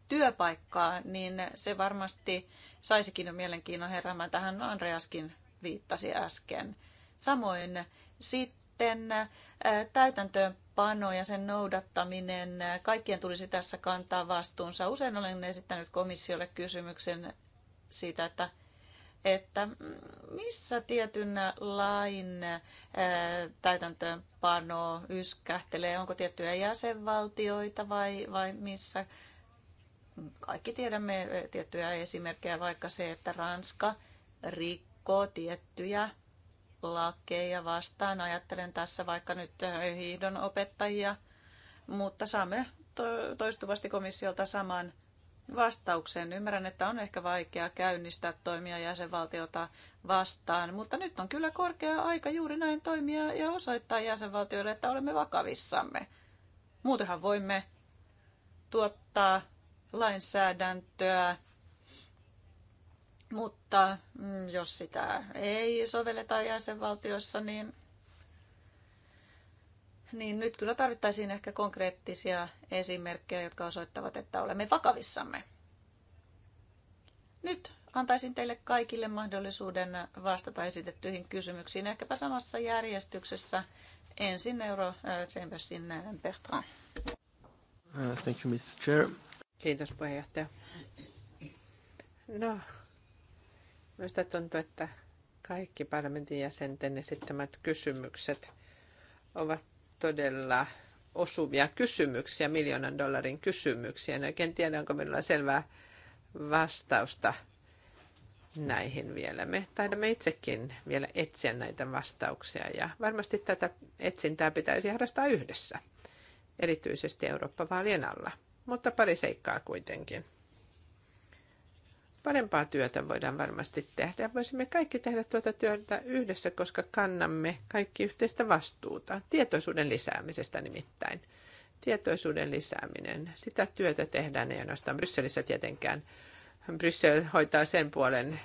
työpaikkaa, niin se varmasti saisikin jo mielenkiinnon heräämään. Tähän Andreaskin viittasi äsken. Samoin sitten täytäntöönpano ja sen noudattaminen. Kaikkien tulisi tässä kantaa vastuunsa. Usein olen esittänyt komissiolle kysymyksen siitä, että että missä tietyn lain täytäntöönpano yskähtelee, onko tiettyjä jäsenvaltioita vai, vai missä. Kaikki tiedämme tiettyjä esimerkkejä, vaikka se, että Ranska rikkoo tiettyjä lakeja vastaan. Ajattelen tässä vaikka nyt hiihdon opettajia, mutta saamme toistuvasti komissiolta saman vastaukseen. Ymmärrän, että on ehkä vaikea käynnistää toimia jäsenvaltiota vastaan, mutta nyt on kyllä korkea aika juuri näin toimia ja osoittaa jäsenvaltioille, että olemme vakavissamme. Muutenhan voimme tuottaa lainsäädäntöä, mutta mm, jos sitä ei sovelleta jäsenvaltiossa, niin niin nyt kyllä tarvittaisiin ehkä konkreettisia esimerkkejä, jotka osoittavat, että olemme vakavissamme. Nyt antaisin teille kaikille mahdollisuuden vastata esitettyihin kysymyksiin, ehkäpä samassa järjestyksessä. Ensin Euro äh, Chambersin äh, Bertrand. Uh, thank you, Mrs. Chair. Kiitos puheenjohtaja. No, minusta tuntuu, että kaikki parlamentin jäsenten esittämät kysymykset ovat todella osuvia kysymyksiä, miljoonan dollarin kysymyksiä. En tiedä, onko minulla selvää vastausta näihin vielä. Me taidamme itsekin vielä etsiä näitä vastauksia ja varmasti tätä etsintää pitäisi harrastaa yhdessä, erityisesti Eurooppa-vaalien alla. Mutta pari seikkaa kuitenkin. Parempaa työtä voidaan varmasti tehdä. Voisimme kaikki tehdä tuota työtä yhdessä, koska kannamme kaikki yhteistä vastuuta. Tietoisuuden lisäämisestä nimittäin. Tietoisuuden lisääminen. Sitä työtä tehdään ei ainoastaan Brysselissä tietenkään. Bryssel hoitaa sen puolen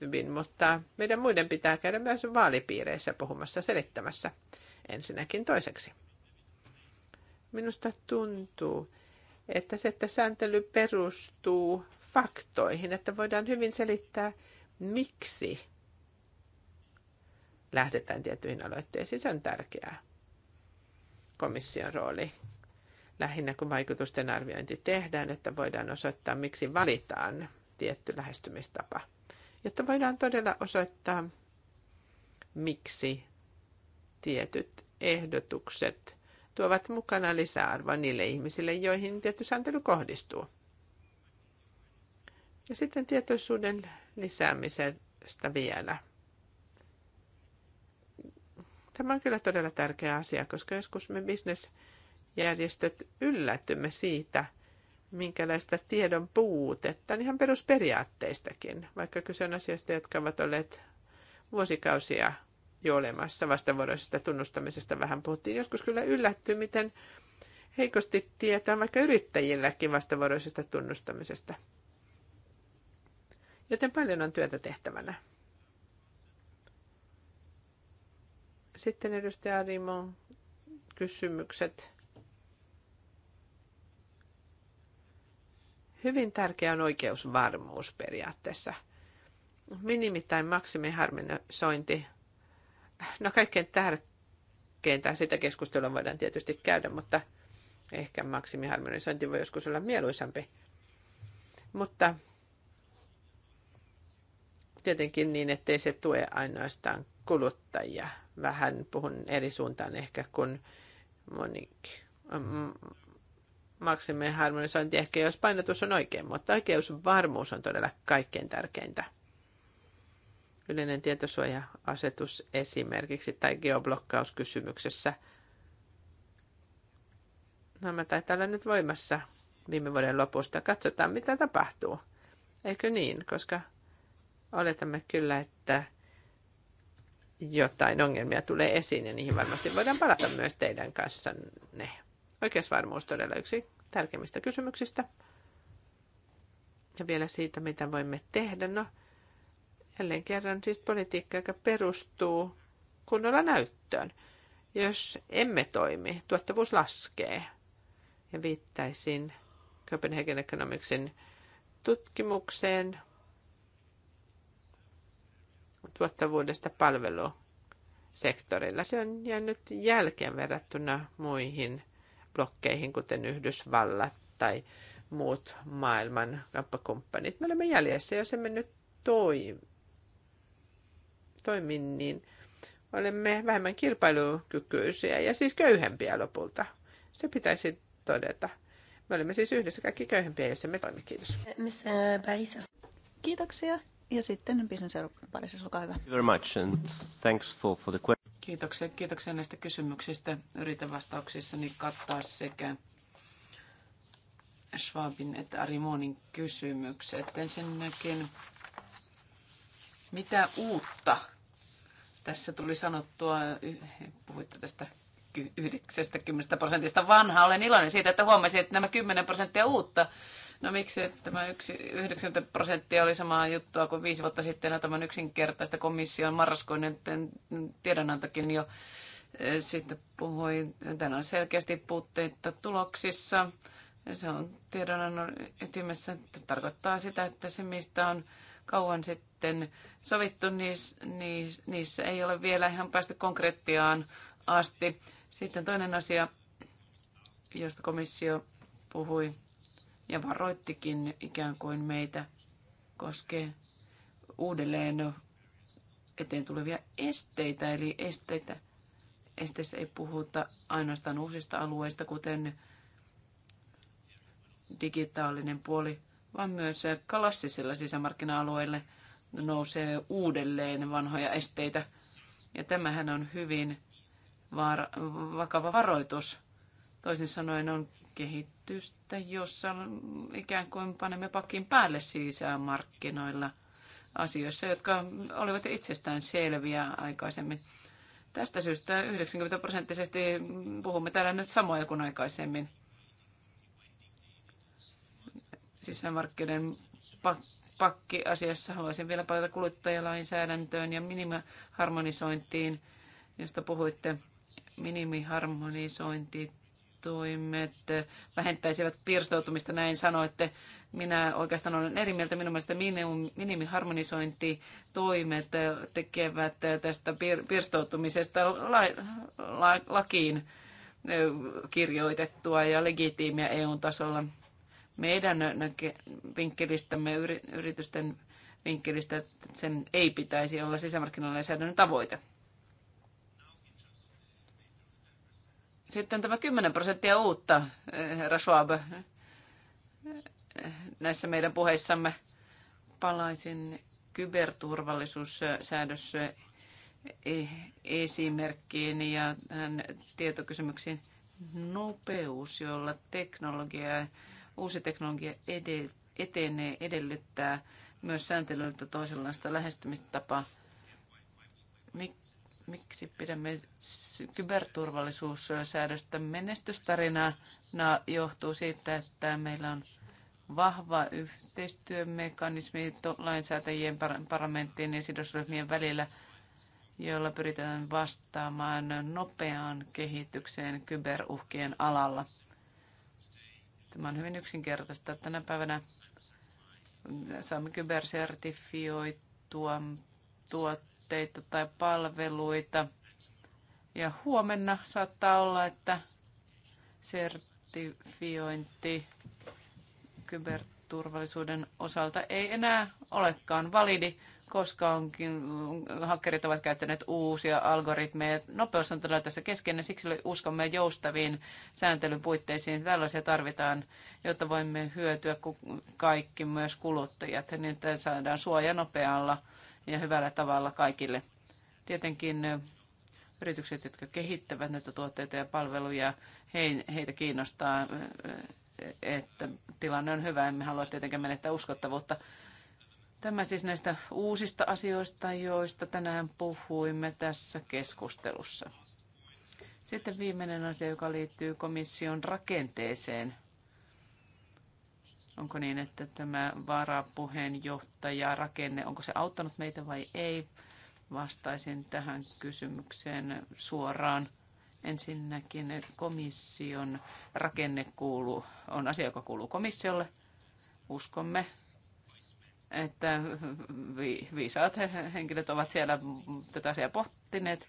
hyvin, mutta meidän muiden pitää käydä myös vaalipiireissä puhumassa selittämässä ensinnäkin toiseksi. Minusta tuntuu, että se, että sääntely perustuu faktoihin, että voidaan hyvin selittää, miksi lähdetään tiettyihin aloitteisiin. Se on tärkeää. Komission rooli lähinnä kun vaikutusten arviointi tehdään, että voidaan osoittaa, miksi valitaan tietty lähestymistapa. Jotta voidaan todella osoittaa, miksi tietyt ehdotukset tuovat mukana lisäarvoa niille ihmisille, joihin tietty sääntely kohdistuu. Ja sitten tietoisuuden lisäämisestä vielä. Tämä on kyllä todella tärkeä asia, koska joskus me bisnesjärjestöt yllätymme siitä, minkälaista tiedon puutetta, ihan perusperiaatteistakin, vaikka kyse on asioista, jotka ovat olleet vuosikausia jo olemassa vastavuoroisesta tunnustamisesta vähän puhuttiin. Joskus kyllä yllättyy, miten heikosti tietää vaikka yrittäjilläkin vastavuoroisesta tunnustamisesta. Joten paljon on työtä tehtävänä. Sitten edustaja Rimo, kysymykset. Hyvin tärkeä on oikeusvarmuus periaatteessa. Minimi- tai maksimiharmonisointi. No kaikkein tärkeintä, sitä keskustelua voidaan tietysti käydä, mutta ehkä maksimiharmonisointi voi joskus olla mieluisampi. Mutta tietenkin niin, ettei se tue ainoastaan kuluttajia. Vähän puhun eri suuntaan ehkä kuin Monique. Mm, Maksimme harmonisointi ehkä, jos painotus on oikein, mutta oikeusvarmuus on todella kaikkein tärkeintä. Yleinen tietosuoja-asetus esimerkiksi tai geoblokkauskysymyksessä. Nämä no, taitaa olla nyt voimassa viime vuoden lopusta. Katsotaan, mitä tapahtuu. Eikö niin? Koska oletamme kyllä, että jotain ongelmia tulee esiin ja niihin varmasti voidaan palata myös teidän kanssanne. Oikeusvarmuus todella yksi tärkeimmistä kysymyksistä. Ja vielä siitä, mitä voimme tehdä. No, jälleen kerran siis politiikka, joka perustuu kunnolla näyttöön. Jos emme toimi, tuottavuus laskee. Ja viittaisin Copenhagen Economicsin tutkimukseen tuottavuudesta palvelusektorilla. Se on jäänyt jälkeen verrattuna muihin blokkeihin, kuten Yhdysvallat tai muut maailman kauppakumppanit. Me olemme jäljessä, jos emme nyt toi, toimi, niin olemme vähemmän kilpailukykyisiä ja siis köyhempiä lopulta. Se pitäisi todeta. Me olemme siis yhdessä kaikki köyhempiä, jos emme toimi. Kiitos. Kiitoksia. Ja sitten Business Euroopan parissa, olkaa hyvä. Very much and thanks for, for the Kiitoksia, kiitoksia näistä kysymyksistä. Yritän vastauksissani kattaa sekä Schwabin että Arimonin kysymykset. Ensinnäkin, mitä uutta tässä tuli sanottua, puhuitte tästä 90 prosentista vanhaa. Olen iloinen siitä, että huomasin, että nämä 10 prosenttia uutta No miksi että tämä yksi, 90 prosenttia oli samaa juttua kuin viisi vuotta sitten, ja tämän yksinkertaista komission marraskuinen niin tiedonantokin jo e, sitten puhui, tänään on selkeästi puutteita tuloksissa. Se on tiedonannon ytimessä, että tarkoittaa sitä, että se mistä on kauan sitten sovittu, niissä ei ole vielä ihan päästy konkreettiaan asti. Sitten toinen asia, josta komissio puhui ja varoittikin ikään kuin meitä koskee uudelleen eteen tulevia esteitä, eli esteitä. Esteissä ei puhuta ainoastaan uusista alueista, kuten digitaalinen puoli, vaan myös klassisilla sisämarkkina-alueilla nousee uudelleen vanhoja esteitä. Ja tämähän on hyvin vaara, vakava varoitus. Toisin sanoen on kehitystä, jossa ikään kuin panemme pakin päälle markkinoilla asioissa, jotka olivat itsestään selviä aikaisemmin. Tästä syystä 90 prosenttisesti puhumme täällä nyt samoja kuin aikaisemmin. Sisämarkkinoiden pakkiasiassa haluaisin vielä palata kuluttajalainsäädäntöön ja minimiharmonisointiin, josta puhuitte minimiharmonisointi toimet vähentäisivät pirstoutumista, näin sanoitte. Minä oikeastaan olen eri mieltä. Minun mielestä minimiharmonisointitoimet tekevät tästä pirstoutumisesta lakiin kirjoitettua ja legitiimiä EU-tasolla. Meidän vinkkelistämme, yritysten vinkkelistä, sen ei pitäisi olla säädännön tavoite. Sitten tämä 10 prosenttia uutta, eh, herra Schwab, näissä meidän puheissamme. Palaisin kyberturvallisuussäädössä eh, esimerkkiin ja tähän tietokysymyksiin. Nopeus, jolla teknologia, uusi teknologia etenee, edellyttää myös sääntelyltä toisenlaista lähestymistapaa. Mik- miksi pidämme kyberturvallisuussäädöstä menestystarinana, johtuu siitä, että meillä on vahva yhteistyömekanismi lainsäätäjien parlamenttien ja sidosryhmien välillä, jolla pyritään vastaamaan nopeaan kehitykseen kyberuhkien alalla. Tämä on hyvin yksinkertaista. Tänä päivänä saamme kybersertifioitua tuotteita tuotteita tai palveluita. Ja huomenna saattaa olla, että sertifiointi kyberturvallisuuden osalta ei enää olekaan validi, koska onkin, hakkerit ovat käyttäneet uusia algoritmeja. Nopeus on todella tässä keskeinen, siksi uskomme joustaviin sääntelyn puitteisiin. Tällaisia tarvitaan, jotta voimme hyötyä kaikki, myös kuluttajat, niin että saadaan suoja nopealla ja hyvällä tavalla kaikille. Tietenkin yritykset, jotka kehittävät näitä tuotteita ja palveluja, heitä kiinnostaa, että tilanne on hyvä. Emme halua tietenkään menettää uskottavuutta. Tämä siis näistä uusista asioista, joista tänään puhuimme tässä keskustelussa. Sitten viimeinen asia, joka liittyy komission rakenteeseen. Onko niin, että tämä varapuheenjohtaja rakenne, onko se auttanut meitä vai ei? Vastaisin tähän kysymykseen suoraan. Ensinnäkin komission rakenne kuuluu, on asia, joka kuuluu komissiolle. Uskomme, että viisaat henkilöt ovat siellä tätä asiaa pohtineet.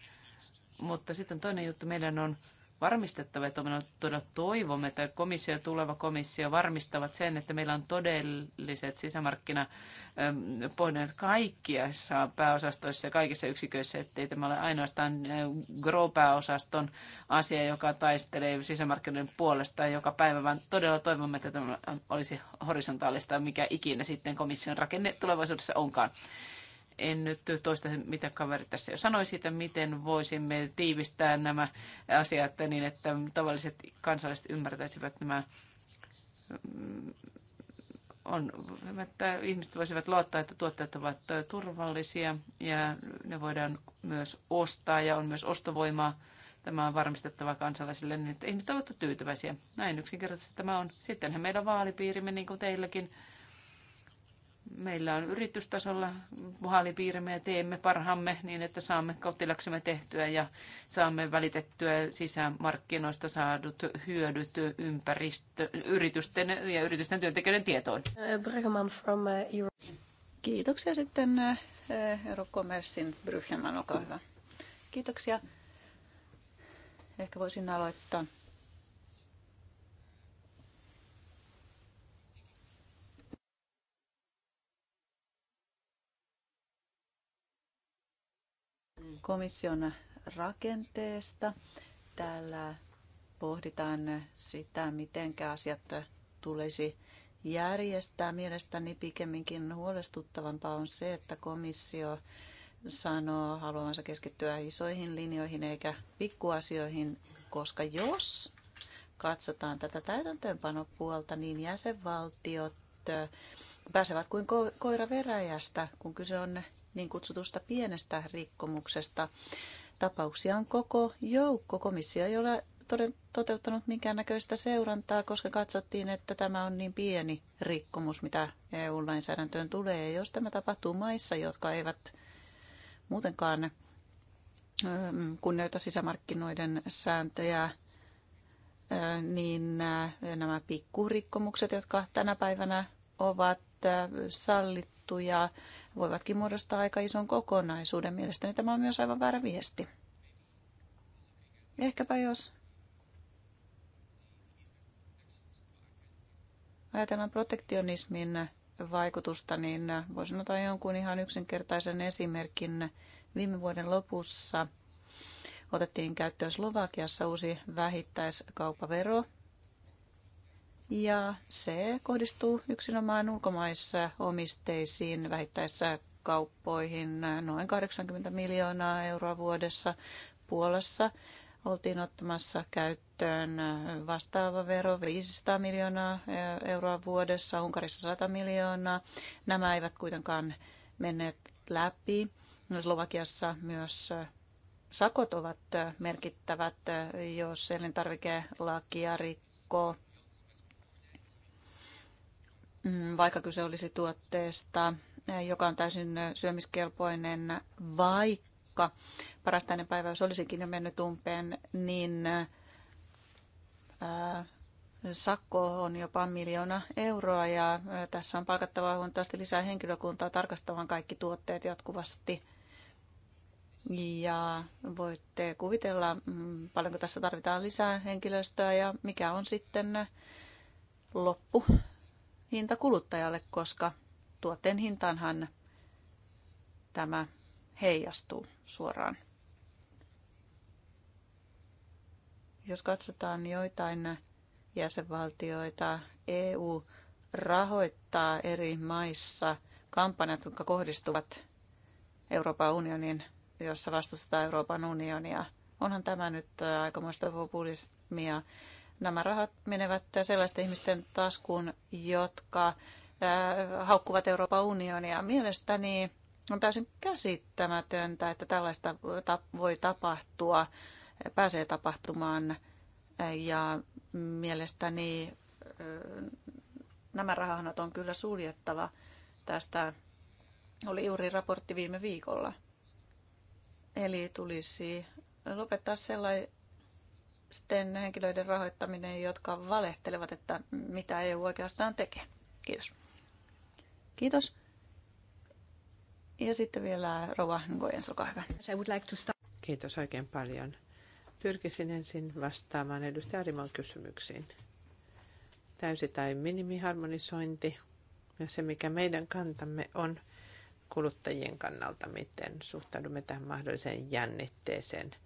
Mutta sitten toinen juttu, meidän on varmistettava, että me todella toivomme, että komissio ja tuleva komissio varmistavat sen, että meillä on todelliset sisämarkkinapohdinnat ähm, kaikkiassa pääosastoissa ja kaikissa yksiköissä, ettei tämä ole ainoastaan äh, GRO-pääosaston asia, joka taistelee sisämarkkinoiden puolesta joka päivä, vaan todella toivomme, että tämä olisi horisontaalista, mikä ikinä sitten komission rakenne tulevaisuudessa onkaan. En nyt toista, mitä kaveri tässä jo sanoi siitä, miten voisimme tiivistää nämä asiat niin, että tavalliset kansalaiset ymmärtäisivät nämä mm, on, että ihmiset voisivat luottaa, että tuotteet ovat turvallisia ja ne voidaan myös ostaa ja on myös ostovoimaa. Tämä on varmistettava kansalaisille, niin että ihmiset ovat tyytyväisiä. Näin yksinkertaisesti tämä on. Sittenhän meidän vaalipiirimme, niin kuin teilläkin, Meillä on yritystasolla vaalipiirimme ja teemme parhaamme niin, että saamme kotiläksemme tehtyä ja saamme välitettyä sisämarkkinoista saadut hyödyt ympäristö, yritysten ja yritysten työntekijöiden tietoon. Uh, from uh, Europe. Kiitoksia sitten uh, Eurokommerssin Bryhjelman, olkaa hyvä. Kiitoksia. Ehkä voisin aloittaa komission rakenteesta. Täällä pohditaan sitä, miten asiat tulisi järjestää. Mielestäni pikemminkin huolestuttavampaa on se, että komissio sanoo haluavansa keskittyä isoihin linjoihin eikä pikkuasioihin, koska jos katsotaan tätä täytäntöönpanopuolta, niin jäsenvaltiot pääsevät kuin ko- koira veräjästä, kun kyse on niin kutsutusta pienestä rikkomuksesta. Tapauksia on koko joukko. Komissio ei ole toteuttanut minkäännäköistä seurantaa, koska katsottiin, että tämä on niin pieni rikkomus, mitä EU-lainsäädäntöön tulee. Ja jos tämä tapahtuu maissa, jotka eivät muutenkaan ähm, kunnioita sisämarkkinoiden sääntöjä, äh, niin äh, nämä pikkurikkomukset, jotka tänä päivänä ovat äh, sallittu, ja voivatkin muodostaa aika ison kokonaisuuden. Mielestäni tämä on myös aivan väärä viesti. Ehkäpä jos ajatellaan protektionismin vaikutusta, niin voisin ottaa jonkun ihan yksinkertaisen esimerkin. Viime vuoden lopussa otettiin käyttöön Slovakiassa uusi vähittäiskauppavero, ja se kohdistuu yksinomaan ulkomaissa omisteisiin vähittäissä kauppoihin noin 80 miljoonaa euroa vuodessa. Puolassa oltiin ottamassa käyttöön vastaava vero 500 miljoonaa e, euroa vuodessa, Unkarissa 100 miljoonaa. Nämä eivät kuitenkaan menneet läpi. Slovakiassa myös e, sakot ovat e, merkittävät, jos elintarvikelakia rikkoo Mm, vaikka kyse olisi tuotteesta, eh, joka on täysin eh, syömiskelpoinen, vaikka parastainen jos olisikin jo mennyt umpeen, niin eh, sakko on jopa miljoona euroa ja tässä on palkattava huomattavasti lisää henkilökuntaa tarkastamaan kaikki tuotteet jatkuvasti. Ja voitte kuvitella, mm, paljonko tässä tarvitaan lisää henkilöstöä ja mikä on sitten loppu hinta kuluttajalle, koska tuotteen hintaanhan tämä heijastuu suoraan. Jos katsotaan joitain jäsenvaltioita, EU rahoittaa eri maissa kampanjat, jotka kohdistuvat Euroopan unionin, jossa vastustetaan Euroopan unionia. Onhan tämä nyt aikamoista populismia nämä rahat menevät sellaisten ihmisten taskuun, jotka äh, haukkuvat Euroopan unionia. Mielestäni on täysin käsittämätöntä, että tällaista voi tapahtua, pääsee tapahtumaan. Ja mielestäni äh, nämä rahanat on kyllä suljettava. Tästä oli juuri raportti viime viikolla. Eli tulisi lopettaa sellainen sitten henkilöiden rahoittaminen, jotka valehtelevat, että mitä EU oikeastaan tekee. Kiitos. Kiitos. Ja sitten vielä Rova Ngoyens, olkaa hyvä. Kiitos oikein paljon. Pyrkisin ensin vastaamaan edustaja Arimon kysymyksiin. Täysi tai minimiharmonisointi ja se, mikä meidän kantamme on kuluttajien kannalta, miten suhtaudumme tähän mahdolliseen jännitteeseen –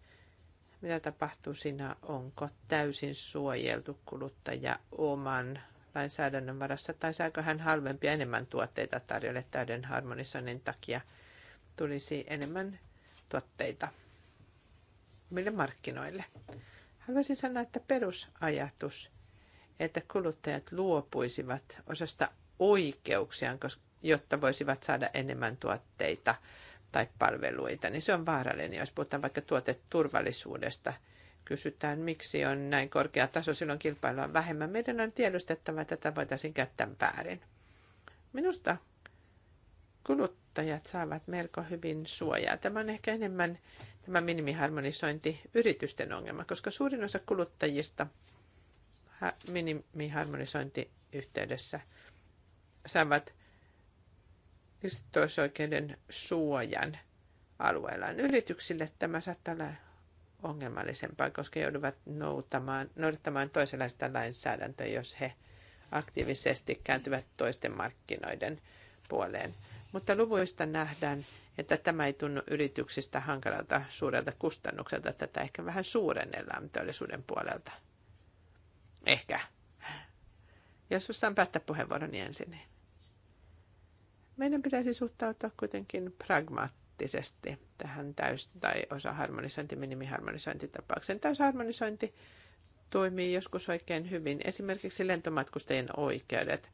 mitä tapahtuu siinä, onko täysin suojeltu kuluttaja oman lainsäädännön varassa, tai saako hän halvempia enemmän tuotteita tarjolle täyden harmonisoinnin takia, tulisi enemmän tuotteita mille markkinoille. Haluaisin sanoa, että perusajatus, että kuluttajat luopuisivat osasta oikeuksiaan, jotta voisivat saada enemmän tuotteita, tai palveluita, niin se on vaarallinen. Jos puhutaan vaikka tuoteturvallisuudesta, kysytään, miksi on näin korkea taso, silloin kilpailua on vähemmän. Meidän on tiedostettava, että tätä voitaisiin käyttää väärin. Minusta kuluttajat saavat melko hyvin suojaa. Tämä on ehkä enemmän tämä minimiharmonisointi yritysten ongelma, koska suurin osa kuluttajista minimiharmonisointi yhteydessä saavat yksityisoikeuden suojan alueellaan. Yrityksille tämä saattaa olla ongelmallisempaa, koska jouduvat noutamaan, noudattamaan toisenlaista lainsäädäntöä, jos he aktiivisesti kääntyvät toisten markkinoiden puoleen. Mutta luvuista nähdään, että tämä ei tunnu yrityksistä hankalalta suurelta kustannukselta. Tätä ehkä vähän suurennellaan teollisuuden puolelta. Ehkä. Jos saan päättää puheenvuoroni ensin. Niin. Meidän pitäisi suhtautua kuitenkin pragmaattisesti tähän täys- tai osaharmonisointi, minimiharmonisointitapaukseen. Täysharmonisointi toimii joskus oikein hyvin. Esimerkiksi lentomatkustajien oikeudet.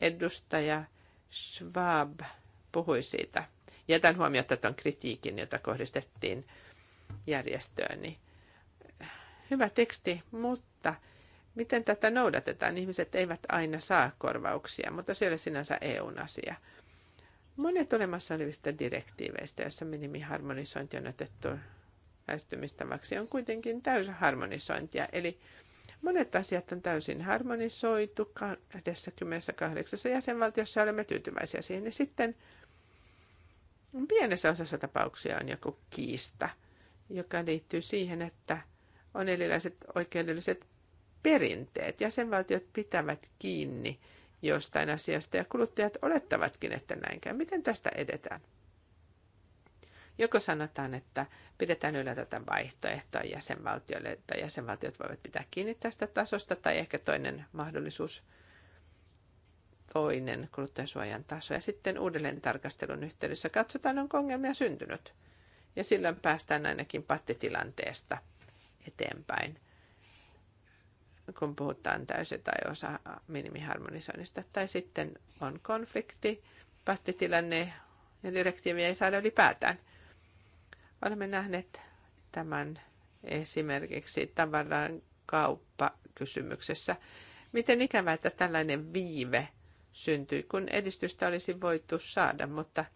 Edustaja Schwab puhui siitä. Jätän huomiota tuon kritiikin, jota kohdistettiin järjestööni. Hyvä teksti, mutta miten tätä noudatetaan? Ihmiset eivät aina saa korvauksia, mutta siellä sinänsä EUn asia – Monet olemassa olevista direktiiveistä, joissa minimiharmonisointi on otettu lähestymistavaksi, on kuitenkin täysin harmonisointia. Eli monet asiat on täysin harmonisoitu 28 jäsenvaltiossa olemme tyytyväisiä siihen. Ja sitten pienessä osassa tapauksia on joku kiista, joka liittyy siihen, että on erilaiset oikeudelliset perinteet. Jäsenvaltiot pitävät kiinni jostain asiasta ja kuluttajat olettavatkin, että näinkään. Miten tästä edetään? Joko sanotaan, että pidetään yllä tätä vaihtoehtoa jäsenvaltioille, tai jäsenvaltiot voivat pitää kiinni tästä tasosta, tai ehkä toinen mahdollisuus, toinen kuluttajasuojan taso. Ja sitten uudelleen tarkastelun yhteydessä katsotaan, onko ongelmia syntynyt. Ja silloin päästään ainakin pattitilanteesta eteenpäin kun puhutaan täysi- tai osa minimiharmonisoinnista. Tai sitten on konflikti, pattitilanne ja direktiiviä ei saada ylipäätään. Olemme nähneet tämän esimerkiksi tavaran kauppakysymyksessä. Miten ikävää, että tällainen viive syntyi, kun edistystä olisi voitu saada, mutta –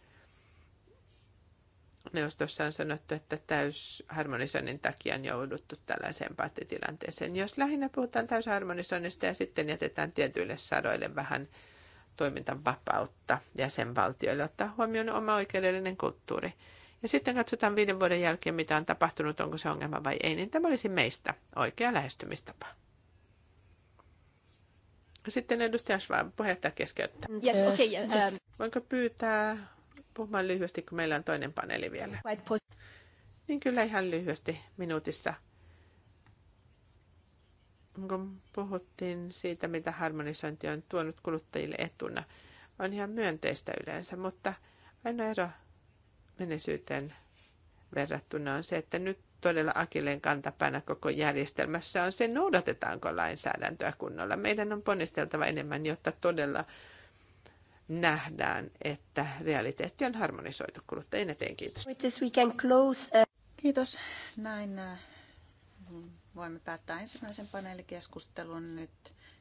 neuvostossa on sanottu, että täysharmonisoinnin takia on jouduttu tällaiseen pattitilanteeseen. Jos lähinnä puhutaan täysharmonisoinnista ja sitten jätetään tietyille sadoille vähän toimintavapautta jäsenvaltioille, ottaa huomioon oma oikeudellinen kulttuuri. Ja sitten katsotaan viiden vuoden jälkeen, mitä on tapahtunut, onko se ongelma vai ei, niin tämä olisi meistä oikea lähestymistapa. Sitten edustaja Schwab, puheenjohtaja keskeyttää. Yes, okay, yeah. Um, Voinko pyytää puhumaan lyhyesti, kun meillä on toinen paneeli vielä. Niin kyllä ihan lyhyesti minuutissa. Kun puhuttiin siitä, mitä harmonisointi on tuonut kuluttajille etuna, on ihan myönteistä yleensä, mutta aina ero menneisyyteen verrattuna on se, että nyt todella akilleen kantapäänä koko järjestelmässä on se, noudatetaanko lainsäädäntöä kunnolla. Meidän on ponnisteltava enemmän, jotta todella nähdään, että realiteetti on harmonisoitu kuluttajien eteen. Kiitos. Uh, Kiitos. Näin äh, voimme päättää ensimmäisen paneelikeskustelun. Nyt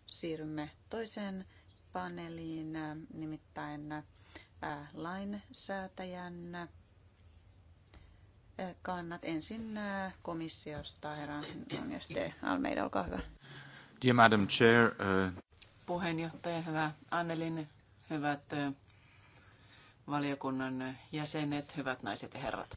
siirrymme toiseen paneeliin, äh, nimittäin äh, lainsäätäjän kannat. Ensin komissiosta, herra Nunes Almeida, olkaa hyvä. Dear Madam Chair, uh... Puheenjohtaja, hyvä Annelin hyvät valiokunnan jäsenet, hyvät naiset ja herrat.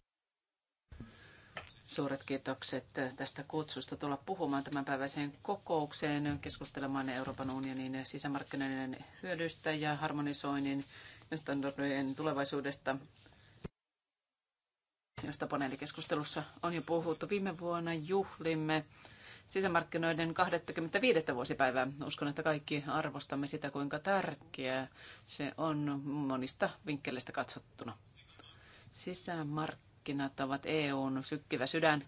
Suuret kiitokset tästä kutsusta tulla puhumaan tämän päiväiseen kokoukseen, keskustelemaan Euroopan unionin sisämarkkinoiden hyödystä ja harmonisoinnin ja standardien tulevaisuudesta, josta paneelikeskustelussa on jo puhuttu. Viime vuonna juhlimme sisämarkkinoiden 25. vuosipäivää. Uskon, että kaikki arvostamme sitä, kuinka tärkeää se on monista vinkkeleistä katsottuna. Sisämarkkinat ovat EUn sykkivä sydän.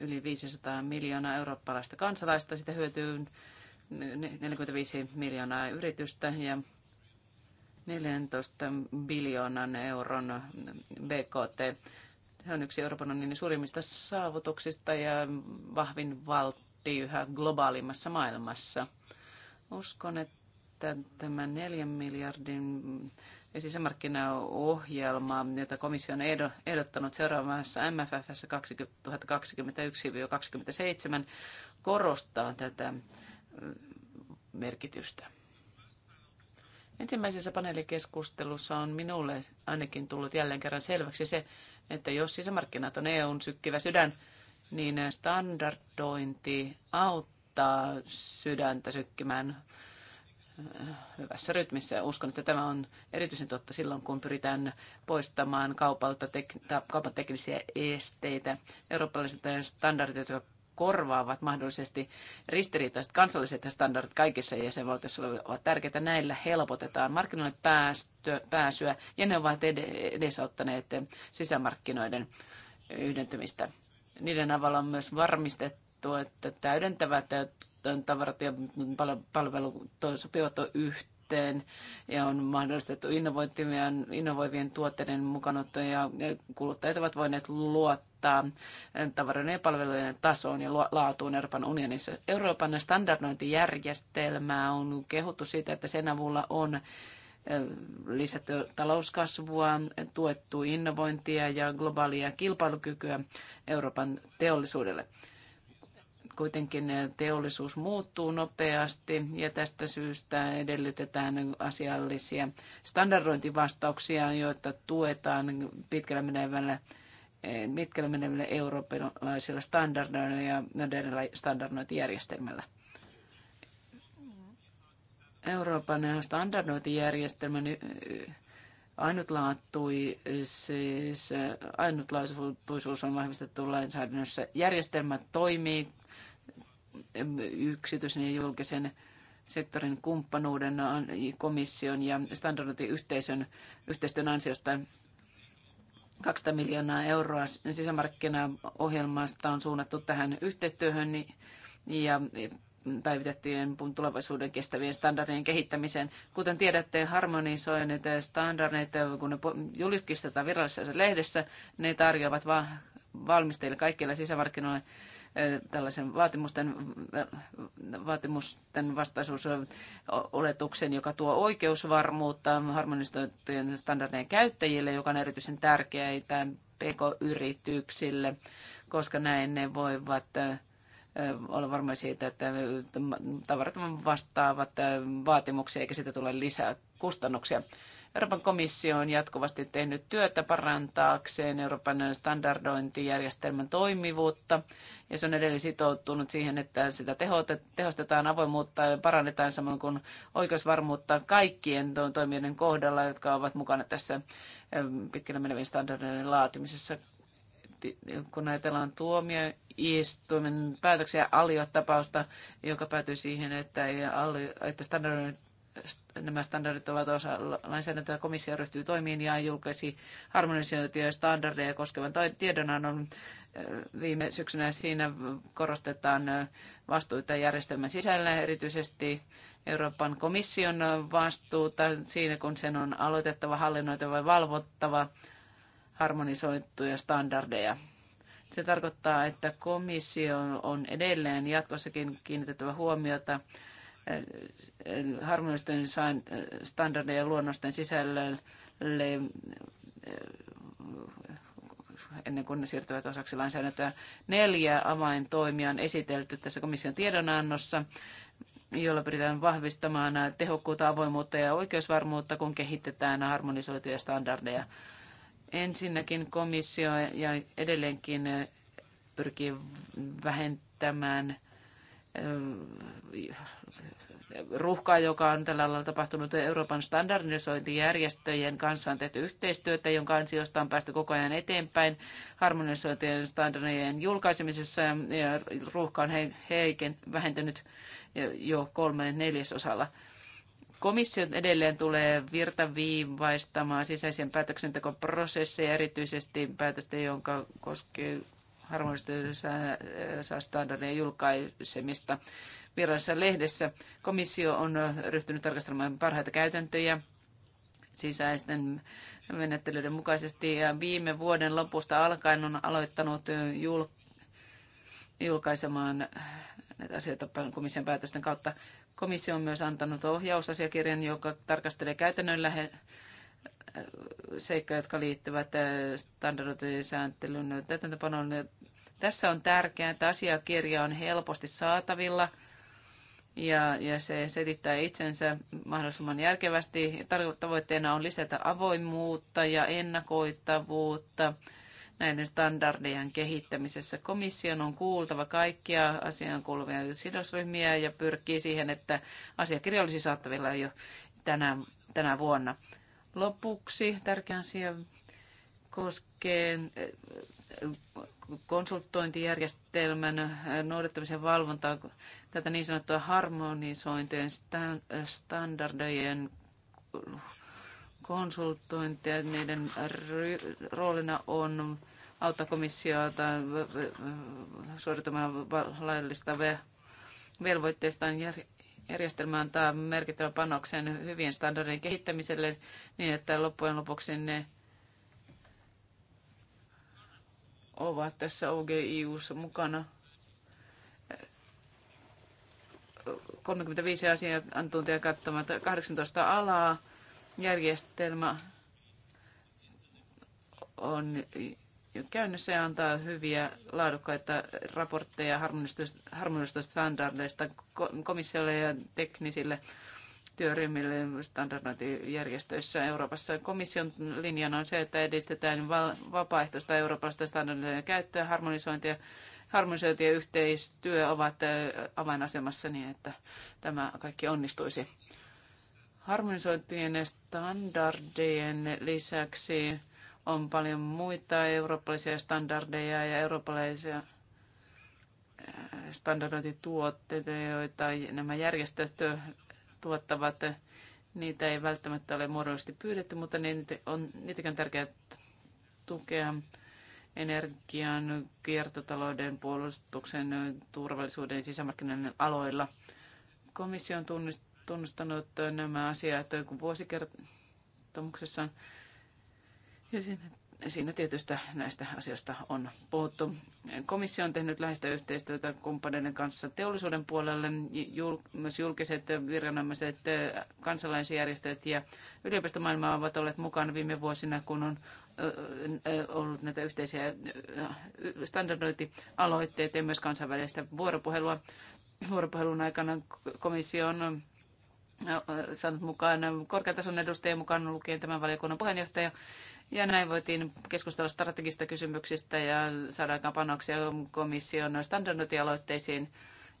Yli 500 miljoonaa eurooppalaista kansalaista sitä hyötyy 45 miljoonaa yritystä ja 14 biljoonan euron BKT hän on yksi Euroopan unionin suurimmista saavutuksista ja vahvin valtti yhä globaalimmassa maailmassa. Uskon, että tämä neljän miljardin sisämarkkinaohjelma, jota komissio on ehdottanut seuraavassa MFFssä 2021-2027, korostaa tätä merkitystä. Ensimmäisessä paneelikeskustelussa on minulle ainakin tullut jälleen kerran selväksi se, että jos sisämarkkinat on EUn sykkivä sydän, niin standardointi auttaa sydäntä sykkimään äh, hyvässä rytmissä. Uskon, että tämä on erityisen totta silloin, kun pyritään poistamaan kaupalta tek- kaupan teknisiä esteitä. Eurooppalaiset standardit, jotka korvaavat mahdollisesti ristiriitaiset kansalliset standardit kaikissa jäsenvaltioissa ovat tärkeitä. Näillä helpotetaan markkinoille päästö, pääsyä ja ne ovat edesauttaneet sisämarkkinoiden yhdentymistä. Niiden avulla on myös varmistettu, että täydentävät tavarat ja palvelut sopivat yhteen ja on mahdollistettu innovoivien, innovoivien tuotteiden mukanotto ja kuluttajat ovat voineet luottaa vaikuttaa eh, tavaroiden ja palvelujen tasoon ja laatuun Euroopan unionissa. Euroopan standardointijärjestelmää on kehuttu siitä, että sen avulla on eh, lisätty talouskasvua, tuettu innovointia ja globaalia kilpailukykyä Euroopan teollisuudelle. Kuitenkin eh, teollisuus muuttuu nopeasti ja tästä syystä edellytetään asiallisia standardointivastauksia, joita tuetaan pitkällä menevällä pitkälle eh, menevillä eurooppalaisilla standardoilla ja modernilla standardointijärjestelmällä. Euroopan standardointijärjestelmä eh, ainutlaatui, siis eh, ainutlaatuisuus on vahvistettu lainsäädännössä. Järjestelmä toimii yksityisen ja julkisen sektorin kumppanuuden komission ja standardointiyhteisön yhteistyön ansiosta 200 miljoonaa euroa sisämarkkinaohjelmasta on suunnattu tähän yhteistyöhön ja päivitettyjen tulevaisuuden kestävien standardien kehittämiseen. Kuten tiedätte, harmonisoinnit ja standardit, kun ne julkistetaan virallisessa lehdessä, ne tarjoavat valmistajille kaikille sisämarkkinoille tällaisen vaatimusten, vaatimusten vastaisuusoletuksen, joka tuo oikeusvarmuutta harmonistoitujen standardien käyttäjille, joka on erityisen tärkeää pk-yrityksille, koska näin ne voivat olla varmoja siitä, että tavarat vastaavat vaatimuksia eikä siitä tule lisää kustannuksia. Euroopan komissio on jatkuvasti tehnyt työtä parantaakseen Euroopan standardointijärjestelmän toimivuutta ja se on edelleen sitoutunut siihen, että sitä tehostetaan avoimuutta ja parannetaan samoin kuin oikeusvarmuutta kaikkien toimijoiden kohdalla, jotka ovat mukana tässä ähm, pitkällä menevien standardien laatimisessa kun ajatellaan tuomioistuimen päätöksiä aliotapausta, joka päätyi siihen, että, ei, että standardin nämä standardit ovat osa lainsäädäntöä. Komissio ryhtyy toimiin ja julkaisi ja standardeja koskevan tiedonannon viime syksynä. Siinä korostetaan vastuuta järjestelmän sisällä, erityisesti Euroopan komission vastuuta siinä, kun sen on aloitettava, hallinnoitava ja valvottava harmonisoituja standardeja. Se tarkoittaa, että komissio on edelleen jatkossakin kiinnitettävä huomiota harmonisten standardeja luonnosten sisällölle eh, ennen kuin ne siirtyvät osaksi lainsäädäntöä. Neljä avaintoimia on esitelty tässä komission tiedonannossa, jolla pyritään vahvistamaan tehokkuutta, avoimuutta ja oikeusvarmuutta, kun kehitetään harmonisoituja standardeja. Ensinnäkin komissio ja edelleenkin pyrkii vähentämään – ruuhkaa, joka on tällä alalla tapahtunut Euroopan standardisointijärjestöjen kanssa on tehty yhteistyötä, jonka ansiosta on päästy koko ajan eteenpäin harmonisointien standardien julkaisemisessa ja ruuhka on heiken, vähentynyt jo kolme neljäsosalla. Komissio edelleen tulee virtaviivaistamaan sisäisen päätöksentekoprosesseja, erityisesti päätöstä, jonka koskee harmonisoidusta standardien julkaisemista virallisessa lehdessä. Komissio on ryhtynyt tarkastelemaan parhaita käytäntöjä sisäisten menettelyiden mukaisesti ja viime vuoden lopusta alkaen on aloittanut jul- julkaisemaan näitä asioita komission päätösten kautta. Komissio on myös antanut ohjausasiakirjan, joka tarkastelee käytännönlähe- seikkoja, jotka liittyvät äh, standardoitujen sääntelyn täytäntöpanoon. Tässä on tärkeää, että asiakirja on helposti saatavilla ja, ja se selittää itsensä mahdollisimman järkevästi. Tavoitteena on lisätä avoimuutta ja ennakoitavuutta näiden standardien kehittämisessä. Komission on kuultava kaikkia asian kuuluvia sidosryhmiä ja pyrkii siihen, että asiakirja olisi saatavilla jo tänä, tänä vuonna. Lopuksi tärkeä asia koskee eh, konsultointijärjestelmän eh, noudattamisen valvontaa, tätä niin sanottua harmonisointien standardojen konsultointia. Niiden roolina on auttaa komissiota eh, suorittamaan laillista velvoitteistaan Järjestelmä antaa merkittävän panoksen hyvien standardien kehittämiselle niin, että loppujen lopuksi ne ovat tässä OGIUssa mukana. 35 asiantuntijaa katsomat 18 alaa. Järjestelmä on käynnissä ja antaa hyviä laadukkaita raportteja harmonisista standardeista komissiolle ja teknisille työryhmille standardointijärjestöissä Euroopassa. Komission linjana on se, että edistetään vapaaehtoista eurooppalaista standardien käyttöä, harmonisointia, harmonisointi ja yhteistyö ovat avainasemassa niin, että tämä kaikki onnistuisi. Harmonisointien standardien lisäksi on paljon muita eurooppalaisia standardeja ja eurooppalaisia äh, standardointituotteita, joita nämä järjestöt tuottavat. Niitä ei välttämättä ole muodollisesti pyydetty, mutta niitä on, niitäkin on tärkeää tukea energian, kiertotalouden, puolustuksen, turvallisuuden ja sisämarkkinoiden aloilla. Komissio on tunnistanut nämä asiat vuosikertomuksessaan. Ja siinä, siinä tietystä näistä asioista on puhuttu. Komissio on tehnyt läheistä yhteistyötä kumppaneiden kanssa teollisuuden puolelle, jul, myös julkiset viranomaiset, kansalaisjärjestöt ja yliopistomaailma ovat olleet mukana viime vuosina, kun on ollut näitä yhteisiä standardointialoitteita ja myös kansainvälistä vuoropuhelua. Vuoropuhelun aikana komissio on saanut mukaan korkeatason edustajia mukaan lukien tämän valiokunnan puheenjohtaja ja näin voitiin keskustella strategista kysymyksistä ja saada aikaan panoksia komission standardointialoitteisiin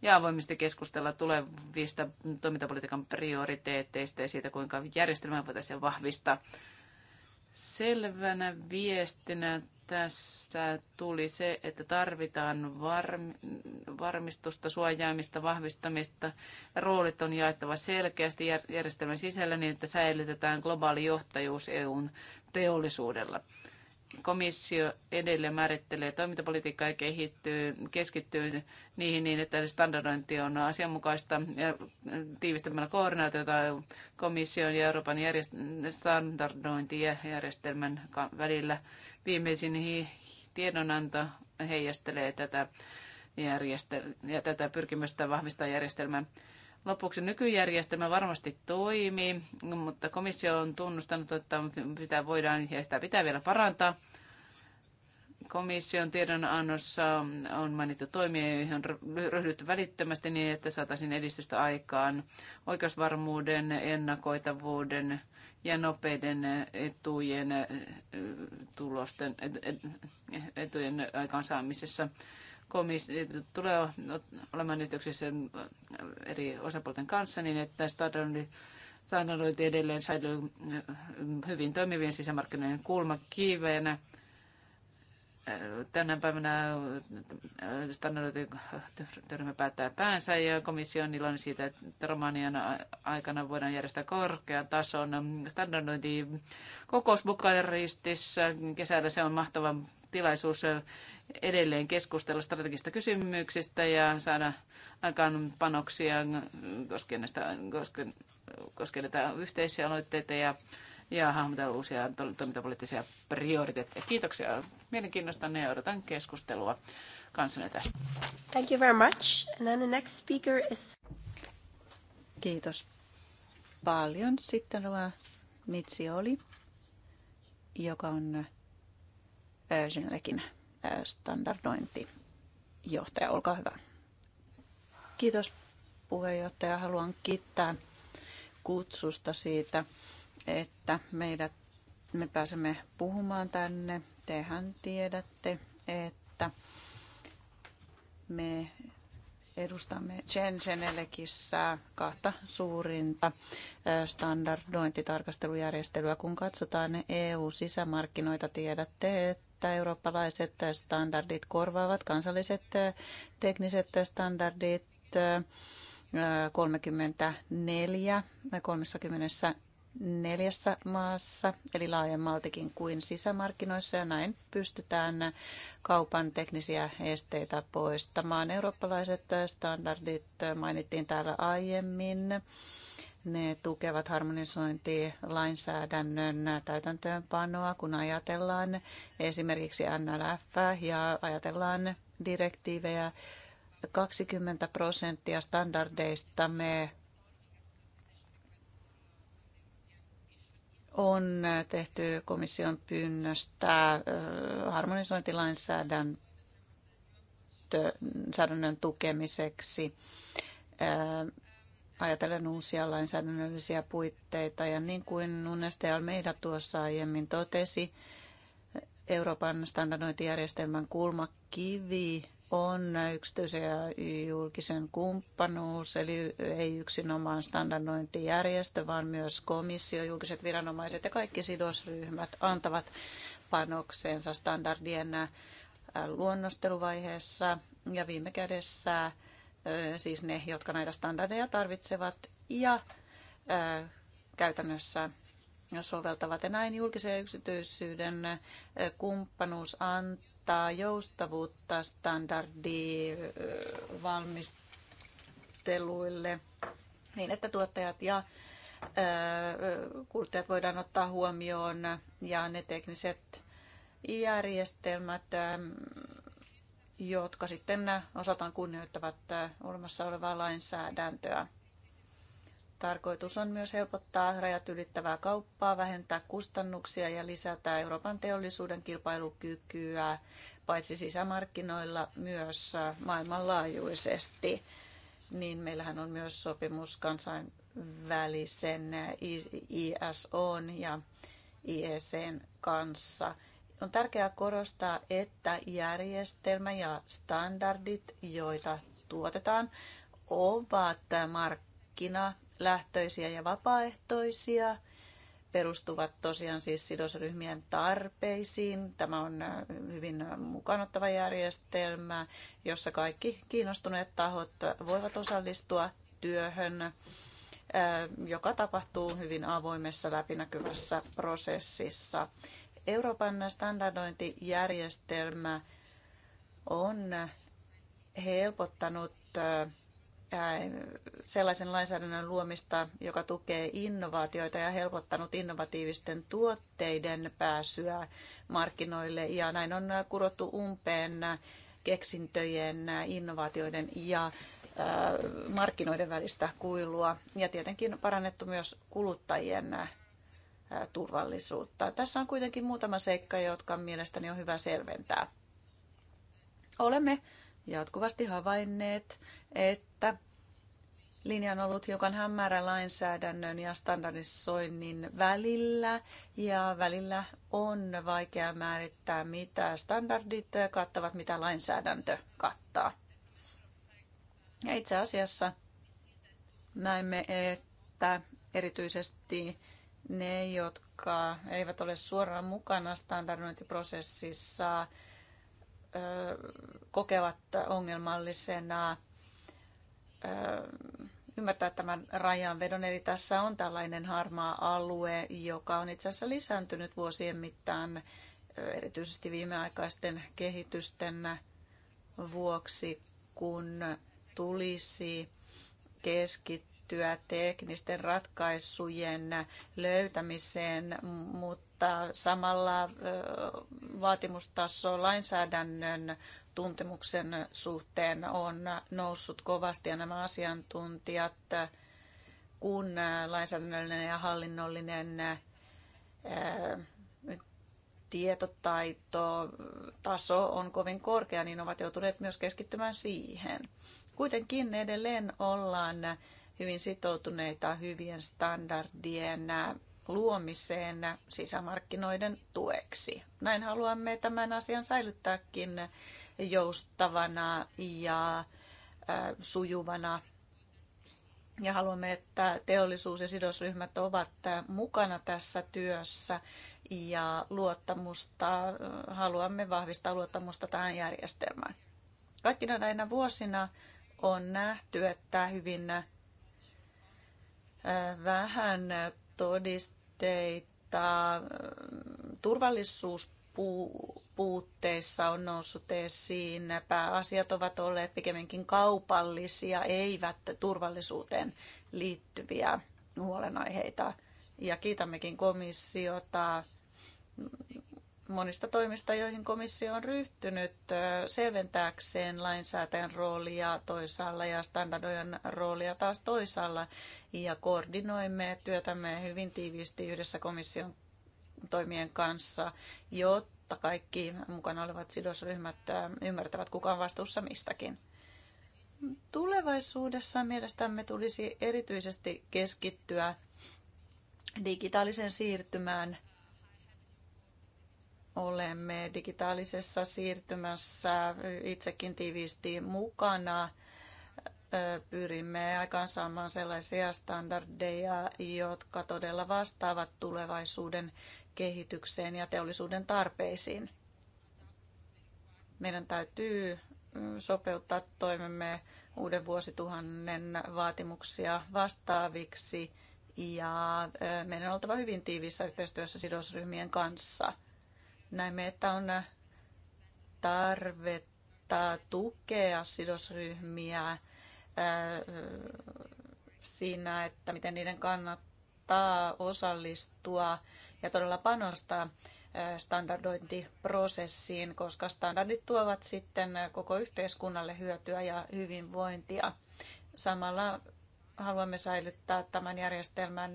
ja avoimesti keskustella tulevista toimintapolitiikan prioriteetteista ja siitä, kuinka järjestelmää voitaisiin vahvistaa. Selvänä viestinä tässä tuli se, että tarvitaan varmistusta, suojaamista, vahvistamista. Roolit on jaettava selkeästi järjestelmän sisällä niin, että säilytetään globaali johtajuus EUn teollisuudella komissio edelleen määrittelee toimintapolitiikkaa ja kehittyy, keskittyy niihin niin, että standardointi on asianmukaista ja tiivistämällä koordinaatiota komission ja Euroopan järjest- järjestelmän välillä. Viimeisin hi- tiedonanto heijastelee tätä, järjestel- ja tätä pyrkimystä vahvistaa järjestelmän Lopuksi nykyjärjestelmä varmasti toimii, mutta komissio on tunnustanut, että sitä voidaan ja sitä pitää vielä parantaa. Komission tiedonannossa on mainittu toimia, joihin on ryhdytty välittömästi niin, että saataisiin edistystä aikaan oikeusvarmuuden, ennakoitavuuden ja nopeiden etujen, äh, tulosten, etujen aikaansaamisessa komis- tulee olemaan yhteyksissä eri osapuolten kanssa niin, että standardi standardointi edelleen säilyy mm, hyvin toimivien sisämarkkinoiden kulmakivenä. Tänä päivänä äh, standardityöryhmä päättää päänsä ja komissio on iloinen siitä, että Romanian aikana voidaan järjestää korkean tason standardointi kokous Bukaristissa. Kesällä se on mahtava tilaisuus edelleen keskustella strategista kysymyksistä ja saada aikaan panoksia koskien, näistä, koskien, koskien näitä yhteisiä aloitteita ja, ja hahmotella uusia toimintapoliittisia prioriteetteja. Kiitoksia mielenkiinnosta ja odotan keskustelua kanssanne tästä. Thank you very much. And then the next speaker is... Kiitos paljon. Sitten Nitsi Nitsioli, joka on Genelekin äh, Äh, standardointijohtaja. Olkaa hyvä. Kiitos puheenjohtaja. Haluan kiittää kutsusta siitä, että meidät, me pääsemme puhumaan tänne. Tehän tiedätte, että me edustamme Shenzhenellekissä kahta suurinta äh, standardointitarkastelujärjestelyä. Kun katsotaan EU-sisämarkkinoita, e tiedätte, että että eurooppalaiset standardit korvaavat kansalliset eh, tekniset standardit 34, eh, 34 eh, maassa, eli laajemmaltikin kuin sisämarkkinoissa, ja näin pystytään kaupan teknisiä esteitä poistamaan. Eurooppalaiset standardit mainittiin täällä aiemmin. Ne tukevat harmonisointi-lainsäädännön täytäntöönpanoa, kun ajatellaan esimerkiksi NLF ja ajatellaan direktiivejä. 20 prosenttia standardeista me on tehty komission pyynnöstä harmonisointilainsäädännön tukemiseksi ajatellen uusia lainsäädännöllisiä puitteita. Ja niin kuin Nunes de Almeida tuossa aiemmin totesi, Euroopan standardointijärjestelmän kulmakivi on yksityisen ja julkisen kumppanuus, eli ei yksinomaan standardointijärjestö, vaan myös komissio, julkiset viranomaiset ja kaikki sidosryhmät antavat panoksensa standardien luonnosteluvaiheessa ja viime kädessä siis ne, jotka näitä standardeja tarvitsevat ja käytännössä soveltavat. Ja näin julkisen ja yksityisyyden kumppanuus antaa joustavuutta standardivalmisteluille niin, että tuottajat ja kuluttajat voidaan ottaa huomioon ja ne tekniset järjestelmät jotka sitten osataan kunnioittavat olemassa olevaa lainsäädäntöä. Tarkoitus on myös helpottaa rajat ylittävää kauppaa, vähentää kustannuksia ja lisätä Euroopan teollisuuden kilpailukykyä paitsi sisämarkkinoilla myös maailmanlaajuisesti. Niin meillähän on myös sopimus kansainvälisen ISO ja IECn kanssa – on tärkeää korostaa, että järjestelmä ja standardit, joita tuotetaan, ovat markkinalähtöisiä ja vapaaehtoisia, perustuvat tosiaan siis sidosryhmien tarpeisiin. Tämä on äh, hyvin mukanottava järjestelmä, jossa kaikki kiinnostuneet tahot voivat osallistua työhön, äh, joka tapahtuu hyvin avoimessa läpinäkyvässä prosessissa. Euroopan standardointijärjestelmä on helpottanut sellaisen lainsäädännön luomista, joka tukee innovaatioita ja helpottanut innovatiivisten tuotteiden pääsyä markkinoille. Ja näin on kurottu umpeen keksintöjen, innovaatioiden ja markkinoiden välistä kuilua ja tietenkin parannettu myös kuluttajien turvallisuutta. Tässä on kuitenkin muutama seikka, jotka mielestäni on hyvä selventää. Olemme jatkuvasti havainneet, että linja on ollut hiukan hämärä lainsäädännön ja standardisoinnin välillä ja välillä on vaikea määrittää, mitä standardit kattavat, mitä lainsäädäntö kattaa. Ja itse asiassa näemme, että erityisesti ne, jotka eivät ole suoraan mukana standardointiprosessissa, kokevat ongelmallisena ymmärtää tämän rajanvedon. Eli tässä on tällainen harmaa alue, joka on itse asiassa lisääntynyt vuosien mittaan, erityisesti viimeaikaisten kehitysten vuoksi, kun tulisi keskittyä keskittyä teknisten ratkaisujen löytämiseen, mutta samalla vaatimustaso lainsäädännön tuntemuksen suhteen on noussut kovasti ja nämä asiantuntijat, kun lainsäädännöllinen ja hallinnollinen tietotaito, taso on kovin korkea, niin ovat joutuneet myös keskittymään siihen. Kuitenkin edelleen ollaan hyvin sitoutuneita hyvien standardien luomiseen sisämarkkinoiden tueksi. Näin haluamme tämän asian säilyttääkin joustavana ja sujuvana. Ja haluamme, että teollisuus ja sidosryhmät ovat mukana tässä työssä ja luottamusta, haluamme vahvistaa luottamusta tähän järjestelmään. Kaikkina näinä vuosina on nähty, että hyvin vähän todisteita turvallisuuspuutteissa on noussut esiin. Pääasiat ovat olleet pikemminkin kaupallisia, eivät turvallisuuteen liittyviä huolenaiheita. Ja kiitämmekin komissiota monista toimista, joihin komissio on ryhtynyt selventääkseen lainsäätäjän roolia toisaalla ja standardojen roolia taas toisaalla. Ja koordinoimme työtämme hyvin tiiviisti yhdessä komission toimien kanssa, jotta kaikki mukana olevat sidosryhmät ymmärtävät, kuka on vastuussa mistäkin. Tulevaisuudessa mielestämme tulisi erityisesti keskittyä digitaalisen siirtymään – olemme digitaalisessa siirtymässä itsekin tiiviisti mukana. Pyrimme aikaansaamaan sellaisia standardeja, jotka todella vastaavat tulevaisuuden kehitykseen ja teollisuuden tarpeisiin. Meidän täytyy sopeuttaa toimemme uuden vuosituhannen vaatimuksia vastaaviksi ja meidän on oltava hyvin tiiviissä yhteistyössä sidosryhmien kanssa – näemme, että on tarvetta tukea sidosryhmiä siinä, että miten niiden kannattaa osallistua ja todella panostaa standardointiprosessiin, koska standardit tuovat sitten koko yhteiskunnalle hyötyä ja hyvinvointia. Samalla haluamme säilyttää tämän järjestelmän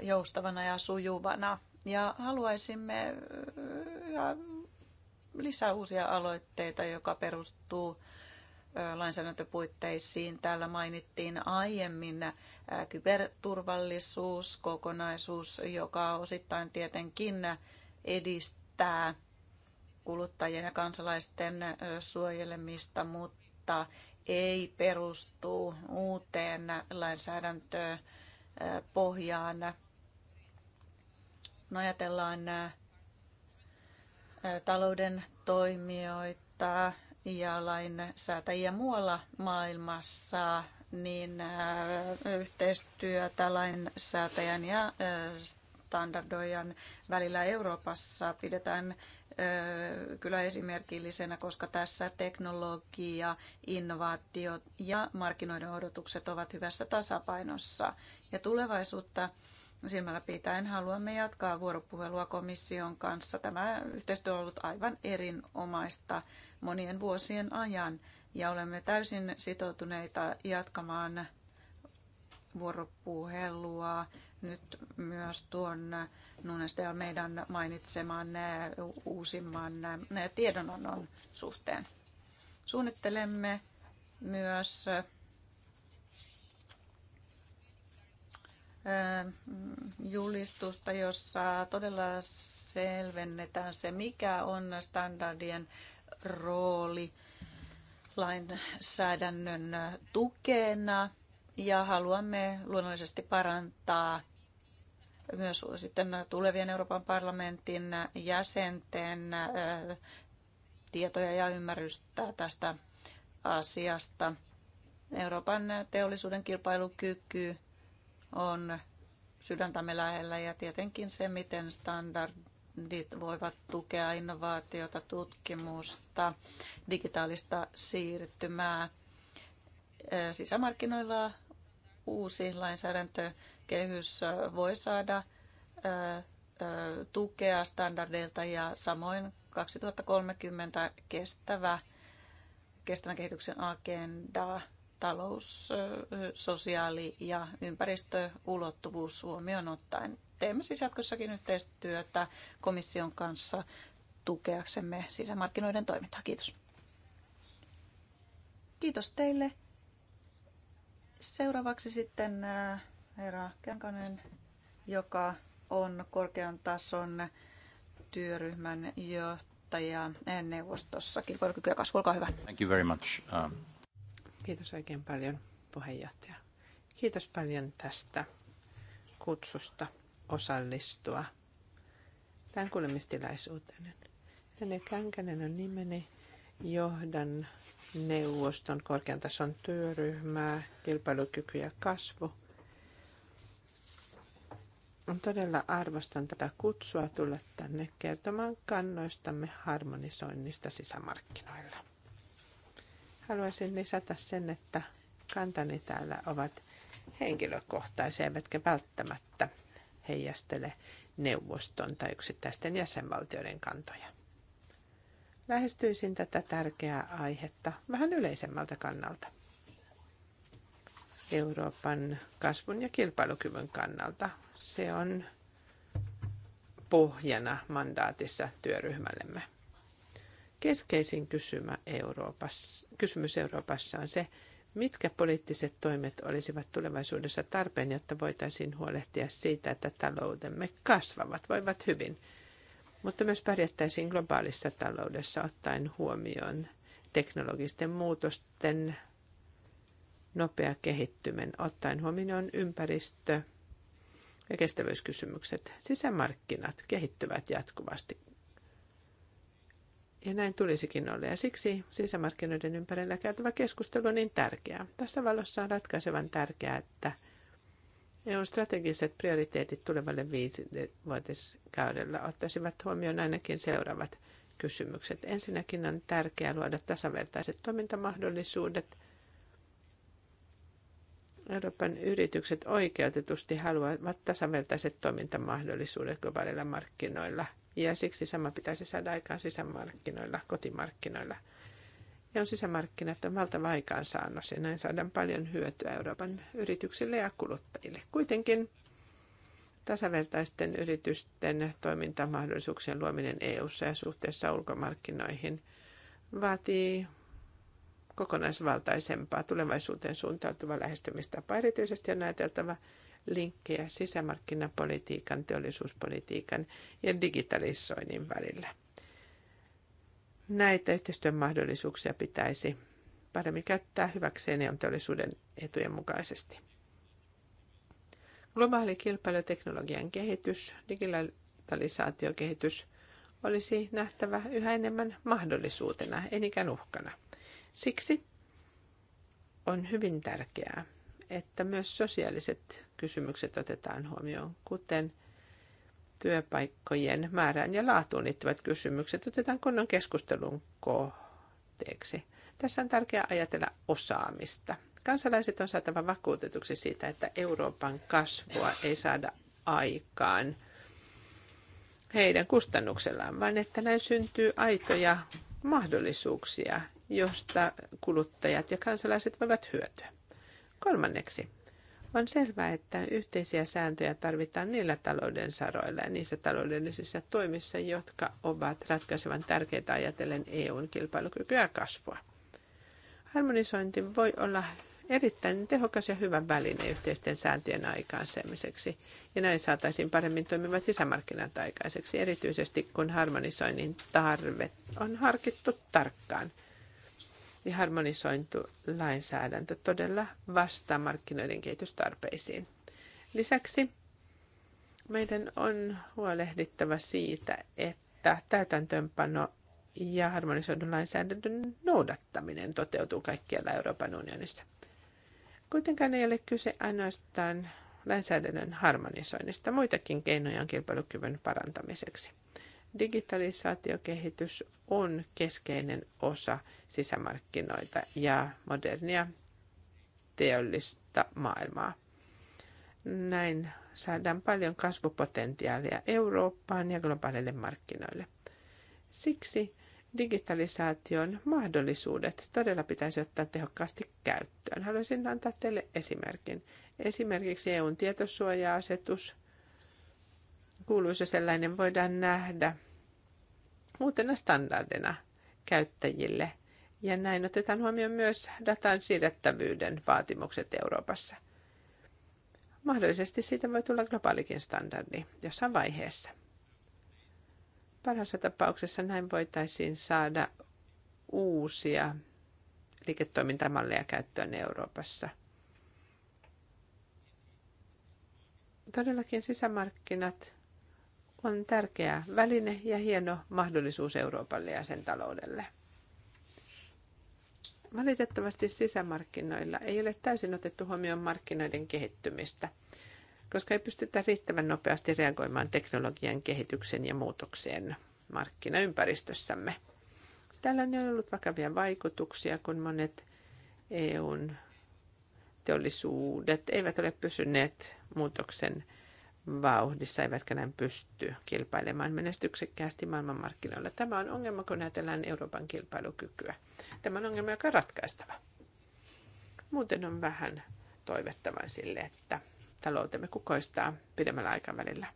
joustavana ja sujuvana. Ja haluaisimme äh, lisää uusia aloitteita, joka perustuu äh, lainsäädäntöpuitteisiin. Täällä mainittiin aiemmin äh, kyberturvallisuus, kokonaisuus, joka osittain tietenkin edistää kuluttajien ja kansalaisten suojelemista, mutta ei perustu uuteen lainsäädäntöön pohjaan kun ajatellaan nämä äh, talouden toimijoita ja lainsäätäjiä muualla maailmassa, niin äh, yhteistyötä lainsäätäjän ja äh, standardoijan välillä Euroopassa pidetään kyllä esimerkillisenä, koska tässä teknologia, innovaatio ja markkinoiden odotukset ovat hyvässä tasapainossa. Ja tulevaisuutta silmällä pitäen haluamme jatkaa vuoropuhelua komission kanssa. Tämä yhteistyö on ollut aivan erinomaista monien vuosien ajan ja olemme täysin sitoutuneita jatkamaan vuoropuhelua nyt myös tuon Nunesta ja meidän mainitseman uusimman tiedonannon suhteen. Suunnittelemme myös julistusta, jossa todella selvennetään se, mikä on standardien rooli lainsäädännön tukena ja haluamme luonnollisesti parantaa myös sitten tulevien Euroopan parlamentin jäsenten tietoja ja ymmärrystä tästä asiasta. Euroopan teollisuuden kilpailukyky on sydäntämme lähellä ja tietenkin se, miten standardit voivat tukea innovaatiota, tutkimusta, digitaalista siirtymää. Sisämarkkinoilla uusi lainsäädäntökehys voi saada tukea standardeilta ja samoin 2030 kestävä, kestävän kehityksen agendaa talous, sosiaali- ja ympäristöulottuvuus huomioon ottaen. Teemme siis jatkossakin yhteistyötä komission kanssa tukeaksemme sisämarkkinoiden toimintaa. Kiitos. Kiitos teille. Seuraavaksi sitten herra Kenkanen, joka on korkean tason työryhmän johtaja neuvostossakin. Kilpailukyky ja kasvu, olkaa hyvä. Thank you very much. Um... Kiitos oikein paljon puheenjohtaja. Kiitos paljon tästä kutsusta osallistua tämän kuulemistilaisuuteen. Tänne Känkänen on nimeni. Johdan neuvoston korkean tason työryhmää, kilpailukyky ja kasvu. On todella arvostan tätä kutsua tulla tänne kertomaan kannoistamme harmonisoinnista sisämarkkinoilla. Haluaisin lisätä sen, että kantani täällä ovat henkilökohtaisia, eivätkä välttämättä heijastele neuvoston tai yksittäisten jäsenvaltioiden kantoja. Lähestyisin tätä tärkeää aihetta vähän yleisemmältä kannalta. Euroopan kasvun ja kilpailukyvyn kannalta. Se on pohjana mandaatissa työryhmällemme. Keskeisin kysymä Euroopassa, kysymys Euroopassa on se, mitkä poliittiset toimet olisivat tulevaisuudessa tarpeen, jotta voitaisiin huolehtia siitä, että taloutemme kasvavat, voivat hyvin, mutta myös pärjättäisiin globaalissa taloudessa ottaen huomioon teknologisten muutosten nopea kehittyminen, ottaen huomioon ympäristö ja kestävyyskysymykset. Sisämarkkinat kehittyvät jatkuvasti. Ja näin tulisikin olla. Ja siksi sisämarkkinoiden ympärillä käytävä keskustelu on niin tärkeää. Tässä valossa on ratkaisevan tärkeää, että EUn strategiset prioriteetit tulevalle viisivuotiskaudella ottaisivat huomioon ainakin seuraavat kysymykset. Ensinnäkin on tärkeää luoda tasavertaiset toimintamahdollisuudet. Euroopan yritykset oikeutetusti haluavat tasavertaiset toimintamahdollisuudet globaaleilla markkinoilla – ja siksi sama pitäisi saada aikaan sisämarkkinoilla, kotimarkkinoilla. Ja on sisämarkkinat on valtava aikaansaannos ja näin saadaan paljon hyötyä Euroopan yrityksille ja kuluttajille. Kuitenkin tasavertaisten yritysten toimintamahdollisuuksien luominen EU:ssa ja suhteessa ulkomarkkinoihin vaatii kokonaisvaltaisempaa tulevaisuuteen suuntautuvaa lähestymistapaa. Erityisesti on ajateltava linkkejä sisämarkkinapolitiikan, teollisuuspolitiikan ja digitalisoinnin välillä. Näitä yhteistyön mahdollisuuksia pitäisi paremmin käyttää hyväkseen ja teollisuuden etujen mukaisesti. Globaali kilpailuteknologian kehitys, digitalisaatiokehitys olisi nähtävä yhä enemmän mahdollisuutena, ei uhkana. Siksi on hyvin tärkeää, että myös sosiaaliset kysymykset otetaan huomioon, kuten työpaikkojen määrään ja laatuun liittyvät kysymykset otetaan kunnon keskustelun kohteeksi. Tässä on tärkeää ajatella osaamista. Kansalaiset on saatava vakuutetuksi siitä, että Euroopan kasvua ei saada aikaan heidän kustannuksellaan, vaan että näin syntyy aitoja mahdollisuuksia, josta kuluttajat ja kansalaiset voivat hyötyä. Kolmanneksi, on selvää, että yhteisiä sääntöjä tarvitaan niillä talouden saroilla ja niissä taloudellisissa toimissa, jotka ovat ratkaisevan tärkeitä ajatellen EUn kilpailukykyä kasvua. Harmonisointi voi olla erittäin tehokas ja hyvä väline yhteisten sääntöjen aikaansemiseksi, ja näin saataisiin paremmin toimivat sisämarkkinat aikaiseksi, erityisesti kun harmonisoinnin tarve on harkittu tarkkaan niin harmonisointu lainsäädäntö todella vastaa markkinoiden kehitystarpeisiin. Lisäksi meidän on huolehdittava siitä, että täytäntöönpano ja harmonisoidun lainsäädännön noudattaminen toteutuu kaikkialla Euroopan unionissa. Kuitenkaan ei ole kyse ainoastaan lainsäädännön harmonisoinnista. Muitakin keinoja on kilpailukyvyn parantamiseksi. Digitalisaatiokehitys on keskeinen osa sisämarkkinoita ja modernia teollista maailmaa. Näin saadaan paljon kasvupotentiaalia Eurooppaan ja globaaleille markkinoille. Siksi digitalisaation mahdollisuudet todella pitäisi ottaa tehokkaasti käyttöön. Haluaisin antaa teille esimerkin. Esimerkiksi EUn tietosuoja-asetus kuuluisa sellainen voidaan nähdä uutena standardina käyttäjille. Ja näin otetaan huomioon myös datan siirrettävyyden vaatimukset Euroopassa. Mahdollisesti siitä voi tulla globaalikin standardi jossain vaiheessa. Parhaassa tapauksessa näin voitaisiin saada uusia liiketoimintamalleja käyttöön Euroopassa. Todellakin sisämarkkinat on tärkeä väline ja hieno mahdollisuus Euroopalle ja sen taloudelle. Valitettavasti sisämarkkinoilla ei ole täysin otettu huomioon markkinoiden kehittymistä, koska ei pystytä riittävän nopeasti reagoimaan teknologian kehityksen ja muutokseen markkinaympäristössämme. Tällä on ollut vakavia vaikutuksia, kun monet EUn teollisuudet eivät ole pysyneet muutoksen vauhdissa, eivätkä näin pysty kilpailemaan menestyksekkäästi maailmanmarkkinoilla. Tämä on ongelma, kun ajatellaan Euroopan kilpailukykyä. Tämä on ongelma, joka on ratkaistava. Muuten on vähän toivettavan sille, että taloutemme kukoistaa pidemmällä aikavälillä.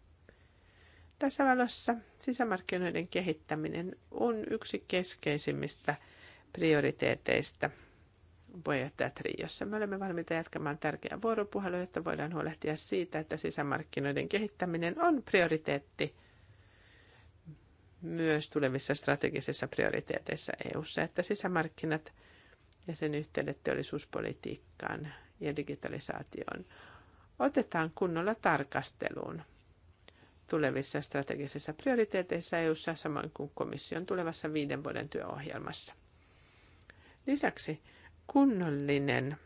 Tässä valossa sisämarkkinoiden kehittäminen on yksi keskeisimmistä prioriteeteista – puheenjohtajatriossa. Me olemme valmiita jatkamaan tärkeää vuoropuhelua, jotta voidaan huolehtia siitä, että sisämarkkinoiden kehittäminen on prioriteetti myös tulevissa strategisissa prioriteeteissa EU:ssa, että sisämarkkinat ja sen yhteydet teollisuuspolitiikkaan ja digitalisaatioon otetaan kunnolla tarkasteluun tulevissa strategisissa prioriteeteissa EU:ssa samoin kuin komission tulevassa viiden vuoden työohjelmassa. Lisäksi kunnollinen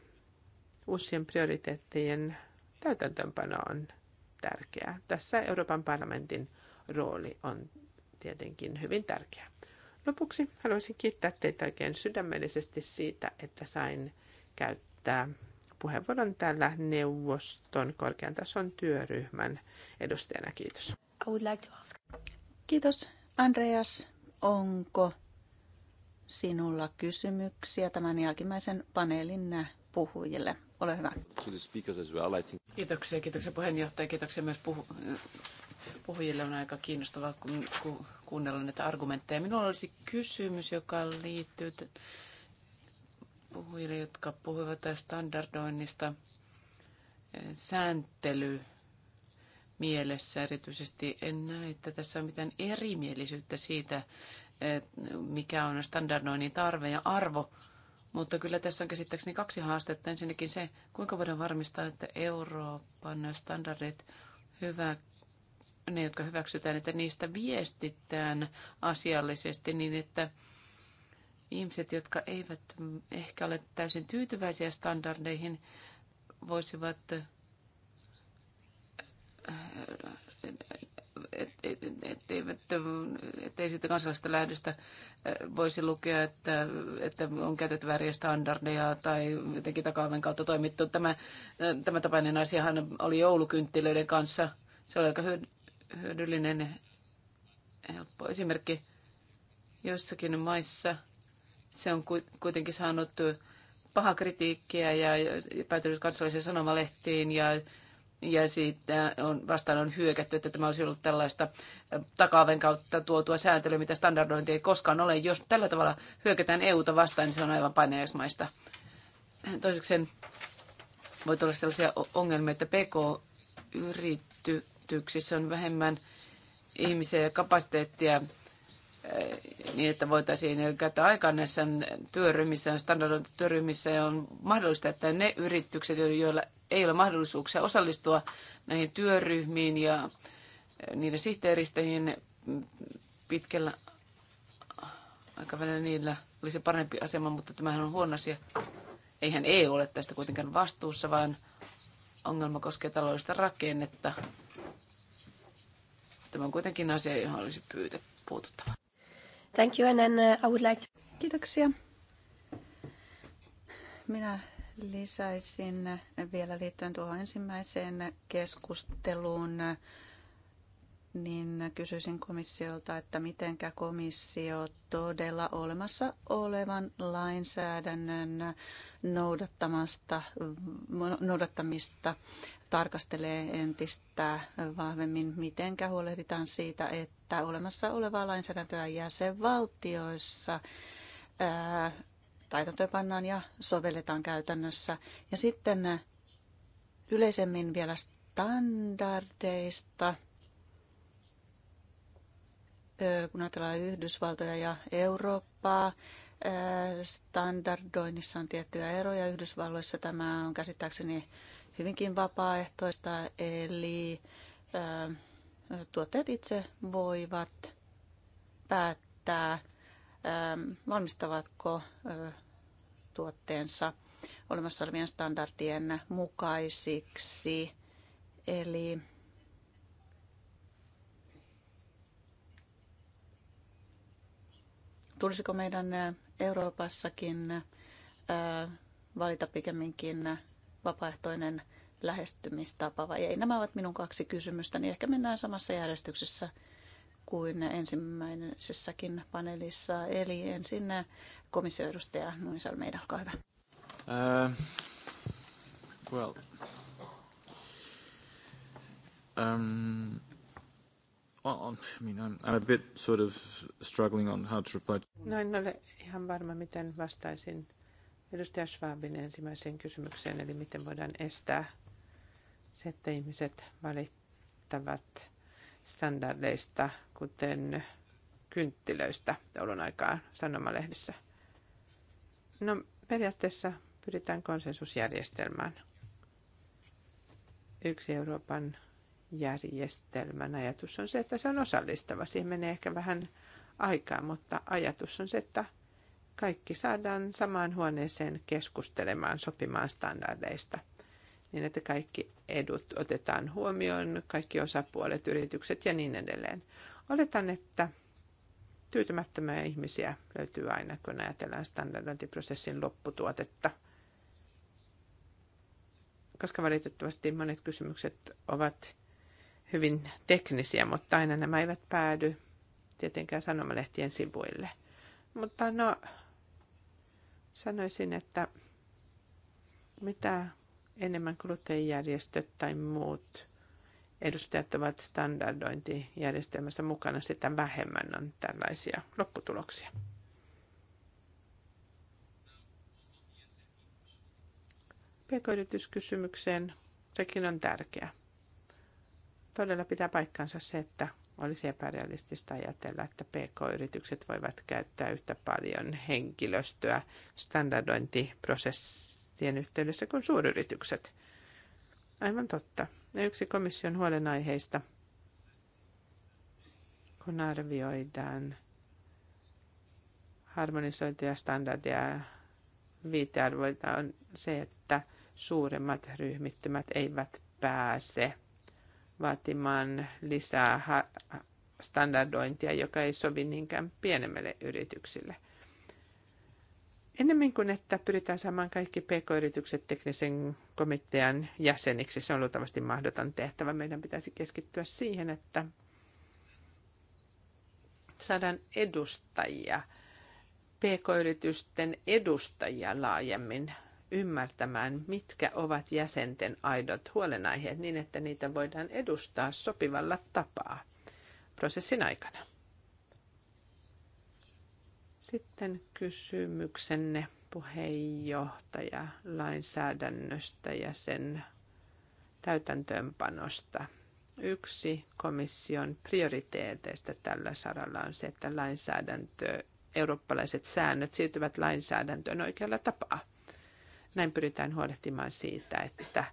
uusien prioriteettien täytäntöönpano on tärkeää. Tässä Euroopan parlamentin rooli on tietenkin hyvin tärkeä. Lopuksi haluaisin kiittää teitä oikein sydämellisesti siitä, että sain käyttää puheenvuoron täällä neuvoston korkean tason työryhmän edustajana. Kiitos. I would like to ask. Kiitos. Andreas, onko sinulla kysymyksiä tämän jälkimmäisen paneelin puhujille. Ole hyvä. Kiitoksia, kiitoksia puheenjohtaja. Kiitoksia myös puhu- puhujille. On aika kiinnostavaa ku- ku- kuunnella näitä argumentteja. Minulla olisi kysymys, joka liittyy puhujille, jotka puhuivat standardoinnista eh, sääntely mielessä erityisesti. En näe, että tässä on mitään erimielisyyttä siitä, mikä on standardoinnin tarve ja arvo. Mutta kyllä tässä on käsittääkseni kaksi haastetta. Ensinnäkin se, kuinka voidaan varmistaa, että Euroopan standardit, hyvä, ne jotka hyväksytään, että niistä viestitään asiallisesti niin, että ihmiset, jotka eivät ehkä ole täysin tyytyväisiä standardeihin, voisivat et, ettei siitä kansallisesta lähdöstä voisi lukea, että, että on käytetty vääriä standardeja tai jotenkin takaaven kautta toimittu. Tämä, tämä tapainen asiahan oli joulukynttilöiden kanssa. Se oli aika hyödyllinen helppo esimerkki. Joissakin maissa se on kuitenkin saanut pahaa kritiikkiä ja päätynyt kansalliseen sanomalehtiin ja ja siitä on, vastaan on hyökätty, että tämä olisi ollut tällaista takaaven kautta tuotua sääntelyä, mitä standardointi ei koskaan ole. Jos tällä tavalla hyökätään EUta vastaan, niin se on aivan painajaismaista. Toiseksi voi tulla sellaisia ongelmia, että PK-yrityksissä on vähemmän ihmisiä ja kapasiteettia niin, että voitaisiin käyttää aikaa näissä työryhmissä, standardointityöryhmissä, ja on mahdollista, että ne yritykset, joilla ei ole mahdollisuuksia osallistua näihin työryhmiin ja eh, niiden sihteeristöihin pitkällä aikavälillä niillä olisi parempi asema, mutta tämähän on huono asia. Eihän EU ole tästä kuitenkaan vastuussa, vaan ongelma koskee taloudellista rakennetta. Tämä on kuitenkin asia, johon olisi puututtava. Thank you, and then uh, I would like to... Kiitoksia. Minä Lisäisin vielä liittyen tuohon ensimmäiseen keskusteluun, niin kysyisin komissiolta, että mitenkä komissio todella olemassa olevan lainsäädännön noudattamasta, noudattamista tarkastelee entistä vahvemmin, mitenkä huolehditaan siitä, että olemassa olevaa lainsäädäntöä jäsenvaltioissa täytäntöönpannaan ja sovelletaan käytännössä. Ja sitten äh, yleisemmin vielä standardeista, kun ajatellaan Yhdysvaltoja ja Eurooppaa, standardoinnissa on tiettyjä eroja. Yhdysvalloissa tämä on käsittääkseni hyvinkin vapaaehtoista, eli tuotteet itse voivat päättää, valmistavatko tuotteensa olemassa olevien standardien mukaisiksi. Eli tulisiko meidän Euroopassakin valita pikemminkin vapaaehtoinen lähestymistapa vai ei? Nämä ovat minun kaksi kysymystäni. ehkä mennään samassa järjestyksessä kuin ensimmäisessäkin paneelissa. Eli ensin komissioedustaja Nunes Almeida, olkaa hyvä. Uh, well. Um, I'm, a bit sort of struggling on how to reply. No en ole ihan varma, miten vastaisin edustaja Schwabin ensimmäiseen kysymykseen, eli miten voidaan estää se, että ihmiset valittavat standardeista, kuten kynttilöistä joulun aikaan sanomalehdissä. No, periaatteessa pyritään konsensusjärjestelmään. Yksi Euroopan järjestelmän ajatus on se, että se on osallistava. Siihen menee ehkä vähän aikaa, mutta ajatus on se, että kaikki saadaan samaan huoneeseen keskustelemaan, sopimaan standardeista – niin että kaikki edut otetaan huomioon, kaikki osapuolet, yritykset ja niin edelleen. Oletan, että tyytymättömiä ihmisiä löytyy aina, kun ajatellaan standardointiprosessin lopputuotetta. Koska valitettavasti monet kysymykset ovat hyvin teknisiä, mutta aina nämä eivät päädy tietenkään sanomalehtien sivuille. Mutta no, sanoisin, että mitä enemmän kuluttajajärjestöt tai muut edustajat ovat standardointijärjestelmässä mukana, sitä vähemmän on tällaisia lopputuloksia. Pk-yrityskysymykseen sekin on tärkeä. Todella pitää paikkansa se, että olisi epärealistista ajatella, että pk-yritykset voivat käyttää yhtä paljon henkilöstöä standardointiprosessissa pakettien yhteydessä kuin suuryritykset. Aivan totta. Ja yksi komission huolenaiheista, kun arvioidaan harmonisointia, standardia ja viitearvoita, on se, että suuremmat ryhmittymät eivät pääse vaatimaan lisää standardointia, joka ei sovi niinkään pienemmille yrityksille – Ennemmin kuin että pyritään saamaan kaikki PK-yritykset teknisen komitean jäseniksi, se on luultavasti mahdoton tehtävä. Meidän pitäisi keskittyä siihen, että saadaan edustajia, PK-yritysten edustajia laajemmin ymmärtämään, mitkä ovat jäsenten aidot huolenaiheet niin, että niitä voidaan edustaa sopivalla tapaa prosessin aikana. Sitten kysymyksenne puheenjohtaja lainsäädännöstä ja sen täytäntöönpanosta. Yksi komission prioriteeteista tällä saralla on se, että lainsäädäntö, eurooppalaiset säännöt siirtyvät lainsäädäntöön oikealla tapaa. Näin pyritään huolehtimaan siitä, että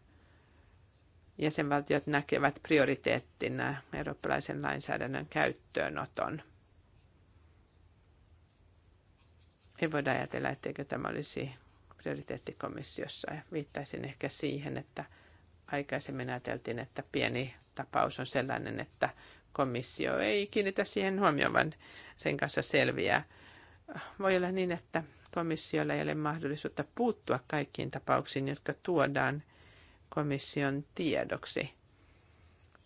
jäsenvaltiot näkevät prioriteettina eurooppalaisen lainsäädännön käyttöönoton – ei voida ajatella, etteikö tämä olisi prioriteettikomissiossa. Ja viittaisin ehkä siihen, että aikaisemmin ajateltiin, että pieni tapaus on sellainen, että komissio ei kiinnitä siihen huomioon, vaan sen kanssa selviää. Voi olla niin, että komissiolla ei ole mahdollisuutta puuttua kaikkiin tapauksiin, jotka tuodaan komission tiedoksi.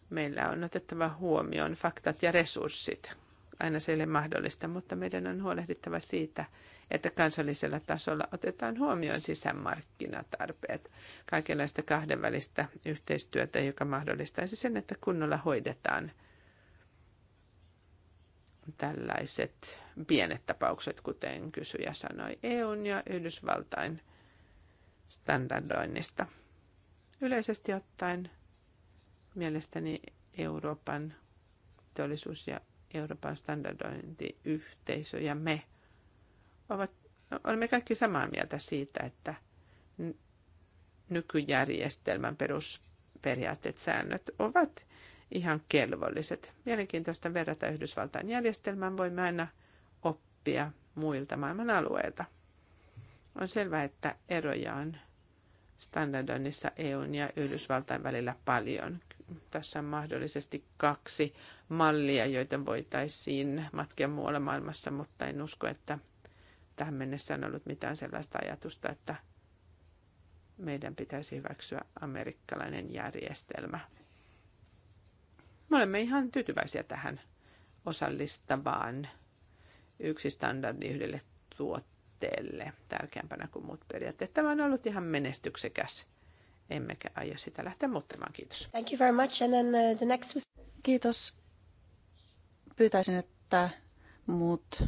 Meillä on otettava huomioon faktat ja resurssit aina se ei ole mahdollista, mutta meidän on huolehdittava siitä, että kansallisella tasolla otetaan huomioon sisämarkkinatarpeet, kaikenlaista kahdenvälistä yhteistyötä, joka mahdollistaisi sen, että kunnolla hoidetaan tällaiset pienet tapaukset, kuten kysyjä sanoi, EUn ja Yhdysvaltain standardoinnista. Yleisesti ottaen mielestäni Euroopan teollisuus ja Euroopan standardointiyhteisö ja me ovat, olemme kaikki samaa mieltä siitä, että nykyjärjestelmän perusperiaatteet, säännöt ovat ihan kelvolliset. Mielenkiintoista verrata Yhdysvaltain järjestelmään voimme aina oppia muilta maailman alueilta. On selvää, että eroja on standardoinnissa EUn ja Yhdysvaltain välillä paljon. Tässä on mahdollisesti kaksi mallia, joita voitaisiin matkia muualla maailmassa, mutta en usko, että tähän mennessä on ollut mitään sellaista ajatusta, että meidän pitäisi hyväksyä amerikkalainen järjestelmä. Me olemme ihan tyytyväisiä tähän osallistavaan yksi standardi yhdelle tuotteelle itselle tärkeämpänä kuin muut periaatteet. Tämä on ollut ihan menestyksekäs, emmekä aio sitä lähteä muuttamaan. Kiitos. Thank you very much. And then uh, the next... Kiitos. Pyytäisin, että muut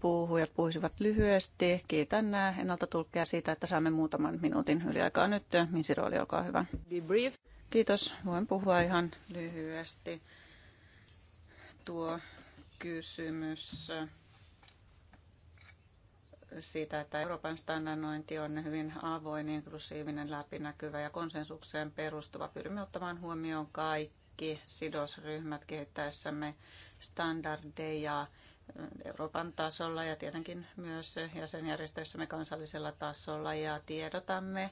puhujat puhuisivat lyhyesti. Kiitän uh, ennalta tulkkeja siitä, että saamme muutaman minuutin yliaikaa nyt. Minsi rooli, olkaa hyvä. Be brief. Kiitos. Voin puhua ihan lyhyesti. Tuo kysymys siitä, että Euroopan standardointi on hyvin avoin, inklusiivinen, läpinäkyvä ja konsensukseen perustuva. Pyrimme ottamaan huomioon kaikki sidosryhmät kehittäessämme standardeja Euroopan tasolla ja tietenkin myös jäsenjärjestöissämme kansallisella tasolla ja tiedotamme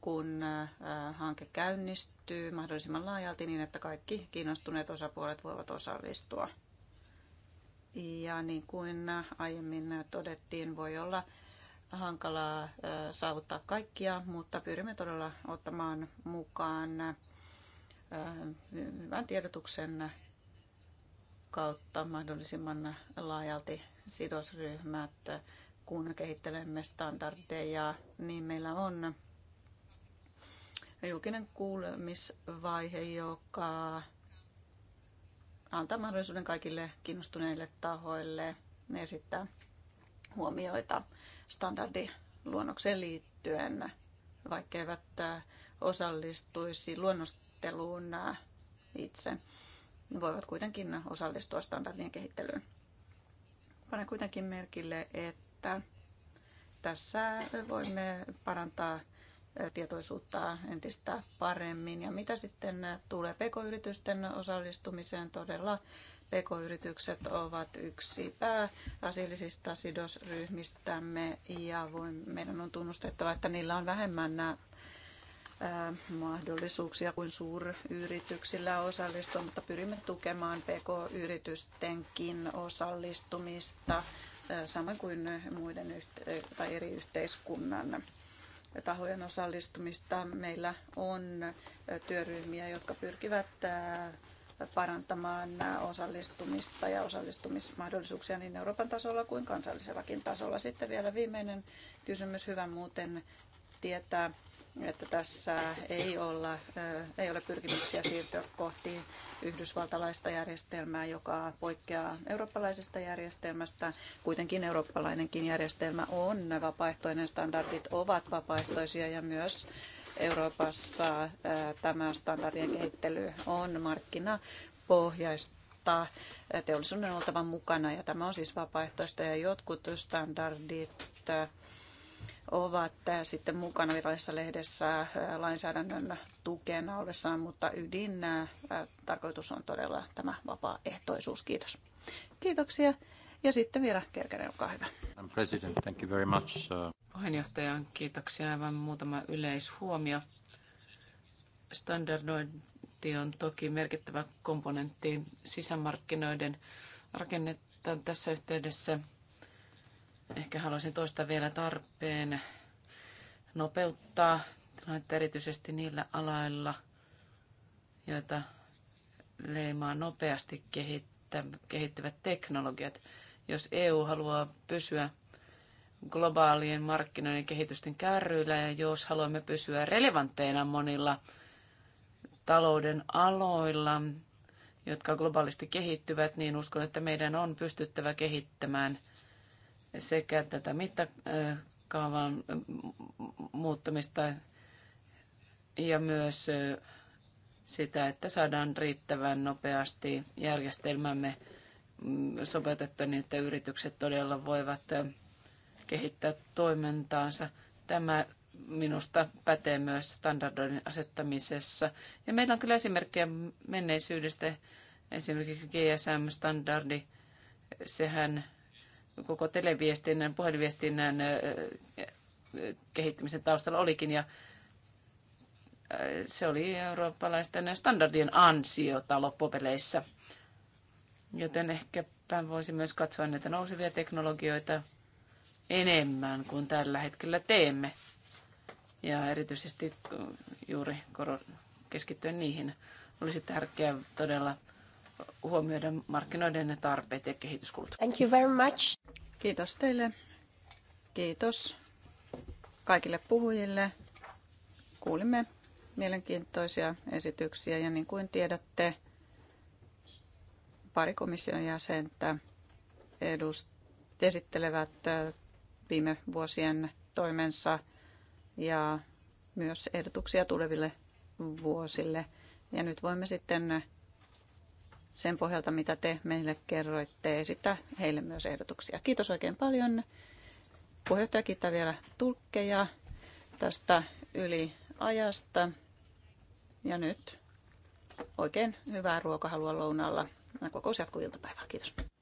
kun äh, hanke käynnistyy mahdollisimman laajalti niin, että kaikki kiinnostuneet osapuolet voivat osallistua. Ja niin kuin aiemmin todettiin, voi olla hankalaa saavuttaa kaikkia, mutta pyrimme todella ottamaan mukaan hyvän tiedotuksen kautta mahdollisimman laajalti sidosryhmät, kun kehittelemme standardeja, niin meillä on julkinen kuulemisvaihe, joka antaa mahdollisuuden kaikille kiinnostuneille tahoille esittää huomioita standardiluonnokseen liittyen, eivät osallistuisi luonnosteluun itse, voivat kuitenkin osallistua standardien kehittelyyn. Panen kuitenkin merkille, että tässä voimme parantaa tietoisuutta entistä paremmin. Ja mitä sitten tulee pk-yritysten osallistumiseen todella? PK-yritykset ovat yksi pääasiallisista sidosryhmistämme ja meidän on tunnustettava, että niillä on vähemmän nämä äh, mahdollisuuksia kuin suuryrityksillä osallistua, mutta pyrimme tukemaan PK-yritystenkin osallistumista äh, samoin kuin muiden tai eri yhteiskunnan tahojen osallistumista. Meillä on työryhmiä, jotka pyrkivät parantamaan osallistumista ja osallistumismahdollisuuksia niin Euroopan tasolla kuin kansallisellakin tasolla. Sitten vielä viimeinen kysymys, hyvä muuten tietää, että tässä ei, olla, ei ole pyrkimyksiä siirtyä kohti yhdysvaltalaista järjestelmää, joka poikkeaa eurooppalaisesta järjestelmästä. Kuitenkin eurooppalainenkin järjestelmä on vapaaehtoinen, standardit ovat vapaaehtoisia ja myös Euroopassa tämä standardien kehittely on markkinapohjaista. Teollisuuden on oltava mukana ja tämä on siis vapaaehtoista ja jotkut standardit ovat sitten mukana virallisessa lehdessä äh, lainsäädännön tukena ollessaan, mutta ydin äh, äh, tarkoitus on todella tämä vapaaehtoisuus. Kiitos. Kiitoksia. Ja sitten vielä Kerkänen, olkaa hyvä. President, thank you very much. Puheenjohtaja, kiitoksia. Aivan muutama yleishuomio. Standardointi on toki merkittävä komponentti sisämarkkinoiden rakennetta tässä yhteydessä – Ehkä haluaisin toista vielä tarpeen nopeuttaa tilannetta erityisesti niillä aloilla, joita leimaa nopeasti kehittyvät teknologiat. Jos EU haluaa pysyä globaalien markkinoiden kehitysten kärryillä ja jos haluamme pysyä relevantteina monilla talouden aloilla, jotka globaalisti kehittyvät, niin uskon, että meidän on pystyttävä kehittämään sekä tätä mittakaavan muuttamista ja myös sitä, että saadaan riittävän nopeasti järjestelmämme mm, sopeutettu niin, että yritykset todella voivat kehittää toimintaansa. Tämä minusta pätee myös standardoinnin asettamisessa. Ja meillä on kyllä esimerkkejä menneisyydestä, esimerkiksi GSM-standardi, sehän koko televiestinnän, puhelinviestinnän kehittämisen taustalla olikin. Ja se oli eurooppalaisten standardien ansiota loppupeleissä. Joten ehkäpä voisi myös katsoa näitä nousevia teknologioita enemmän kuin tällä hetkellä teemme. Ja erityisesti juuri keskittyen niihin olisi tärkeää todella huomioida markkinoiden tarpeet ja kehityskulut. Thank you very much. Kiitos teille. Kiitos kaikille puhujille. Kuulimme mielenkiintoisia esityksiä ja niin kuin tiedätte, pari komission jäsentä edust- esittelevät viime vuosien toimensa ja myös ehdotuksia tuleville vuosille. Ja nyt voimme sitten sen pohjalta, mitä te meille kerroitte, esittää heille myös ehdotuksia. Kiitos oikein paljon. Puheenjohtaja kiittää vielä tulkkeja tästä yliajasta. Ja nyt oikein hyvää ruokahalua lounalla. Kokous jatkuu iltapäivällä. Kiitos.